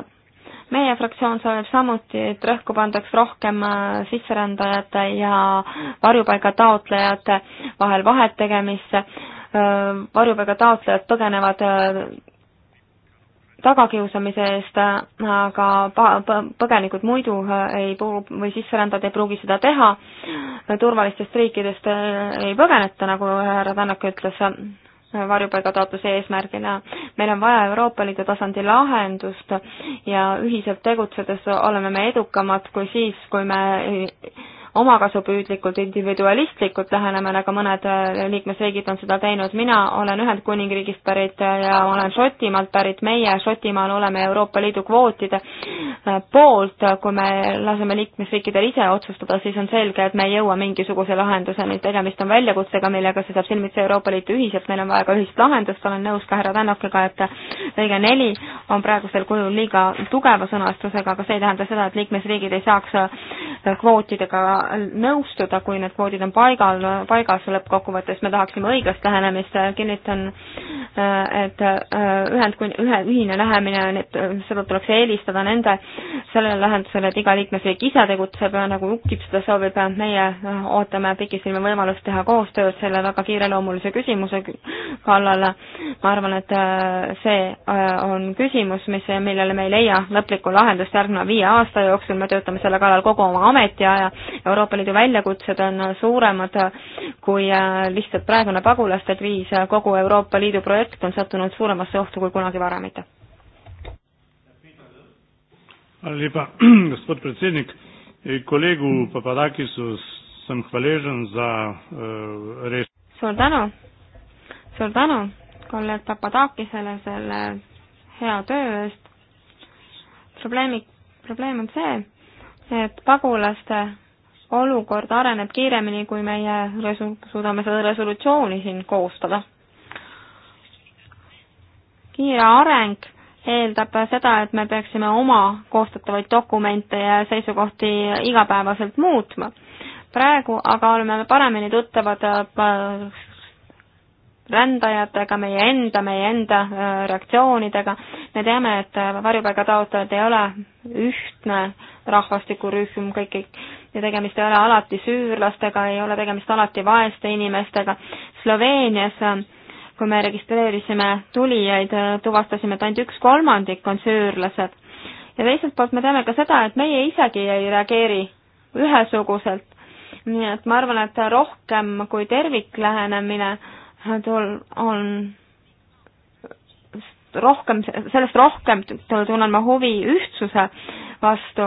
meie fraktsioon soovib samuti, et rõhku pandaks rohkem sisserändajate ja varjupaiga taotlejate vahel vahet tegemisse Äh, varjupaiga taotlejad põgenevad äh, tagakiusamise eest, äh, aga põgenikud muidu ei puu- või sisserändajad ei pruugi seda teha, turvalistest riikidest ei põgeneta, nagu härra Tänak ütles, varjupaigataotluse eesmärgina. meil on vaja Euroopa Liidu tasandil lahendust ja ühiselt tegutsedes oleme me edukamad kui siis, kui me omakasupüüdlikult, individualistlikult lähenemine, aga mõned äh, liikmesriigid on seda teinud. mina olen Ühendkuningriigist pärit äh, ja olen Šotimaalt pärit, meie Šotimaal oleme Euroopa Liidu kvootide äh, poolt, kui me laseme liikmesriikidel ise otsustada, siis on selge, et me ei jõua mingisuguse lahenduseni, tegemist on väljakutsega, millega see saab silmitsi Euroopa Liit ühiselt, meil on vaja ka ühist lahendust, olen nõus ka härra Tänakiga, et lõige neli on praegusel kujul liiga tugeva sõnastusega, aga see ei tähenda seda, et liikmesriigid ei saaks kvootidega nõustuda, kui need kvoodid on paigal, paigas lõppkokkuvõttes, me tahaksime õiglast lähenemist, kinnitan, äh, et äh, ühendkun-, ühe, ühine lähemine, et äh, seda tuleks eelistada nende, sellele lahendusele, et iga liikmesriik ise tegutseb, nagu UKIP seda soovib, meie ootame pikisilmi võimalust teha koostööd selle väga kiireloomulise küsimuse kallal. ma arvan, et see on küsimus, mis, millele me ei leia lõplikku lahendust järgneva viie aasta jooksul, me töötame selle kallal kogu oma ametiaja ja Euroopa Liidu väljakutsed on suuremad kui äh, lihtsalt praegune pagulaste kriis, kogu Euroopa Liidu projekt on sattunud suuremasse ohtu kui kunagi varem, aitäh! Hvala lepa, gospod predsednik. Eh, kolegu Papadakisu sem hvaležen za uh, res. suur tänu, suur tänu kolleeg Papadakisele selle hea töö eest. probleemi, probleem on see, et pagulaste olukord areneb kiiremini, kui meie resu-, suudame seda resolutsiooni siin koostada. kiire areng eeldab seda, et me peaksime oma koostatavaid dokumente ja seisukohti igapäevaselt muutma. praegu aga oleme paremini tuttavad äh, rändajatega, meie enda, meie enda äh, reaktsioonidega. me teame, et äh, varjupaiga taotlejad ei ole ühtne rahvastikurühm, kõik, kõik ja tegemist ei ole alati süürlastega, ei ole tegemist alati vaeste inimestega. Sloveenias, kui me registreerisime tulijaid, tuvastasime, et ainult üks kolmandik on süürlased. ja teiselt poolt me teame ka seda, et meie isegi ei reageeri ühesuguselt. nii et ma arvan, et rohkem kui terviklähenemine on rohkem, sellest rohkem tunnen ma huvi ühtsuse vastu,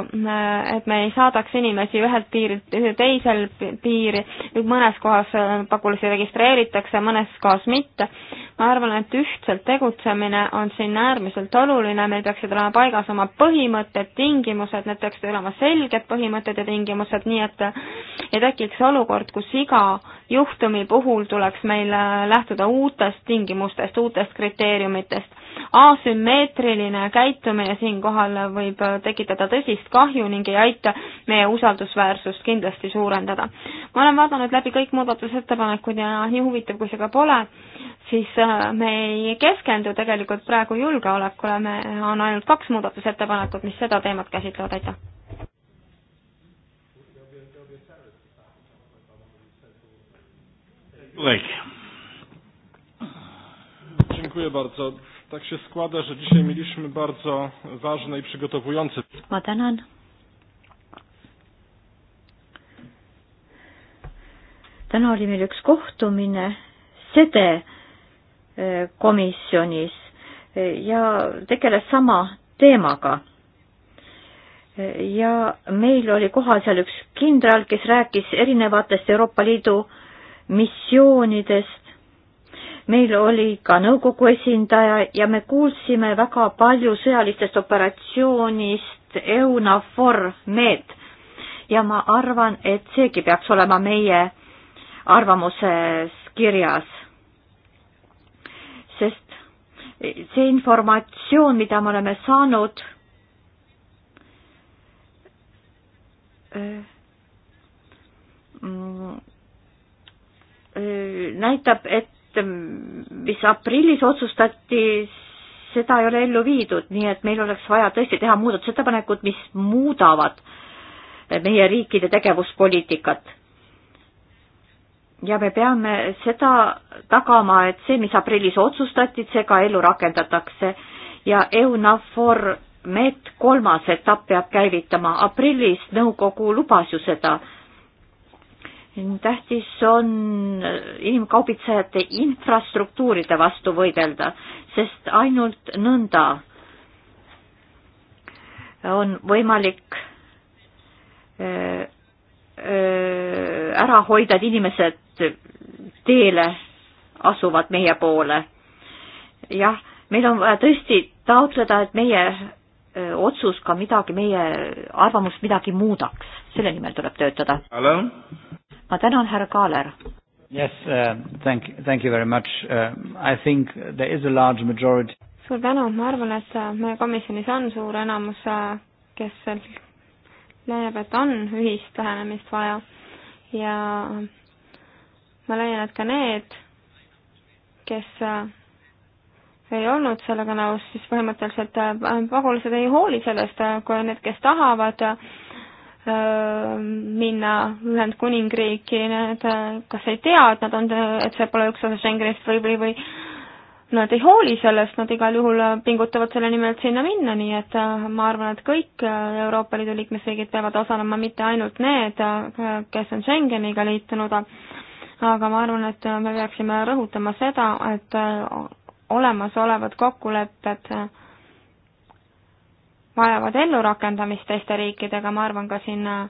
et me ei saadaks inimesi ühelt piirilt teisel piiri, nüüd mõnes kohas äh, pagulasi registreeritakse, mõnes kohas mitte. ma arvan, et ühtselt tegutsemine on siin äärmiselt oluline, meil peaksid olema paigas oma põhimõtted, tingimused, need peaksid olema selged põhimõtted ja tingimused, nii et äh, ei tekiks olukord, kus iga juhtumi puhul tuleks meil äh, lähtuda uutest tingimustest, uutest kriteeriumitest. asümmeetriline käitumine siinkohal võib äh, tekitada tõsist kahju ning ei aita meie usaldusväärsust kindlasti suurendada. ma olen vaadanud läbi kõik muudatusettepanekud ja nii huvitav, kui see ka pole, siis äh, me ei keskendu tegelikult praegu julgeolekule, me, on ainult kaks muudatusettepanekut, mis seda teemat käsitlevad, aitäh! Jurek. Dziękuję bardzo. Tak się składa, że dzisiaj mieliśmy bardzo ważne i przygotowujące. Ma tänan. täna oli meil üks kohtumine SEDE e, komisjonis e, ja tegeles sama teemaga. E, ja meil oli kohal seal üks kindral, kes rääkis erinevatest Euroopa Liidu missioonidest. meil oli ka nõukogu esindaja ja me kuulsime väga palju sõjalistest operatsioonist EUNAFOR Med ja ma arvan, et seegi peaks olema meie arvamuses kirjas. sest see informatsioon, mida me oleme saanud, äh, mm, näitab, et mis aprillis otsustati, seda ei ole ellu viidud, nii et meil oleks vaja tõesti teha muudatusettepanekud, mis muudavad meie riikide tegevuspoliitikat. ja me peame seda tagama, et see, mis aprillis otsustati, see ka ellu rakendatakse ja EUNAFOR Met kolmas etapp peab käivitama, aprillis nõukogu lubas ju seda tähtis on inimkaubitsejate infrastruktuuride vastu võidelda, sest ainult nõnda on võimalik äh, äh, ära hoida, et inimesed teele asuvad meie poole. jah, meil on vaja tõesti taotleda, et meie äh, otsus ka midagi, meie arvamus midagi muudaks, selle nimel tuleb töötada ma tänan, härra Kaaler. Yes uh,, thank, thank you very much uh,. I think there is a large majority. suur tänu, ma arvan, et uh, meie komisjonis on suur enamus, uh, kes leiab, et on ühist lähenemist vaja ja ma leian, et ka need, kes uh, ei olnud sellega nõus, siis põhimõtteliselt pagulased ei hooli sellest, kui need, kes tahavad minna Ühendkuningriiki, nad äh, kas ei tea, et nad on, et see pole üks osa Schengenist või, või, või nad ei hooli sellest, nad igal juhul äh, pingutavad selle nimel, et sinna minna, nii et äh, ma arvan, et kõik Euroopa Liidu liikmesriigid peavad osalema, mitte ainult need, kes on Schengeniga liitunud, aga ma arvan, et me peaksime rõhutama seda, et olemasolevad kokkulepped et vajavad ellurakendamist teiste riikidega, ma arvan ka siin äh,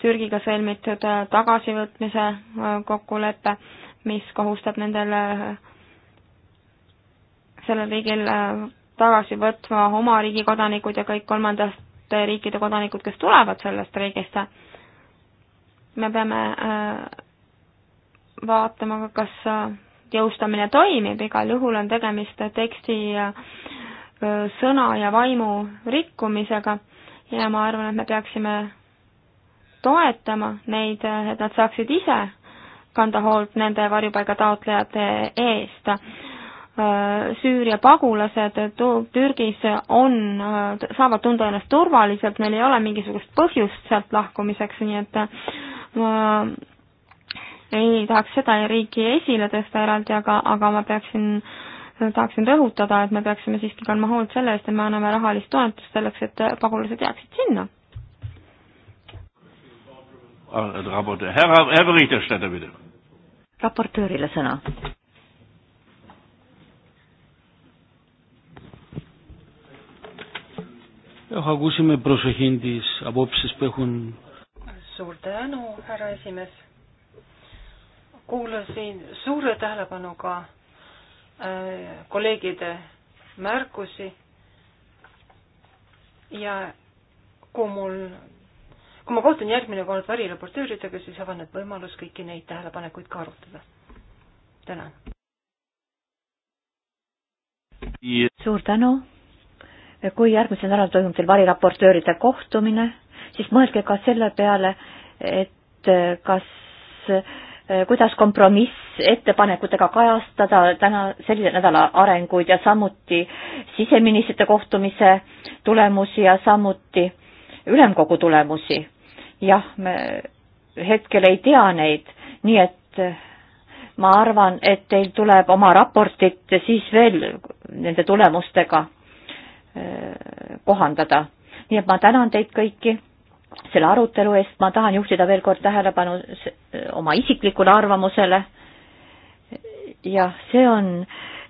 Türgiga sõlmitud äh, tagasivõtmise äh, kokkulepe, mis kohustab nendel, sellel riigil tagasi võtma oma riigi kodanikud ja kõik kolmandaste riikide kodanikud, kes tulevad sellest riigist. me peame vaatama, kas jõustamine toimib, igal juhul on tegemist teksti Äh, sõna ja vaimu rikkumisega ja ma arvan, et me peaksime toetama neid, et nad saaksid ise kanda hoolt nende varjupaigataotlejate eest. Äh, Süüria pagulased Türgis on, äh, saavad tunda ennast turvaliselt, meil ei ole mingisugust põhjust sealt lahkumiseks, nii et ma ei tahaks seda riiki esile tõsta eraldi, aga, aga ma peaksin äh, tahaksin rõhutada, et me peaksime siiski kandma hoolt selle eest, et me anname rahalist toetust selleks, et pagulased jääksid sinna. raportöörile sõna. Ακούσαμε προσοχήν τις απόψεις που έχουν... Suur tänu, härra esimees. Kuulasin suure tähelepanuga kolleegide märkusi ja kui mul, kui ma kohtun järgmine kord variraportööridega, siis avaneb võimalus kõiki neid tähelepanekuid ka arutada. tänan. suur tänu. kui järgmisel nädalal toimub teil variraportööride kohtumine, siis mõelge ka selle peale, et kas äh, Äh, kuidas kompromissettepanekutega kajastada täna selle nädala arenguid ja samuti siseministrite kohtumise tulemusi ja samuti ülemkogu tulemusi. jah, me hetkel ei tea neid, nii et äh, ma arvan, et teil tuleb oma raportit siis veel nende tulemustega äh, kohandada. nii et ma tänan teid kõiki selle arutelu eest, ma tahan juhtida veel kord tähelepanu oma isiklikule arvamusele. jah, see on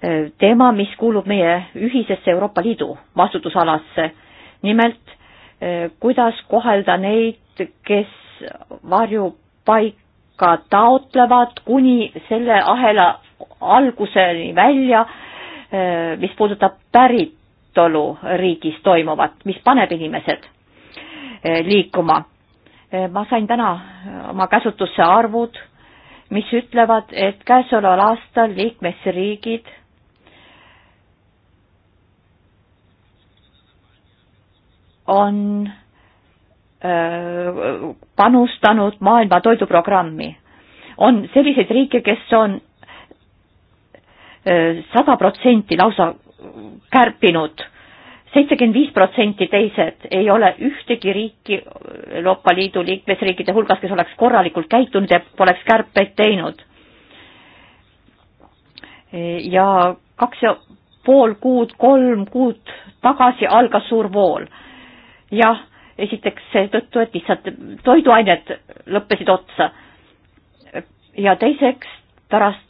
eh, teema, mis kuulub meie ühisesse Euroopa Liidu vastutusalasse. nimelt, eh, kuidas kohelda neid, kes varjupaika taotlevad kuni selle ahela alguseni välja, eh, mis puudutab päritoluriigis toimuvat, mis paneb inimesed Eh, liikuma. Eh, ma sain täna oma käsutusse arvud, mis ütlevad, et käesoleval aastal liikmesriigid on eh, panustanud maailma toiduprogrammi. on selliseid riike, kes on sada protsenti lausa kärpinud seitsekümmend viis protsenti teised ei ole ühtegi riiki Euroopa Liidu liikmesriikide hulgas, kes oleks korralikult käitunud ja poleks kärpeid teinud. ja kaks ja pool kuud, kolm kuud tagasi algas suur vool. jah, esiteks seetõttu, et lihtsalt toiduained lõppesid otsa. ja teiseks pärast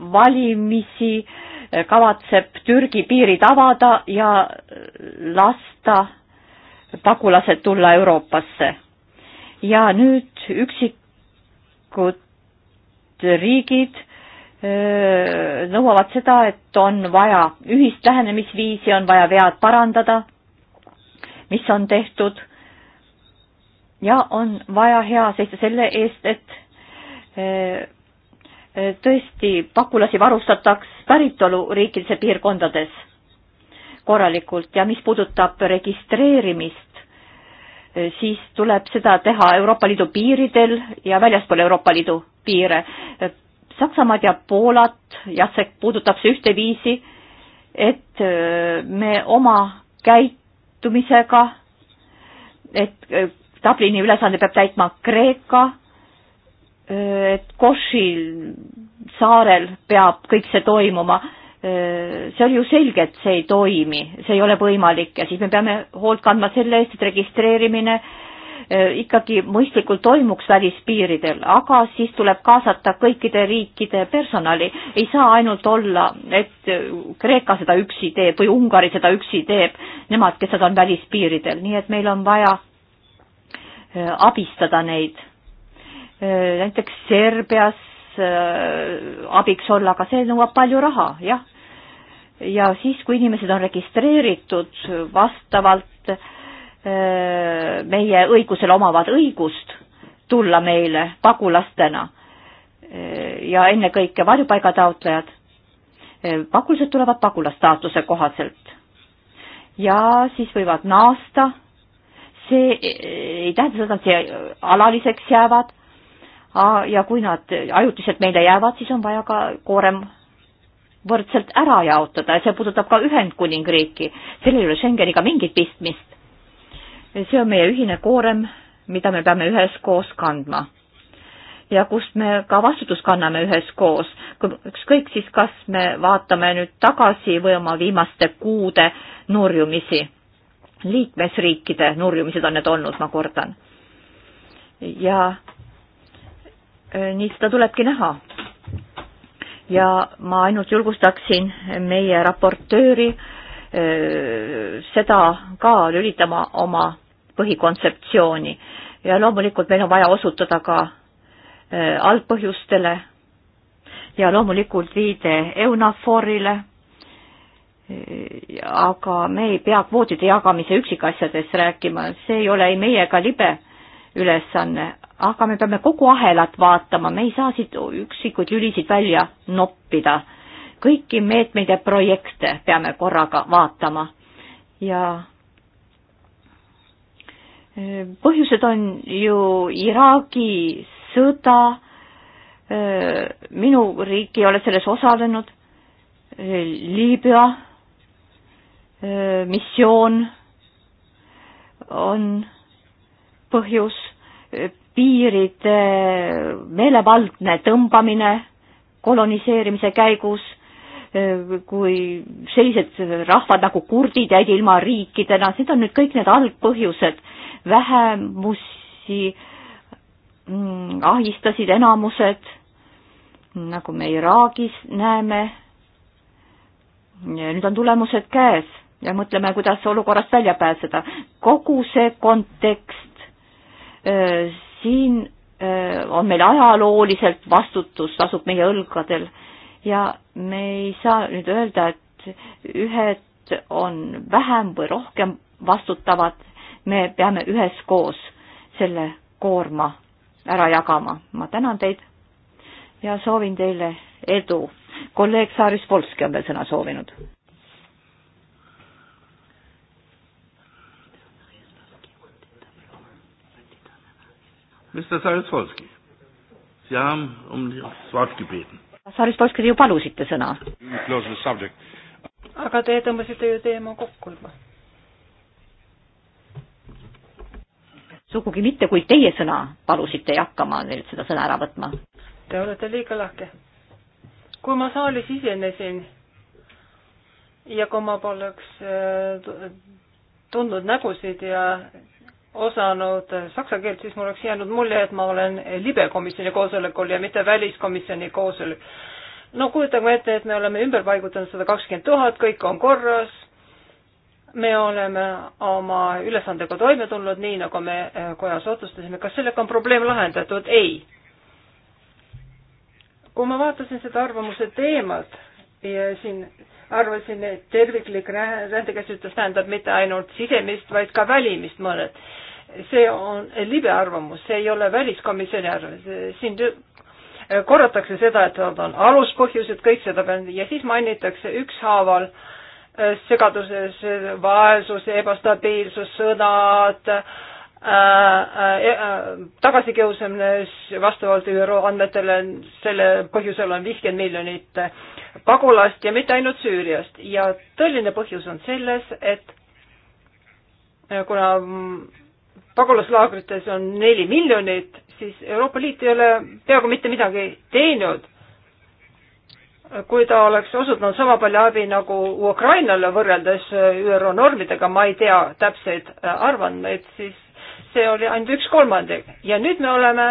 valimisi äh, kavatseb Türgi piirid avada ja lasta pagulased tulla Euroopasse. ja nüüd üksikud riigid nõuavad seda, et on vaja ühist lähenemisviisi, on vaja vead parandada, mis on tehtud ja on vaja hea seista selle eest, et tõesti pagulasi varustataks päritoluriikidesse piirkondades korralikult ja mis puudutab registreerimist, siis tuleb seda teha Euroopa Liidu piiridel ja väljaspool Euroopa Liidu piire. Saksamaad ja Poolat, jah, see puudutab see ühteviisi, et äh, me oma käitumisega, et äh, Dublini ülesande peab täitma Kreeka et Košil saarel peab kõik see toimuma. see oli ju selge, et see ei toimi, see ei ole võimalik ja siis me peame hoolt kandma selle eest, et registreerimine eh, ikkagi mõistlikult toimuks välispiiridel, aga siis tuleb kaasata kõikide riikide personali. ei saa ainult olla, et Kreeka seda üksi teeb või Ungari seda üksi teeb, nemad, kes nad on välispiiridel, nii et meil on vaja eh, abistada neid Äh, näiteks Serbias äh, abiks olla, aga see nõuab palju raha, jah. ja siis, kui inimesed on registreeritud vastavalt äh, meie õigusele omavad õigust tulla meile pagulastena ja ennekõike varjupaigataotlejad, pagulased tulevad pagulastaatuse kohaselt ja siis võivad naasta. see ei tähenda seda, et see alaliseks jäävad, ja kui nad ajutiselt meile jäävad, siis on vaja ka koorem võrdselt ära jaotada ja see puudutab ka Ühendkuningriiki. sellel ei ole Schengeniga mingit pistmist. see on meie ühine koorem, mida me peame üheskoos kandma. ja kust me ka vastutust kanname üheskoos, ükskõik siis, kas me vaatame nüüd tagasi või oma viimaste kuude nurjumisi. liikmesriikide nurjumised on need olnud, ma kordan. ja Äh, nii seda tulebki näha. ja ma ainult julgustaksin meie raportööri äh, seda ka lülitama oma põhikontseptsiooni ja loomulikult meil on vaja osutada ka äh, algpõhjustele ja loomulikult viide EUNAFORile, aga me ei pea kvootide jagamise üksikasjadest rääkima, see ei ole ei meie ega libe ülesanne, aga me peame kogu ahelat vaatama, me ei saa siit üksikuid lülisid välja noppida. kõiki meetmeid ja projekte peame korraga vaatama ja e, põhjused on ju Iraagi sõda, e, minu riik ei ole selles osalenud, e, Liibüa missioon on põhjus piiride meelevaldne tõmbamine koloniseerimise käigus, kui sellised rahvad nagu kurdid jäid ilma riikidena, need on nüüd kõik need algpõhjused, vähemusi mm, ahistasid enamused, nagu me Iraagis näeme. nüüd on tulemused käes ja mõtleme, kuidas olukorrast välja pääseda. kogu see kontekst siin äh, on meil ajalooliselt vastutus, asub meie õlgadel ja me ei saa nüüd öelda, et ühed on vähem või rohkem vastutavad, me peame üheskoos selle koorma ära jagama. ma tänan teid ja soovin teile edu. kolleeg Saaris Polski on veel sõna soovinud. Mr Sarjusvolski, Sie haben um das Wort gebeten. Sarjusvolski, te ju palusite sõna. aga te tõmbasite ju teema kokku juba. sugugi mitte, kui teie sõna palusite, ei hakka ma neilt seda sõna ära võtma. Te olete liiga lahke. kui ma saali sisenesin ja kui ma poleks äh, tundnud nägusid ja osanud saksa keelt, siis mul oleks jäänud mulje, et ma olen libekomisjoni koosolekul ja mitte väliskomisjoni koosolek. no kujutame ette, et me oleme ümber paigutanud sada kakskümmend tuhat, kõik on korras, me oleme oma ülesandega toime tulnud, nii nagu me eh, kojas otsustasime, kas sellega on probleem lahendatud? ei. kui ma vaatasin seda arvamuse teemat ja siin arvasin, et terviklik rändekäsitlus tähendab mitte ainult sisemist, vaid ka välimist mõned. see on libe arvamus, see ei ole väliskomisjoni arvamus, siin korratakse seda, et on aluspõhjused, kõik seda peab ja siis mainitakse ükshaaval äh, segaduses vaesus, ebastabiilsus, sõdad äh,, Äh, äh, äh, tagasikiusamine vastavalt ÜRO andmetele, selle põhjusel on viiskümmend miljonit pagulast ja mitte ainult Süüriast ja tõeline põhjus on selles, et kuna pagulaslaagrites on neli miljonit, siis Euroopa Liit ei ole peaaegu mitte midagi teinud. kui ta oleks osutanud sama palju abi nagu Ukrainale võrreldes ÜRO normidega, ma ei tea täpseid arvandmeid, siis see oli ainult üks kolmandik ja nüüd me oleme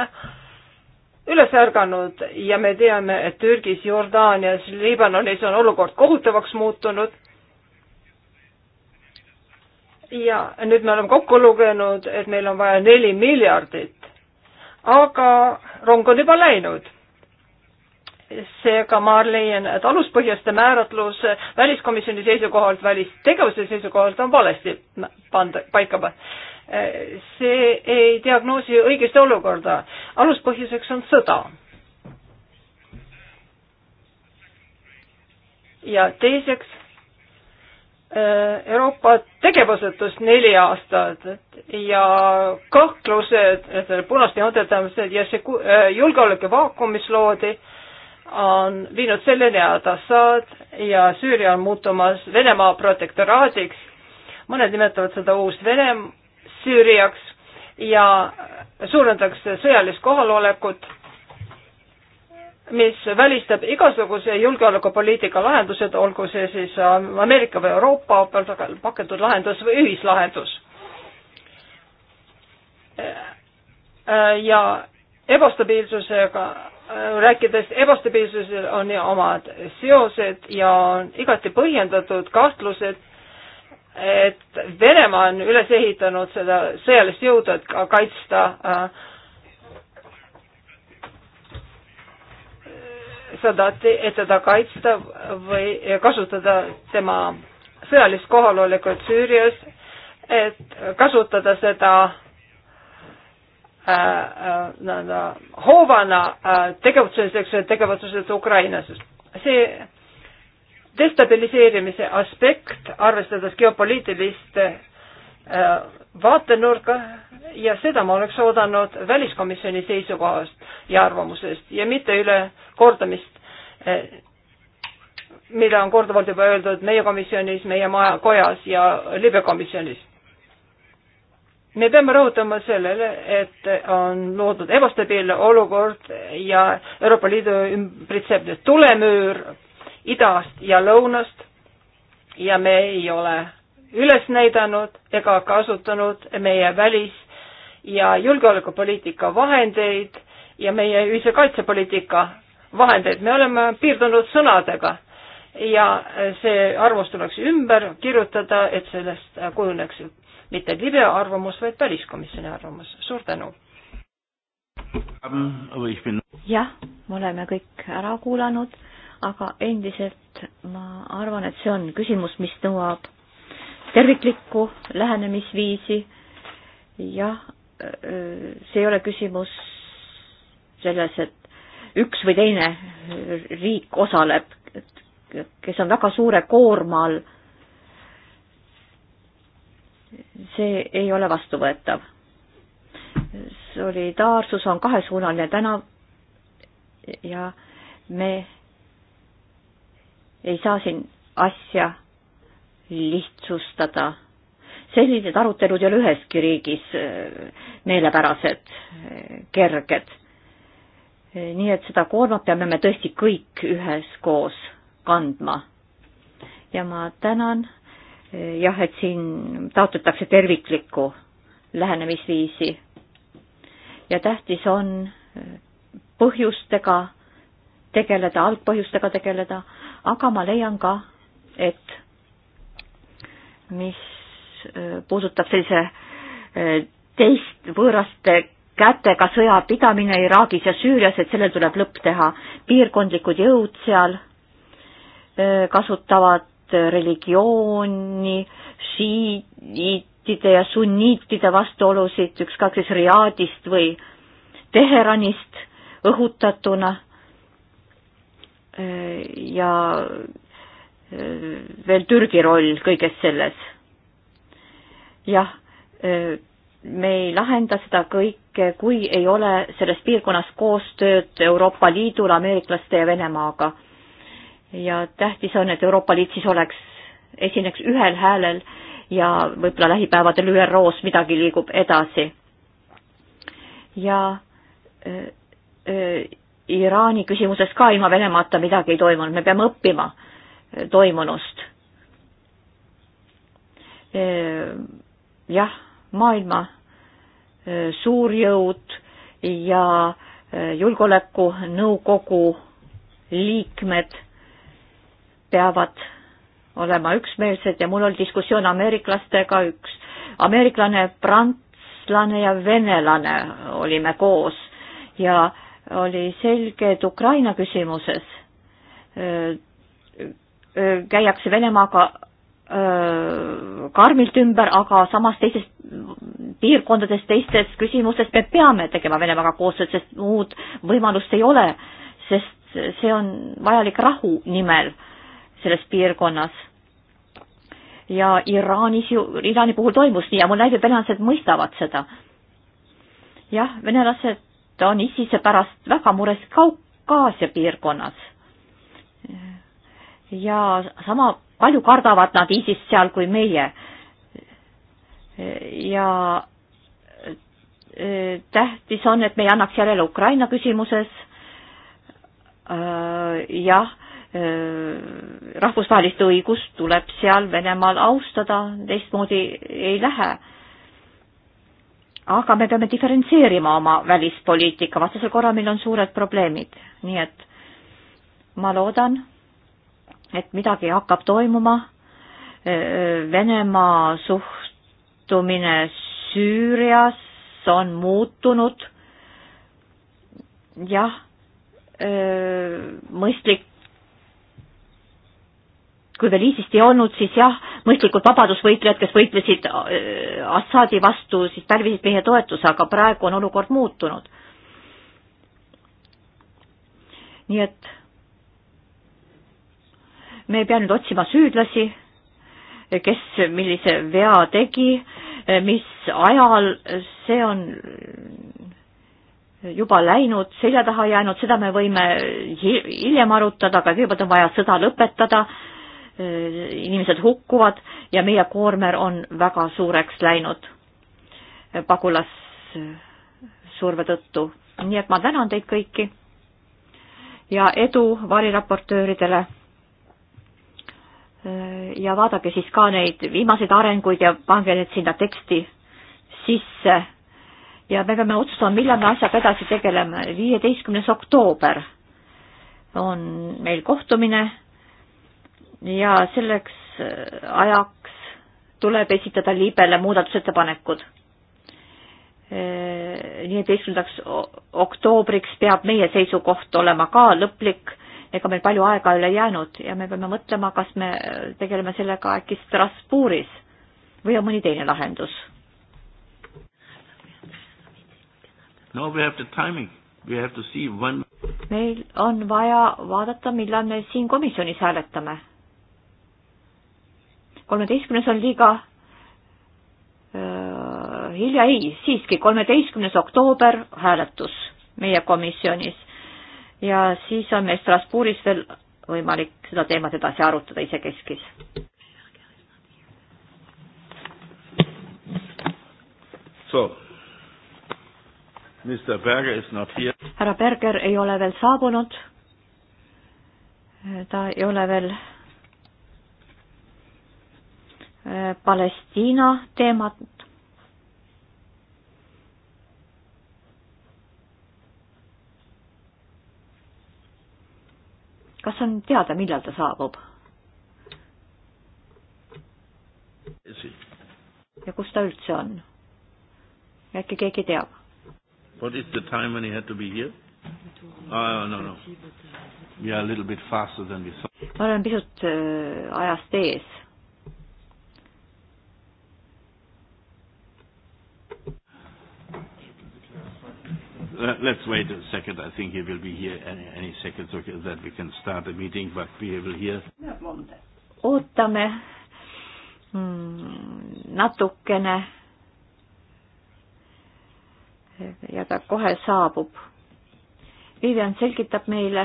üles ärganud ja me teame, et Türgis, Jordaanias, Liibanonis on olukord kohutavaks muutunud. ja nüüd me oleme kokku lugenud, et meil on vaja neli miljardit. aga rong on juba läinud seega ma leian, et aluspõhjaste määratlus väliskomisjoni seisukohalt, välistegevuse seisukohalt on valesti panda, paika pandud see ei diagnoosi õigest olukorda. aluspõhjuseks on sõda. ja teiseks äh, Euroopa tegevusetus neli aastat ja kõhklused, punaste joonetamised ja see äh, julgeolekuvaakum, mis loodi, on viinud selleni, et Assad ja Süüria on muutumas Venemaa protektoraadiks. mõned nimetavad seda uus Venem-, Süüriaks ja suurendatakse sõjalist kohalolekut, mis välistab igasuguse julgeolekupoliitika lahendused, olgu see siis Ameerika või Euroopa pakendatud lahendus või ühislahendus. ja ebastabiilsusega, rääkides ebastabiilsusel on omad seosed ja on igati põhjendatud kahtlused, et Venemaa on üles ehitanud seda sõjalist jõudu, et kaitsta äh, sadati, et teda kaitsta või kasutada tema sõjalist kohalolekut Süürias, et kasutada seda äh, äh, nii-öelda hoovana tegevuseks, tegevuseks Ukrainas. see destabiliseerimise aspekt, arvestades geopoliitilist äh, vaatenurka ja seda ma oleks oodanud väliskomisjoni seisukohast ja arvamusest ja mitte üle kordamist, äh, mida on korduvalt juba öeldud meie komisjonis, meie maja, kojas ja libekomisjonis. me peame rõhutama sellele, et on loodud ebastabiilne olukord ja Euroopa Liidu ümbritseb nüüd tulemüür idast ja lõunast ja me ei ole üles näidanud ega kasutanud meie välis- ja julgeolekupoliitika vahendeid ja meie ühise kaitsepoliitika vahendeid, me oleme piirdunud sõnadega ja see arvamus tuleks ümber kirjutada, et sellest kujuneks mitte libe arvamus, vaid väliskomisjoni arvamus, suur tänu. Um, oh, jah, me oleme kõik ära kuulanud aga endiselt ma arvan, et see on küsimus, mis nõuab terviklikku lähenemisviisi. jah, äh, see ei ole küsimus selles, et üks või teine riik osaleb, kes on väga suure koorma all. see ei ole vastuvõetav. solidaarsus on kahesuunaline tänav ja me ei saa siin asja lihtsustada. sellised arutelud ei ole üheski riigis äh, meelepärased, äh, kerged. Äh, nii et seda koormat peame me tõesti kõik üheskoos kandma. ja ma tänan jah, et siin taotletakse terviklikku lähenemisviisi. ja tähtis on põhjustega tegeleda, algpõhjustega tegeleda aga ma leian ka, et mis äh, puudutab sellise äh, teist võõraste kätega sõjapidamine Iraagis ja Süürias, et sellel tuleb lõpp teha. piirkondlikud jõud seal äh, kasutavad religiooni, šiiitide ja sunniitide vastuolusid, ükskõik siis Riadist või Teheranist õhutatuna Äh, ja äh, veel Türgi roll kõiges selles. jah, äh, me ei lahenda seda kõike, kui ei ole selles piirkonnas koostööd Euroopa Liidul, ameeriklaste ja Venemaaga. ja tähtis on, et Euroopa Liit siis oleks, esineks ühel häälel ja võib-olla lähipäevadel ÜRO-s midagi liigub edasi. ja öö, öö, Iraani küsimuses ka ilma Venemaata midagi ei toimunud, me peame õppima eh, toimunust. Eh, jah, maailma eh, suurjõud ja julgeolekunõukogu liikmed peavad olema üksmeelsed ja mul oli diskussioon ameeriklastega, üks ameeriklane, prantslane ja venelane olime koos ja äh, oli selge, et Ukraina küsimuses käiakse Venemaaga karmilt ümber, aga samas teises piirkondades, teistes küsimustes me peame tegema Venemaaga koostööd, sest muud võimalust ei ole, sest see on vajalik rahu nimel selles piirkonnas. ja Iraanis ju, Iraani puhul toimus nii ja mul näib, et venelased mõistavad seda. jah, venelased ta on ISISe pärast väga mures Kaukaasia piirkonnas. ja sama palju kardavad nad ISIS-t seal kui meie. ja äh, tähtis on, et me ei annaks järele Ukraina küsimuses. Äh, jah, äh, rahvusvahelist õigust tuleb seal Venemaal austada, teistmoodi ei lähe aga me peame diferentseerima oma välispoliitika, vastasel korral meil on suured probleemid, nii et ma loodan, et midagi hakkab toimuma. Venemaa suhtumine Süürias on muutunud. jah, mõistlik kui veel ISIS-t ei olnud, siis jah, mõistlikud vabadusvõitlejad, kes võitlesid äh, Assaadi vastu, siis pälvisid meie toetuse, aga praegu on olukord muutunud. nii et me ei pea nüüd otsima süüdlasi, kes millise vea tegi, mis ajal, see on juba läinud, selja taha jäänud, seda me võime hiljem arutada, aga kõigepealt on vaja sõda lõpetada Äh, inimesed hukkuvad ja meie koormer on väga suureks läinud äh, pagulassurve tõttu. nii et ma tänan teid kõiki ja edu variraportööridele. Äh, ja vaadake siis ka neid viimaseid arenguid ja pange need sinna teksti sisse. ja me peame otsustama, millal me asjaga edasi tegeleme. viieteistkümnes oktoober on meil kohtumine ja selleks äh, ajaks tuleb esitada liibele muudatusettepanekud. viieteistkümnendaks äh, oktoobriks peab meie seisukoht olema ka lõplik, ega meil palju aega ei ole jäänud ja me peame mõtlema, kas me tegeleme sellega äkki Strasbourgis või on mõni teine lahendus. no we have the timing, we have to see when meil on vaja vaadata, millal me siin komisjonis hääletame kolmeteistkümnes on liiga äh, hilja, ei, siiski kolmeteistkümnes oktoober hääletus meie komisjonis ja siis on meil Strasbourgis veel võimalik seda teemat edasi arutada isekeskis. So, Mr. Berger is not here. härra Berger ei ole veel saabunud. ta ei ole veel Palestiina teemat. kas on teada, millal ta saabub? ja kus ta üldse on? äkki keegi teab? What is the time when he had to be here? Oh, no, no. We are a little bit faster than we thought. me oleme pisut äh, ajast ees Uh, let's wait a second. I think he will be here any, any second so that we can start the meeting, but we will hear. ootame mm, natukene. ja ta kohe saabub. Vivian selgitab meile.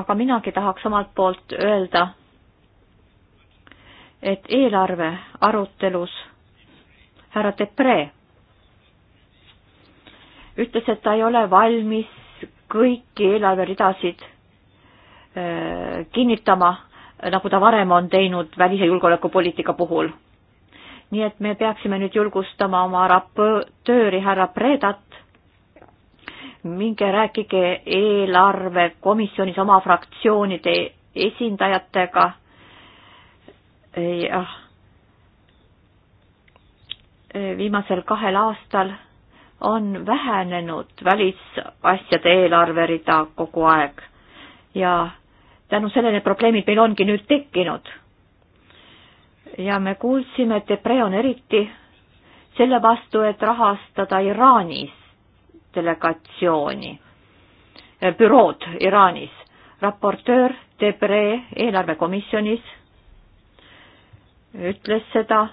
aga minagi tahaks omalt poolt öelda, et eelarve arutelus härra Depree ütles, et ta ei ole valmis kõiki eelarveridasid äh, kinnitama, nagu ta varem on teinud välise julgeolekupoliitika puhul. nii et me peaksime nüüd julgustama oma raportööri härra Predat, minge rääkige eelarvekomisjonis oma fraktsioonide esindajatega, jah, viimasel kahel aastal on vähenenud välisasjade eelarverida kogu aeg ja tänu sellele probleemid meil ongi nüüd tekkinud. ja me kuulsime, et Debre on eriti selle vastu, et rahastada Iraanis delegatsiooni, eh, bürood Iraanis. raportöör Debre eelarvekomisjonis ütles seda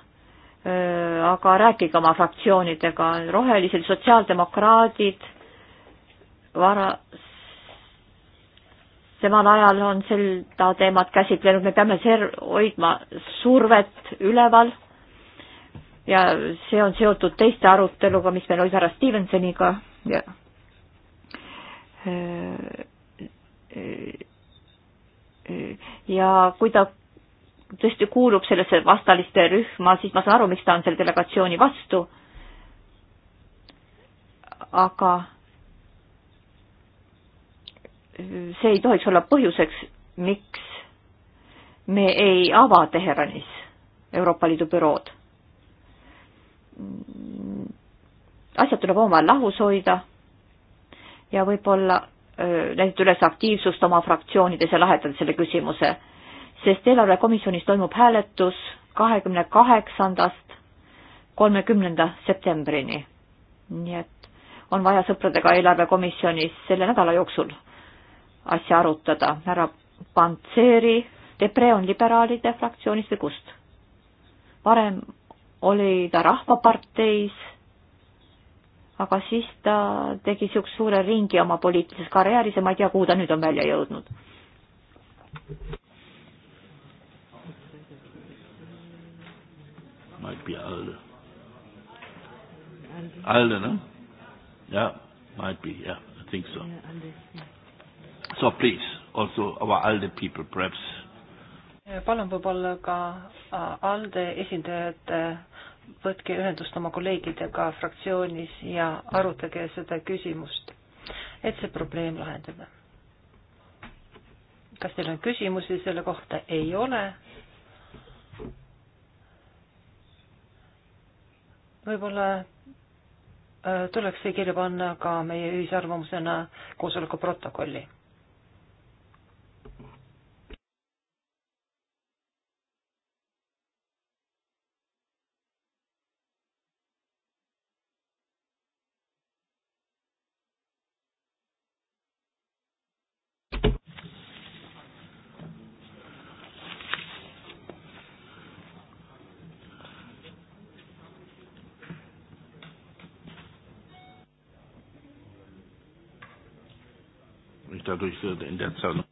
Äh, aga rääkige oma fraktsioonidega, rohelised, sotsiaaldemokraadid, varasemal ajal on seda teemat käsitlenud, me peame ser-, hoidma survet üleval ja see on seotud teiste aruteluga, mis meil oli härra Stevensoniga ja äh, äh, ja kui ta tõesti kuulub sellesse vastaliste rühma, siis ma saan aru, miks ta on selle delegatsiooni vastu. aga see ei tohiks olla põhjuseks, miks me ei ava Teheranis Euroopa Liidu bürood. asjad tuleb omavahel lahus hoida ja võib-olla äh, näidata üles aktiivsust oma fraktsioonides ja lahendada selle küsimuse sest eelarvekomisjonis toimub hääletus kahekümne kaheksandast kolmekümnenda septembrini. nii et on vaja sõpradega eelarvekomisjonis selle nädala jooksul asja arutada. härra Pantseri, Depre on liberaalide fraktsioonist või kust? varem oli ta Rahvaparteis, aga siis ta tegi niisuguse suure ringi oma poliitilises karjääris ja ma ei tea, kuhu ta nüüd on välja jõudnud. might be Alde. Alde, ne? Yeah, might be. Yeah, I think so. Yeah, Alde, yeah. So please, also our Alde people, perhaps. palun võib-olla ka äh, ALDE esindajad, äh, võtke ühendust oma kolleegidega fraktsioonis ja arutage seda küsimust, et see probleem lahendada. kas teil on küsimusi selle kohta? ei ole võib-olla äh, tuleks see kirja panna ka meie ühisarvamusena koosoleku protokolli Ich dadurch würde in der Zeit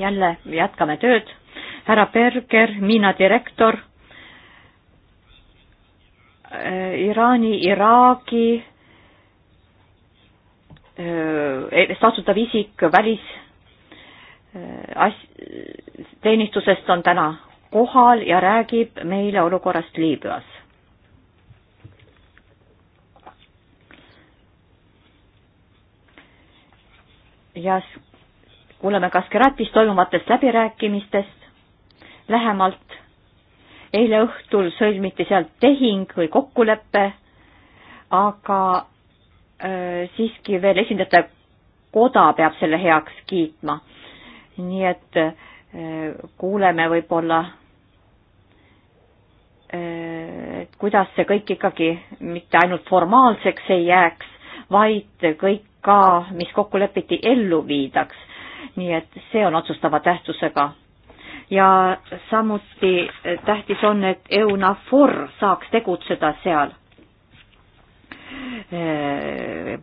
jälle jätkame tööd. härra Berger, Miina direktor äh,, Iraani, Iraagi äh, e-, vastutav isik välis äh, as-, teenistusest on täna kohal ja räägib meile olukorrast Liibüas kuuleme Kaskeratis toimuvatest läbirääkimistest lähemalt. eile õhtul sõlmiti sealt tehing või kokkulepe, aga äh, siiski veel esindajate koda peab selle heaks kiitma. nii et äh, kuuleme võib-olla äh,, et kuidas see kõik ikkagi mitte ainult formaalseks ei jääks, vaid kõik ka, mis kokku lepiti, ellu viidaks nii et see on otsustava tähtsusega. ja samuti tähtis on, et EUNAFOR saaks tegutseda seal,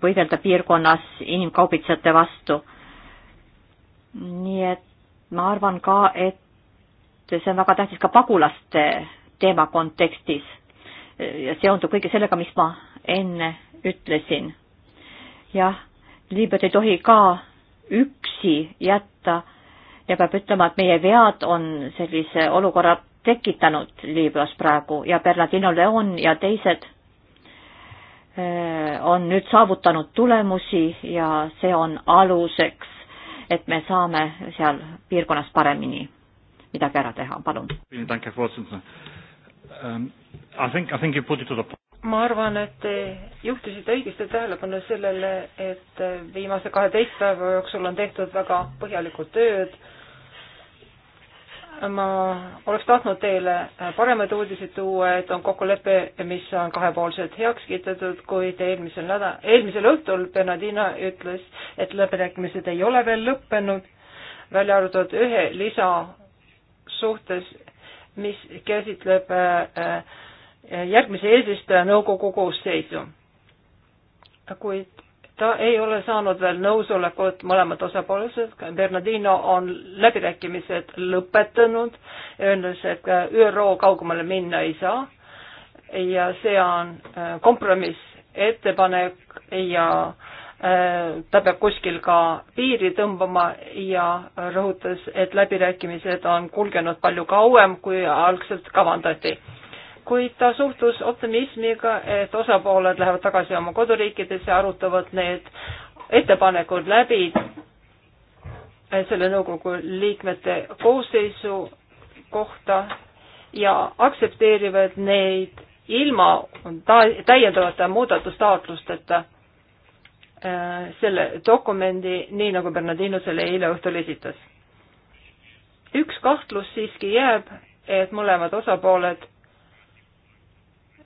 võidelda piirkonnas inimkaubitsejate vastu. nii et ma arvan ka, et see on väga tähtis ka pagulaste teema kontekstis ja seondub kõige sellega, mis ma enne ütlesin. jah, Liibüat ei tohi ka üksi jätta ja peab ütlema, et meie vead on sellise olukorra tekitanud Liibüas praegu ja Bernardino Leon ja teised äh, on nüüd saavutanud tulemusi ja see on aluseks, et me saame seal piirkonnas paremini midagi ära teha, palun ma arvan, et te juhtisite õigesti tähelepanu sellele, et viimase kaheteist päeva jooksul on tehtud väga põhjalikult tööd. ma oleks tahtnud teile paremaid uudiseid tuua, et on kokkulepe, mis on kahepoolselt heaks kiidetud, kuid eelmisel nädal, eelmisel õhtul Bernardina ütles, et läbirääkimised ei ole veel lõppenud, välja arvatud ühe lisa suhtes, mis käsitleb äh, järgmise eesistuja nõukogu koosseisu. kuid ta ei ole saanud veel nõusolekut mõlemad osapooled, Bernardino on läbirääkimised lõpetanud, öeldes, et ÜRO kaugemale minna ei saa ja see on äh, kompromissettepanek ja äh, ta peab kuskil ka piiri tõmbama ja rõhutas, et läbirääkimised on kulgenud palju kauem, kui algselt kavandati kuid ta suhtus optimismiga, et osapooled lähevad tagasi oma koduriikidesse, arutavad need ettepanekud läbi selle nõukogu liikmete koosseisu kohta ja aktsepteerivad neid ilma täiendavate muudatustaotlusteta äh, selle dokumendi, nii nagu Bernardino selle eile õhtul esitas. üks kahtlus siiski jääb, et mõlemad osapooled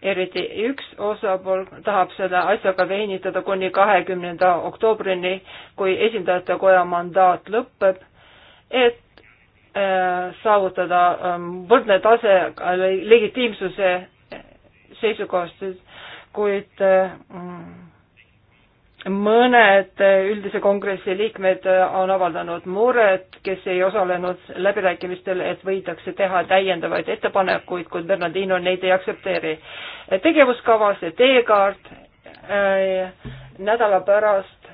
eriti üks osapool tahab seda asjaga venitada kuni kahekümnenda oktoobrini, kui esindajate koja mandaat lõpeb, et äh, saavutada ähm, võrdne tase legitiimsuse seisukohast, kuid äh, mm, mõned üldise kongressi liikmed on avaldanud muret, kes ei osalenud läbirääkimistel, et võidakse teha täiendavaid ettepanekuid, kuid Bernardino neid ei aktsepteeri. tegevuskavas ja teekaart äh, nädala pärast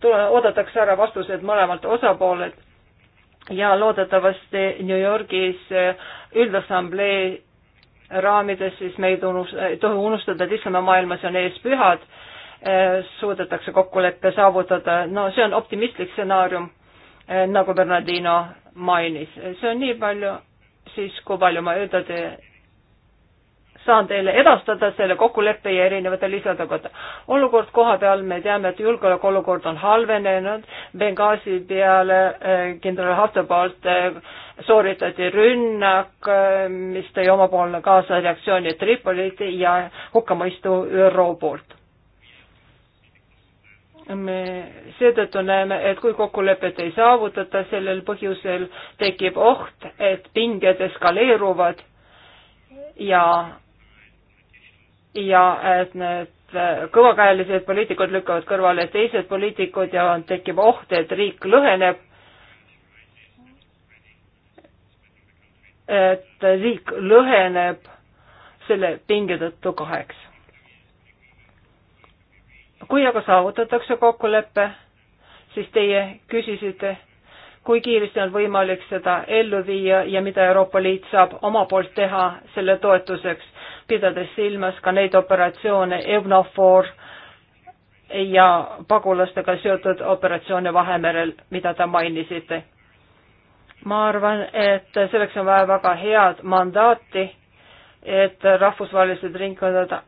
tule, oodatakse ära vastused mõlemalt osapoolelt ja loodetavasti New Yorgis äh, üldassamblee raamides siis me ei tunnus, ei tohi unustada, et islamimaailmas on ees pühad Äh, suudetakse kokkulepe saavutada, no see on optimistlik stsenaarium, äh, nagu Bernardino mainis. see on nii palju siis, kui palju ma öelda te, saan teile edastada selle kokkuleppe ja erinevate lisade kohta. olukord koha peal, me teame, et julgeolekuolukord on halvenenud, Benghazi peale äh, kindral Hafta poolt sooritati rünnak, mis tõi omapoolne kaasa reaktsiooni Tripoliti ja hukkamõistu ÜRO poolt me seetõttu näeme, et kui kokkulepet ei saavutata, sellel põhjusel tekib oht, et pinged eskaleeruvad ja, ja et need kõvakäelised poliitikud lükkavad kõrvale teised poliitikud ja tekib oht, et riik lõheneb. et riik lõheneb selle pinge tõttu kaheks kui aga saavutatakse kokkulepe, siis teie küsisite, kui kiiresti on võimalik seda ellu viia ja mida Euroopa Liit saab oma poolt teha selle toetuseks, pidades silmas ka neid operatsioone EUNAFOR ja pagulastega seotud operatsioone Vahemerel, mida te mainisite. ma arvan, et selleks on vaja väga head mandaati, et rahvusvahelised ringkondade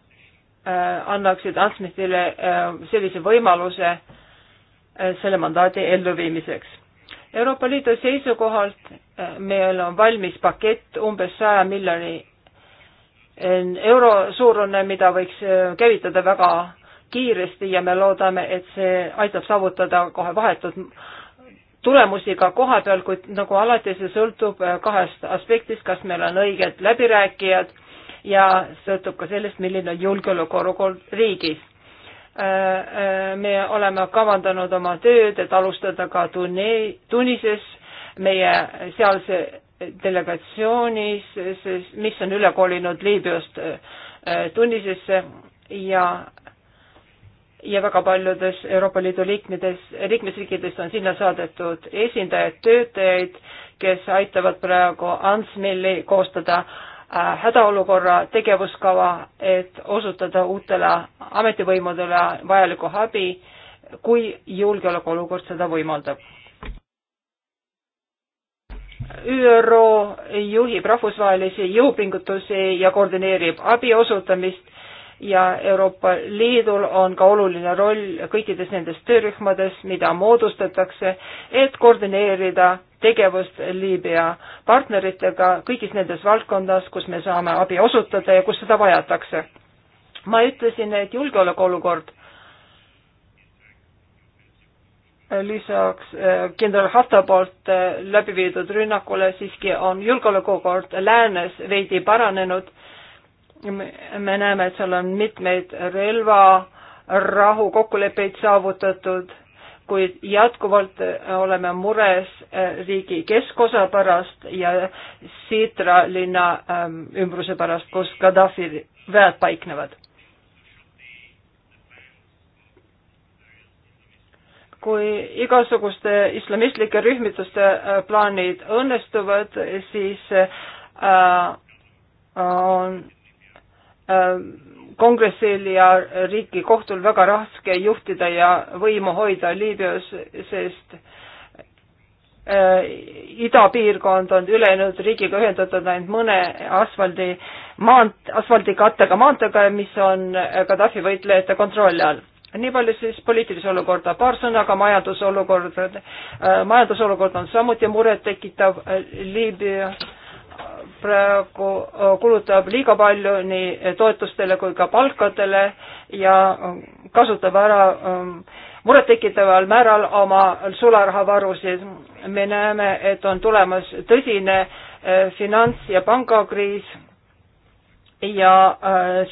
Äh, annaksid astmetele äh, sellise võimaluse äh, selle mandaadi elluviimiseks. Euroopa Liidu seisukohalt meil on valmis pakett umbes saja miljoni euro suurune, mida võiks käivitada väga kiiresti ja me loodame, et see aitab saavutada kohe vahetult tulemusi ka koha peal, kuid nagu alati, see sõltub kahest aspektist, kas meil on õiged läbirääkijad ja sõltub ka sellest, milline on julgeolekuolukord riigis. Äh, äh, me oleme kavandanud oma tööd, et alustada ka Tune-, Tunises meie sealse delegatsioonis, mis on üle kolinud Liibüast äh, Tunisesse ja ja väga paljudes Euroopa Liidu liikmedes, liikmesriikides on sinna saadetud esindajaid, töötajaid, kes aitavad praegu Ansmili koostada Äh, hädaolukorra tegevuskava, et osutada uutele ametivõimudele vajalikku abi, kui julgeolekuolukord seda võimaldab. ÜRO juhib rahvusvahelisi jõupingutusi ja koordineerib abi osutamist ja Euroopa Liidul on ka oluline roll kõikides nendes töörühmades, mida moodustatakse, et koordineerida tegevust Liibüa partneritega kõigis nendes valdkondades, kus me saame abi osutada ja kus seda vajatakse. ma ütlesin, et julgeolekuolukord lisaks eh, kindral Hatta poolt eh, läbi viidud rünnakule siiski on julgeolekuolukord läänes veidi paranenud. me näeme, et seal on mitmeid relva rahu kokkuleppeid saavutatud kuid jätkuvalt äh, oleme mures äh, riigi keskosa pärast ja Sitra linna ähm, ümbruse pärast, kus Gaddafi väed paiknevad. kui igasuguste islamistlike rühmituste äh, plaanid õnnestuvad, siis on kongressil ja riiki kohtul väga raske juhtida ja võimu hoida Liibüas, sest äh, idapiirkond on ülejäänud riigiga ühendatud ainult mõne asfaldi maant-, asfaldikattega maanteega, mis on äh, Gaddafi võitlejate kontrolli all nii palju siis poliitilise olukorda, paar sõna ka majandusolukorda. Äh, majandusolukord on samuti murettekitav, äh, Liibüa praegu äh, kulutab liiga palju nii toetustele kui ka palkadele ja äh, kasutab ära äh, murettekitaval määral oma sularahavarusid. me näeme, et on tulemas tõsine finants- ja pangakriis ja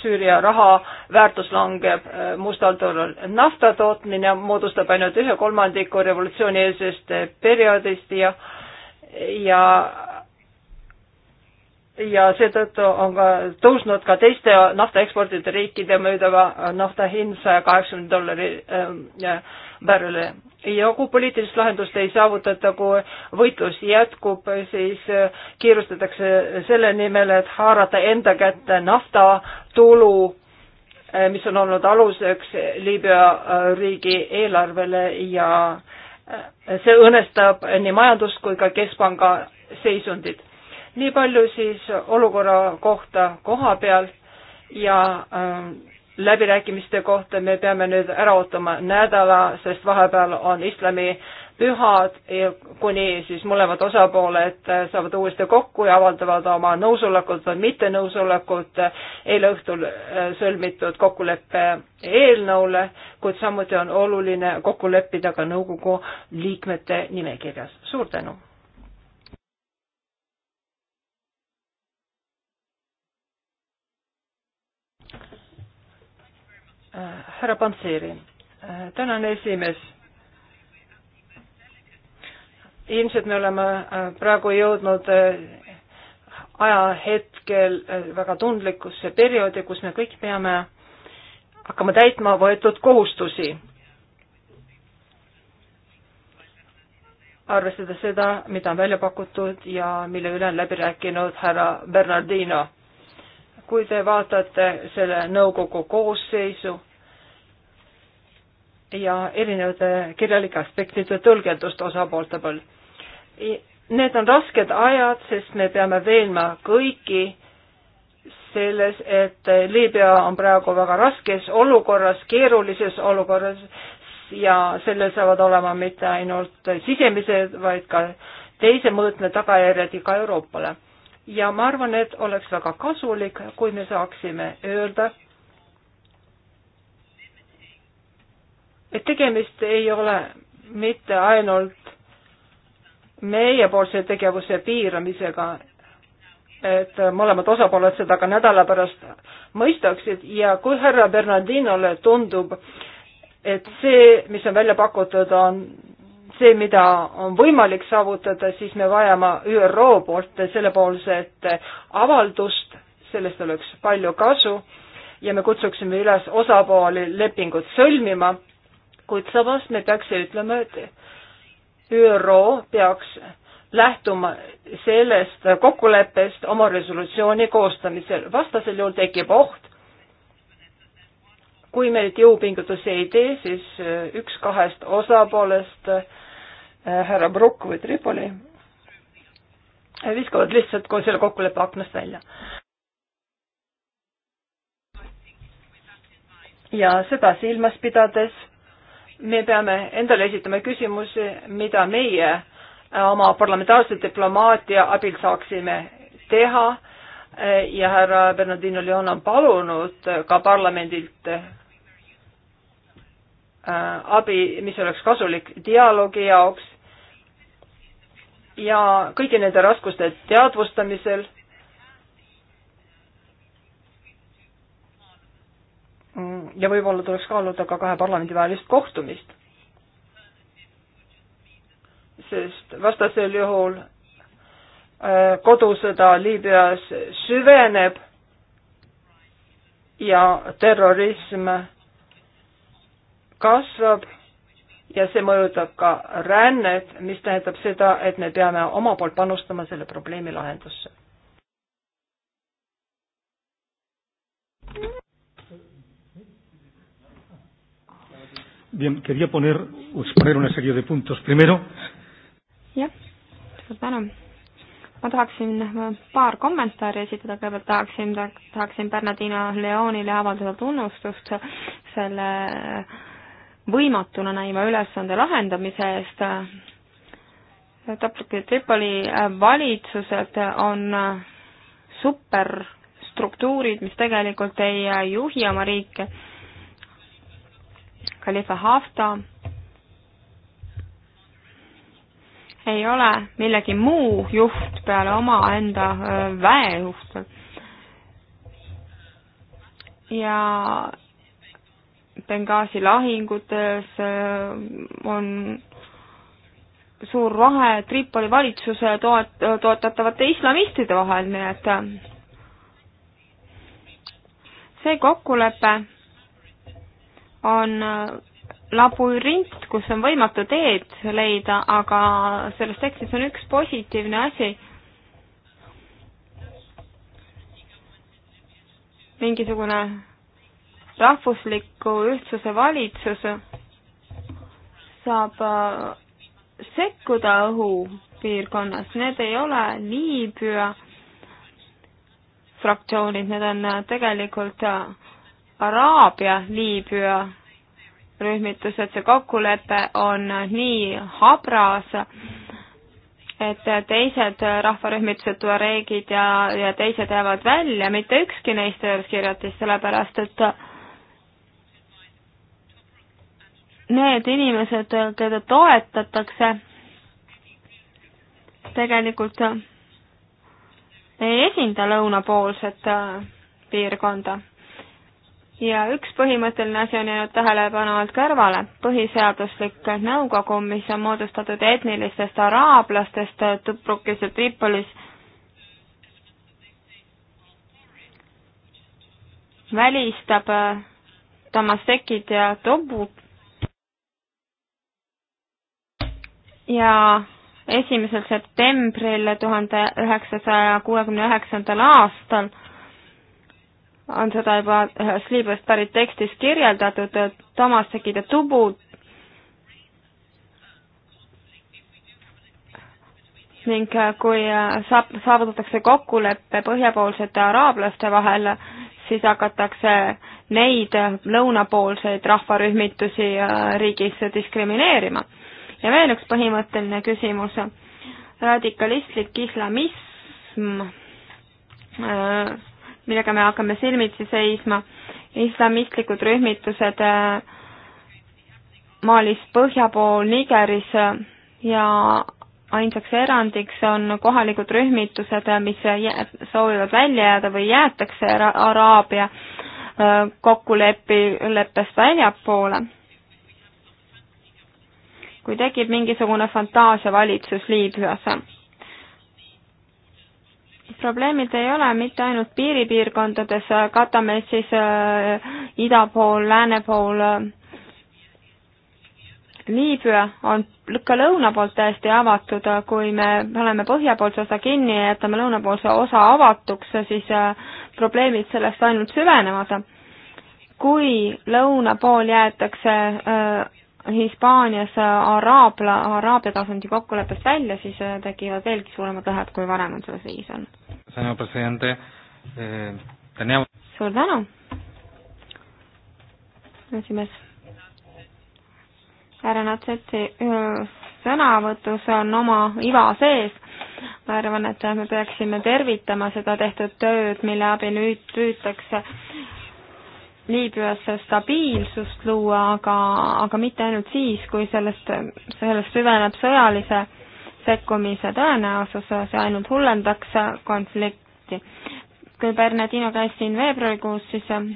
Süüria raha väärtus langeb mustal turul. nafta tootmine moodustab ainult ühe kolmandiku revolutsiooni eelsest perioodist ja, ja ja seetõttu on ka tõusnud ka teiste naftaeksportide riikide mööduva nafta hind saja kaheksakümne dollari äh, äh, barreli. ja kui poliitilist lahendust ei saavutata, kui võitlus jätkub, siis äh, kiirustatakse selle nimel, et haarata enda kätte naftatulu, mis on olnud aluseks Liibüa riigi eelarvele ja see õõnestab nii majandust kui ka keskpanga seisundit nii palju siis olukorra kohta koha peal ja äh, läbirääkimiste kohta me peame nüüd ära ootama nädala, sest vahepeal on islami pühad, kuni siis mõlemad osapooled äh, saavad uuesti kokku ja avaldavad oma nõusolekut või mittenõusolekut eile õhtul äh, sõlmitud kokkuleppe eelnõule, kuid samuti on oluline kokku leppida ka nõukogu liikmete nimekirjas. suur tänu! härra Pantseri, tänan, esimees. ilmselt me oleme äh, praegu jõudnud äh, ajahetkel äh, väga tundlikusse perioodi, kus me kõik peame hakkama täitma võetud kohustusi. arvestades seda, mida on välja pakutud ja mille üle on läbi rääkinud härra Bernardino. kui te vaatate selle nõukogu koosseisu, ja erinevate eh, kirjalike aspektide tõlgendust osapoolte peal. Need on rasked ajad, sest me peame veenma kõiki selles, et eh, Liibüa on praegu väga raskes olukorras, keerulises olukorras ja sellel saavad olema mitte ainult sisemised, vaid ka teise mõõtme tagajärjed iga Euroopale. ja ma arvan, et oleks väga kasulik, kui me saaksime öelda, et tegemist ei ole mitte ainult meiepoolse tegevuse piiramisega, et mõlemad osapooled seda ka nädala pärast mõistaksid ja kui härra Bernardinole tundub, et see, mis on välja pakutud, on see, mida on võimalik saavutada, siis me vajame ÜRO poolt sellepoolset avaldust, sellest oleks palju kasu ja me kutsuksime üles osapooli lepingut sõlmima kuid samas me peaks ütlema, et ÜRO peaks lähtuma sellest kokkuleppest oma resolutsiooni koostamisel. vastasel juhul tekib oht, kui me neid jõupingutusi ei tee, siis äh, üks kahest osapoolest äh,, härra Brokk või Tripoli, äh, viskavad lihtsalt kogu selle kokkuleppe aknast välja. ja seda silmas pidades me peame endale esitama küsimusi, mida meie äh, oma parlamentaarse diplomaatia abil saaksime teha äh, ja härra Bernardino Leon on palunud äh, ka parlamendilt abi, mis oleks kasulik dialoogi jaoks ja kõigi nende raskuste teadvustamisel Mm, ja võib-olla tuleks kaaluda ka kahe parlamendi vahelist kohtumist. sest vastasel juhul äh, kodusõda Liibüas süveneb ja terrorism kasvab ja see mõjutab ka rännet, mis tähendab seda, et me peame oma poolt panustama selle probleemi lahendusse Bien, quería poner, exponer una serie de puntos. Primero. jah, suur tänu. ma tahaksin paar kommentaari esitada, kõigepealt tahaksin, tahaksin Bernardino Leonile avaldada tunnustust selle võimatuna näiva ülesande lahendamise eest. Tripoli valitsused on superstruktuurid, mis tegelikult ei juhi oma riike Khalifa Hafta ei ole millegi muu juht peale omaenda äh, väejuht. ja Benghazi lahingutes äh, on suur vahe Tripoli valitsuse toet-, toetatavate islamistide vahel, nii et äh, see kokkulepe on äh, labürint, kus on võimatu teed leida, aga selles tekstis on üks positiivne asi. mingisugune rahvusliku ühtsuse valitsus saab äh, sekkuda õhupiirkonnas, need ei ole Liibüa fraktsioonid, need on äh, tegelikult äh, Araabia Liibüa rühmitus, et see kokkulepe on nii habras, et teised rahvarühmitused, tuareegid ja, ja teised jäävad välja, mitte ükski neist ei olnud kirjutis, sellepärast et need inimesed, keda toetatakse, tegelikult ei esinda lõunapoolset äh, piirkonda ja üks põhimõtteline asi on jäänud tähelepanu alt kõrvale, põhiseaduslik nõukogu, mis on moodustatud etnilistest araablastest Tubrukis ja Tripolis, välistab äh, Damasekid ja Tobud ja esimesel septembril tuhande üheksasaja kuuekümne üheksandal aastal on seda juba ühes äh, Liibüast pärit tekstis kirjeldatud, äh, Toomas tegi ta tubu. ning äh, kui saab, saavutatakse kokkulepe põhjapoolsete araablaste vahel, siis hakatakse neid lõunapoolseid rahvarühmitusi riigis diskrimineerima. ja veel üks põhimõtteline küsimus, radikalistlik islamism millega me hakkame silmitsi seisma. islamistlikud rühmitused äh, Malis põhja pool, Nigeris äh, ja ainsaks erandiks on kohalikud rühmitused, äh, mis soovivad välja jääda või jäetakse Araabia kokkuleppest väljapoole. kui tekib mingisugune fantaasiavalitsus Liibüas probleemid ei ole mitte ainult piiripiirkondades, katame siis äh, ida pool, lääne pool. Äh. Liibüa on ka lõuna poolt täiesti avatud, kui me paneme põhjapoolse osa kinni ja jätame lõunapoolse osa avatuks, siis äh, probleemid sellest ainult süvenevad. kui lõuna pool jäetakse Hispaanias äh, araabla, araabia tasandi kokkuleppest välja, siis äh, tekivad veelgi suuremad lõhed, kui varem on selles riigis olnud. Eh, suur tänu, esimees. härra Natsetsi äh, sõnavõtus on oma iva sees. ma arvan, et me peaksime tervitama seda tehtud tööd, mille abil nüüd püütakse Liibüasse stabiilsust luua, aga, aga mitte ainult siis, kui sellest, sellest süveneb sõjalise sekkumise tõenäosus, see ainult hullendaks konflikti. kui Bernardino käis siin veebruarikuus, siis ähm,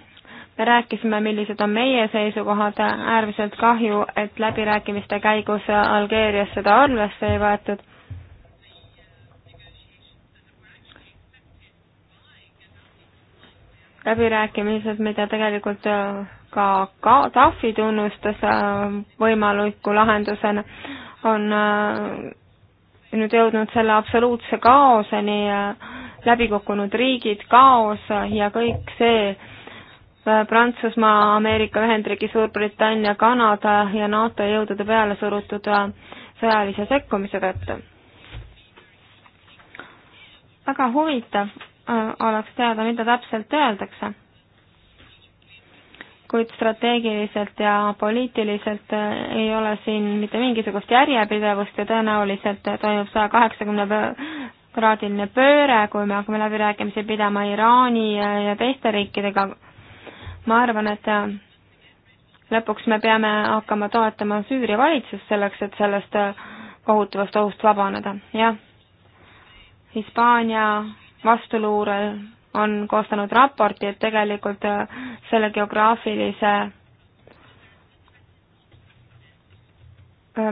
me rääkisime, millised on meie seisukohad, äärmiselt kahju, et läbirääkimiste käigus Algeerias seda arvesse ei võetud läbirääkimised, mida tegelikult äh, ka Gaddafi tunnustas äh, võimaliku lahendusena, on äh, nüüd jõudnud selle absoluutse kaoseni, läbikukkunud riigid, kaos ja kõik see Prantsusmaa, Ameerika Ühendriigi, Suurbritannia, Kanada ja NATO jõudude peale surutud sõjalise sekkumise tõttu. väga huvitav Äh, oleks teada, mida täpselt öeldakse. kuid strateegiliselt ja poliitiliselt äh, ei ole siin mitte mingisugust järjepidevust ja tõenäoliselt toimub saja kaheksakümne kraadiline pööre, kui me hakkame läbirääkimisi pidama Iraani ja teiste riikidega. ma arvan, et äh, lõpuks me peame hakkama toetama Süüria valitsust selleks, et sellest kohutavast ohust vabaneda, jah. Hispaania vastuluure on koostanud raporti, et tegelikult äh, selle geograafilise äh,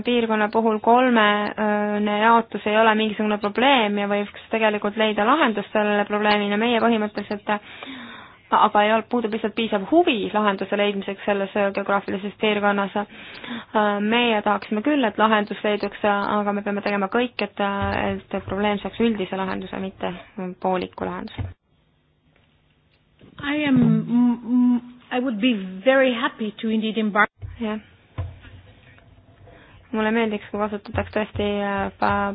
piirkonna puhul kolmene äh, jaotus ei ole mingisugune probleem ja võiks tegelikult leida lahendust sellele probleemile, meie põhimõtteliselt aga ei olnud, puudub lihtsalt piisav huvi lahenduse leidmiseks selles äh, geograafilises piirkonnas. Äh, meie tahaksime küll, et lahendus leiduks, äh, aga me peame tegema kõik, et, et probleem saaks üldise lahenduse, mitte pooliku lahenduse. I am, mm, I would be very happy to indeed embark. jah yeah mulle meeldiks, kui kasutataks tõesti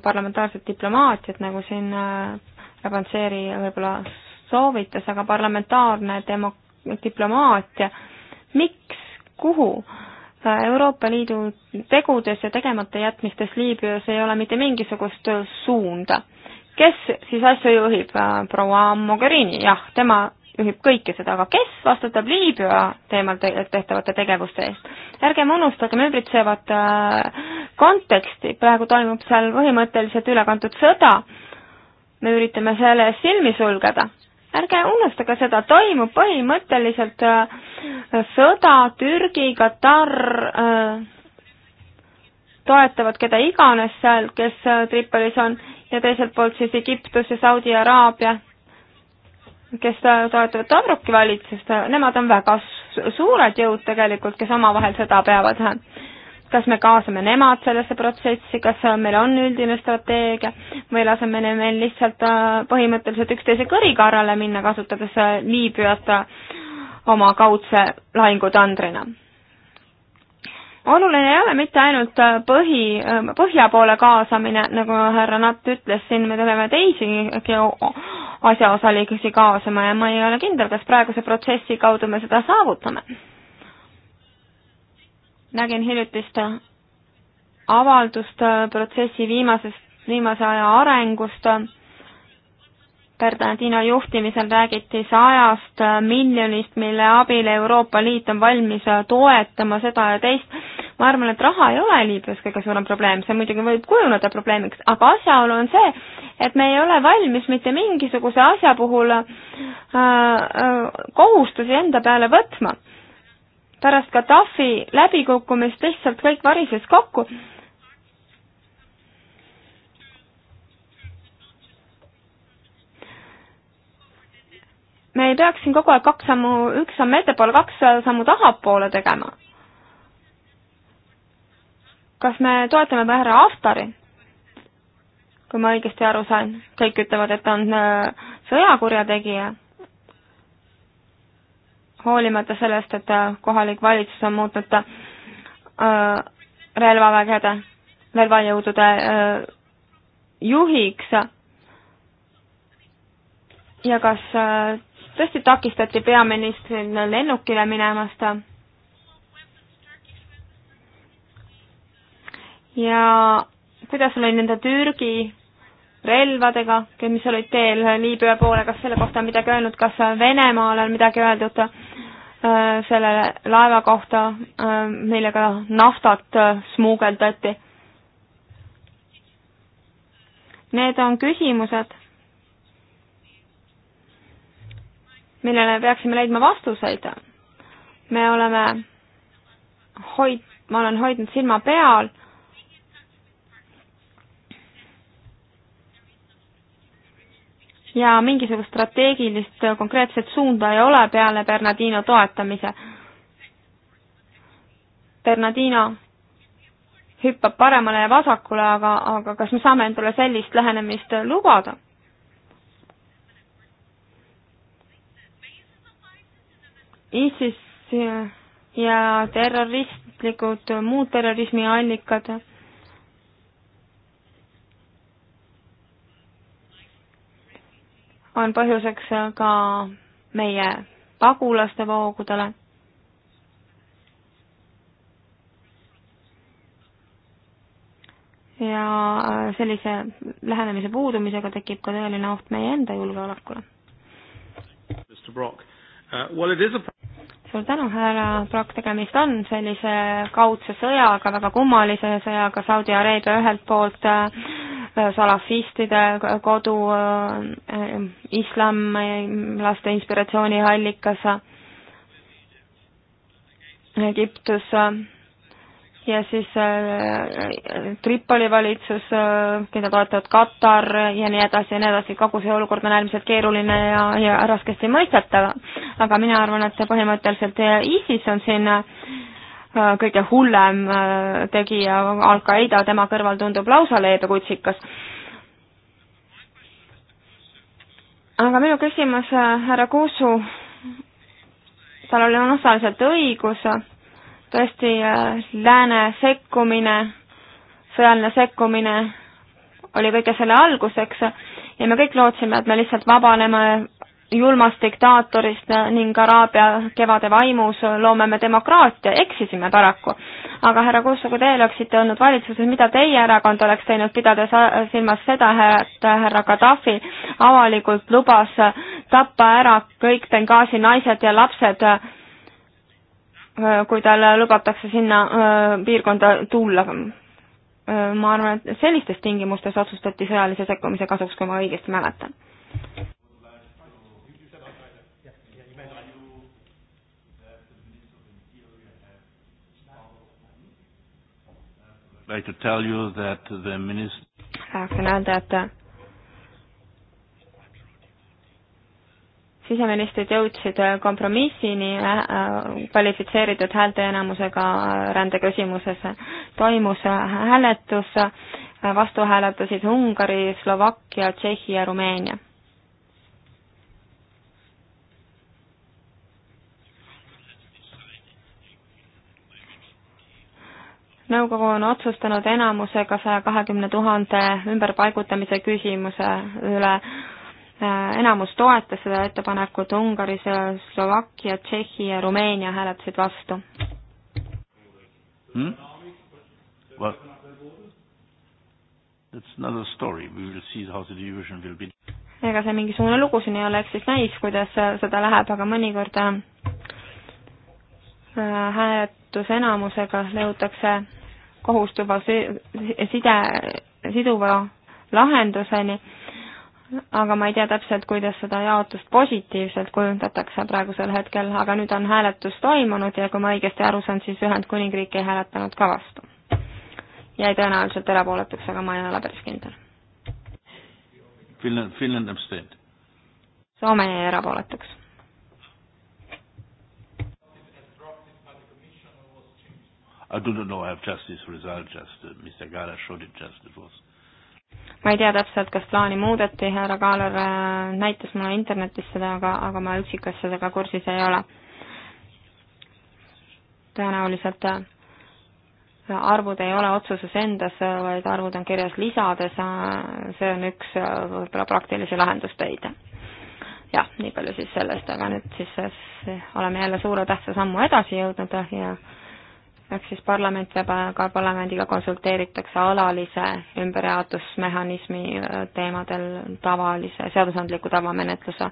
parlamentaarset diplomaatiat, nagu siin Rabanseri võib-olla soovitas, aga parlamentaarne demo-, diplomaatia, miks, kuhu? Euroopa Liidu tegudes ja tegemata jätmistes Liibüas ei ole mitte mingisugust suunda. kes siis asju juhib? proua Mogherini, jah, tema juhib kõike seda, aga kes vastutab Liibüa teemal te tehtavate tegevuste eest? ärgem unustagem ümbritsevat äh, konteksti, praegu toimub seal põhimõtteliselt ülekantud sõda, me üritame selle eest silmi sulgeda ärge unustage seda, toimub põhimõtteliselt äh, sõda, Türgi, Katar äh, toetavad keda iganes seal, kes äh, Tripolis on, ja teiselt poolt siis Egiptus ja Saudi Araabia, kes toetavad Tobruki valitsust, nemad on väga suured jõud tegelikult, kes omavahel sõda peavad kas me kaasame nemad sellesse protsessi, kas meil on üldine strateegia või laseme neil lihtsalt äh, põhimõtteliselt üksteise kõrikarrale minna, kasutades äh, Liibüat äh, oma kaudse lahingutandrina. oluline ei ole mitte ainult põhi, põhja poole kaasamine, nagu härra Natt ütles siin, me tuleme teisigi asjaosalisi kaasama ja ma ei ole kindel, kas praeguse protsessi kaudu me seda saavutame nägin hiljutist avaldust äh, protsessi viimasest, viimase aja arengust. Bernardino juhtimisel räägiti sajast äh, miljonist, mille abil Euroopa Liit on valmis äh, toetama seda ja teist. ma arvan, et raha ei ole Liibüas kõige suurem probleem, see muidugi võib kujuneda probleemiks, aga asjaolu on see, et me ei ole valmis mitte mingisuguse asja puhul äh, äh, kohustusi enda peale võtma pärast Gaddafi läbikukkumist lihtsalt kõik varises kokku. me ei peaks siin kogu aeg kaks sammu, üks samm ettepoole, kaks sammu tahapoole tegema. kas me toetame härra Aftari? kui ma õigesti aru sain, kõik ütlevad, et ta on äh, sõjakurjategija hoolimata sellest, et äh, kohalik valitsus on muutnud äh, relvavägede, relvajõudude äh, juhiks. ja kas tõesti takistati peaministril lennukile minemast? ja kuidas oli nende Türgi relvadega, mis olid teel Liibüa poole, kas selle kohta on midagi öelnud, kas Venemaal on midagi öeldud äh, selle laeva kohta, äh, millega naftat äh, smuugeldati? Need on küsimused, millele peaksime leidma vastuseid. me oleme hoid-, ma olen hoidnud silma peal ja mingisugust strateegilist konkreetset suunda ei ole peale Bernardino toetamise. Bernardino hüppab paremale ja vasakule, aga, aga kas me saame endale sellist lähenemist lubada? ISIS ja terroristlikud, muud terrorismiallikad on põhjuseks ka meie pagulaste voogudele. ja sellise lähenemise puudumisega tekib ka tõeline oht meie enda julgeolekule. Uh, suur tänu, härra Brock, tegemist on sellise kaudse sõjaga, väga kummalise sõjaga Saudi Araabia ühelt poolt äh, salafistide kodu, äh, islamlaste inspiratsiooniallikas Egiptus ja siis äh, Tripoli valitsus, äh, keda toetavad Katar ja nii edasi ja nii edasi, kogu see olukord on äärmiselt keeruline ja, ja raskesti mõistetav. aga mina arvan, et põhimõtteliselt ISIS on siin äh, Äh, kõige hullem äh, tegija Al-Qaeda, tema kõrval tundub lausa Leedu kutsikas. aga minu küsimus äh, härra Kuusu, tal oli osaliselt õigus, tõesti lääne sekkumine, sõjaline sekkumine oli kõige selle alguseks ja me kõik lootsime, et me lihtsalt vabaneme julmast diktaatorist ning Araabia kevade vaimus loome me demokraatia, eksisime paraku. aga härra Kuusso, kui teie oleksite olnud valitsuses, mida teie erakond oleks teinud, pidades silmas seda, et härra Gaddafi avalikult lubas tappa ära kõik Benghazi naised ja lapsed, kui tal lubatakse sinna äh, piirkonda tulla? Äh, ma arvan, et sellistes tingimustes otsustati sõjalise sekkumise kasuks, kui ma õigesti mäletan like to tell you that the minister tahaksin öelda, et siseministrid jõudsid kompromissini äh, kvalifitseeritud häälteenamusega rändeküsimuses. toimus hääletus, vastu hääletasid Ungari, Slovakkia, Tšehhi ja Rumeenia. nõukogu on otsustanud enamusega saja kahekümne tuhande ümberpaigutamise küsimuse üle. Äh, enamus toetas seda ettepanekut, Ungaris, Slovakkia, Tšehhi ja Rumeenia hääletasid vastu hmm?. Well, that's another story, we will see how the division will be. ega see mingisugune lugu siin ei ole, eks siis näis, kuidas äh, seda läheb, aga mõnikord äh, hääletus enamusega nõutakse kohustuva side, siduva lahenduseni, aga ma ei tea täpselt, kuidas seda jaotust positiivselt kujundatakse praegusel hetkel, aga nüüd on hääletus toimunud ja kui ma õigesti aru saan, siis Ühendkuningriik ei hääletanud ka vastu. jäi tõenäoliselt erapooletuks, aga ma ei ole päris kindel. Finland, Finland abstained. Soome jäi erapooletuks I do not know I have justice result, just uh, Mr Gala showed it just it was. ma ei tea täpselt, kas plaani muudeti, härra Kaaler äh, näitas mulle internetis seda, aga, aga ma üksikasjadega kursis ei ole. tõenäoliselt äh, arvud ei ole otsuses endas, äh, vaid arvud on kirjas lisades, see on üks võib-olla praktilisi lahendusteid. jah, nii palju siis sellest, aga nüüd siis oleme jälle suure tähtsa sammu edasi jõudnud ja ehk siis parlament peab, ka parlamendiga konsulteeritakse alalise ümberjaotusmehhanismi äh, teemadel tavalise seadusandliku tavamenetluse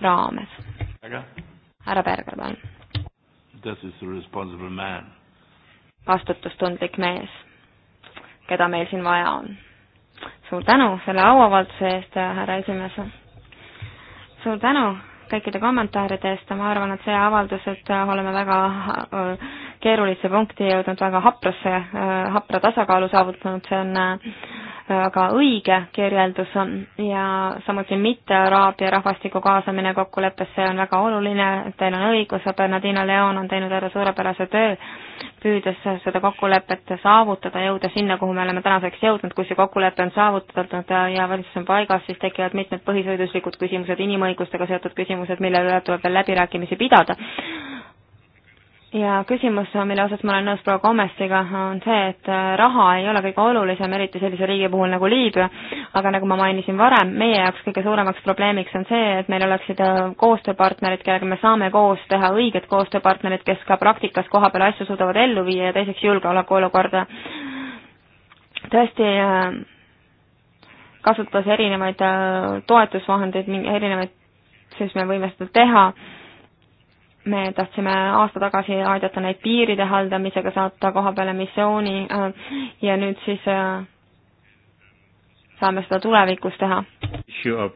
raames. härra Berger, palun. vastutustundlik mees, keda meil siin vaja on. suur tänu selle auavalduse eest, härra esimees. suur tänu kõikide kommentaaride eest, ma arvan, et see avaldus, et äh, oleme väga äh, keerulisse punkti jõudnud, väga haprasse, äh, hapra tasakaalu saavutanud, see on väga õige kirjeldus on ja samuti mitte-araabia rahvastiku kaasamine kokkuleppesse on väga oluline, teil on õigus, Bernardino Leon on teinud ära suurepärase töö, püüdes seda kokkulepet saavutada, jõuda sinna, kuhu me oleme tänaseks jõudnud, kui see kokkulepe on saavutatud ja valitsus on paigas, siis tekivad mitmed põhiseaduslikud küsimused, inimõigustega seotud küsimused, mille üle tuleb veel läbirääkimisi pidada ja küsimus, mille osas ma olen nõus proua Gomesiga, on see, et äh, raha ei ole kõige olulisem, eriti sellise riigi puhul nagu Liibüa, aga nagu ma mainisin varem, meie jaoks kõige suuremaks probleemiks on see, et meil oleksid äh, koostööpartnerid, kellega me saame koos teha, õiged koostööpartnerid, kes ka praktikas kohapeal asju suudavad ellu viia ja teiseks julgeolekuolukorda. tõesti, äh, kasutas erinevaid toetusvahendeid, erinevaid, siis me võime seda teha me tahtsime aasta tagasi aidata neid piiride haldamisega, saata koha peale missiooni äh, ja nüüd siis äh, saame seda tulevikus teha. Uh,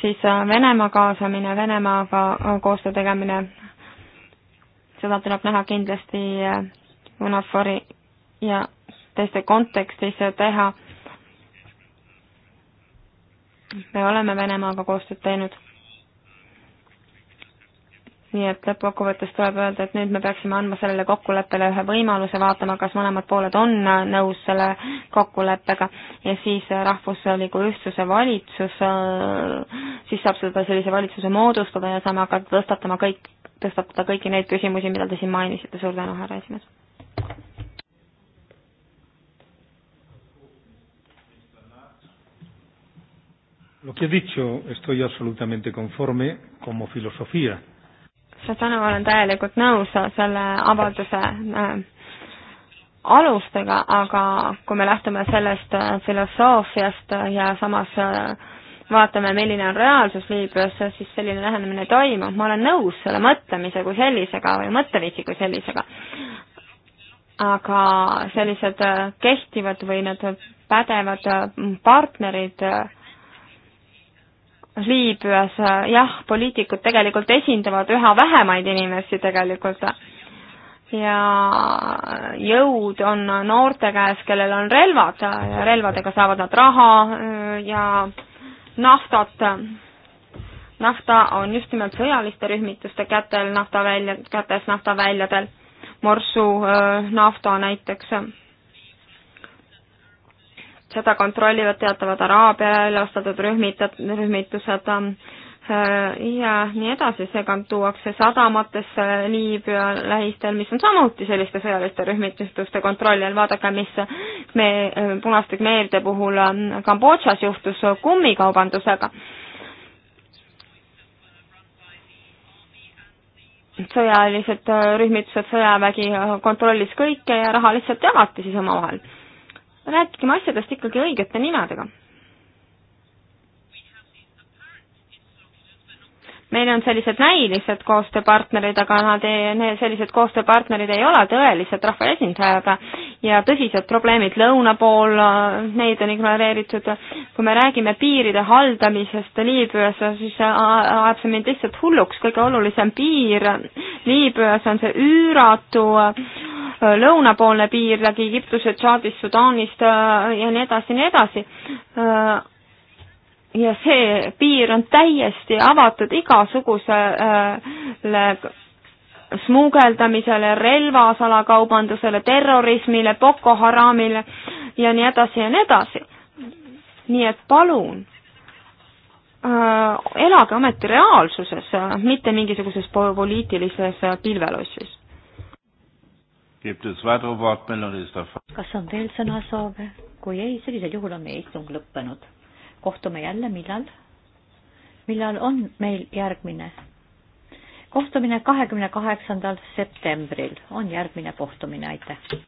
siis äh, Venemaa kaasamine, Venemaaga koostöö tegemine, seda tuleb näha kindlasti UNAFOR-i ja teiste kontekstis teha. me oleme Venemaaga koostööd teinud nii et lõppkokkuvõttes tuleb öelda, et nüüd me peaksime andma sellele kokkuleppele ühe võimaluse, vaatama, kas mõlemad pooled on äh, nõus selle kokkuleppega ja siis äh, rahvusliku ühtsuse valitsus, äh, siis saab seda, sellise valitsuse moodustada ja saame hakata tõstatama kõik, tõstatada kõiki neid küsimusi, mida te siin mainisite, suur tänu, härra esimees. Lo que he dicho estoy absolutamente conforme como filosofía Susanna, ma olen täielikult nõus selle avalduse äh, alustega, aga kui me lähtume sellest äh, filosoofiast äh, ja samas vaatame, milline on reaalsus Liibüas, siis selline lähenemine toimub, ma olen nõus selle mõtlemise kui sellisega või mõtteviisi kui sellisega. aga sellised kehtivad või need pädevad partnerid Liibüas, jah, poliitikud tegelikult esindavad üha vähemaid inimesi tegelikult ja jõud on noorte käes, kellel on relvad ja relvadega saavad nad raha ja naftat. nafta on just nimelt sõjaliste rühmituste kätel, nafta välja, kätes naftaväljadel, morsu äh, nafta näiteks seda kontrollivad teatavad Araabia elustatud rühmitad, rühmitused ähm, äh, ja nii edasi, seega tuuakse sadamatesse Liibüa lähistel, mis on samuti selliste sõjaliste rühmituste kontrolli all, vaadake, mis me äh, punaste kmeelde puhul ähm, Kambodžas juhtus kummikaubandusega sõjalised äh, rühmitused, sõjavägi kontrollis kõike ja raha lihtsalt jagati siis omavahel rääkigem asjadest ikkagi õigete nimedega. meil on sellised näilised koostööpartnerid, aga nad ei, sellised koostööpartnerid ei ole tõelised rahvaesindajad ja tõsised probleemid lõuna pool, neid on ignoreeritud. kui me räägime piiride haldamisest Liibüas, siis ajab see mind lihtsalt hulluks, kõige olulisem piir Liibüas on see üüratu äh, lõunapoolne piir läbi Egiptuse, Tšaadist, Sudaanist äh, ja nii edasi, nii edasi äh, ja see piir on täiesti avatud igasugusele äh, smugeldamisele, relvasalakaubandusele, terrorismile, Boko Haramile ja nii edasi ja nii edasi. nii et palun äh, elage ometi reaalsuses, äh, mitte mingisuguses poliitilises äh, pilvelossis. kas on veel sõnasoove? kui ei, sellisel juhul on meie istung lõppenud kohtume jälle, millal? millal on meil järgmine? kohtumine kahekümne kaheksandal septembril on järgmine kohtumine, aitäh!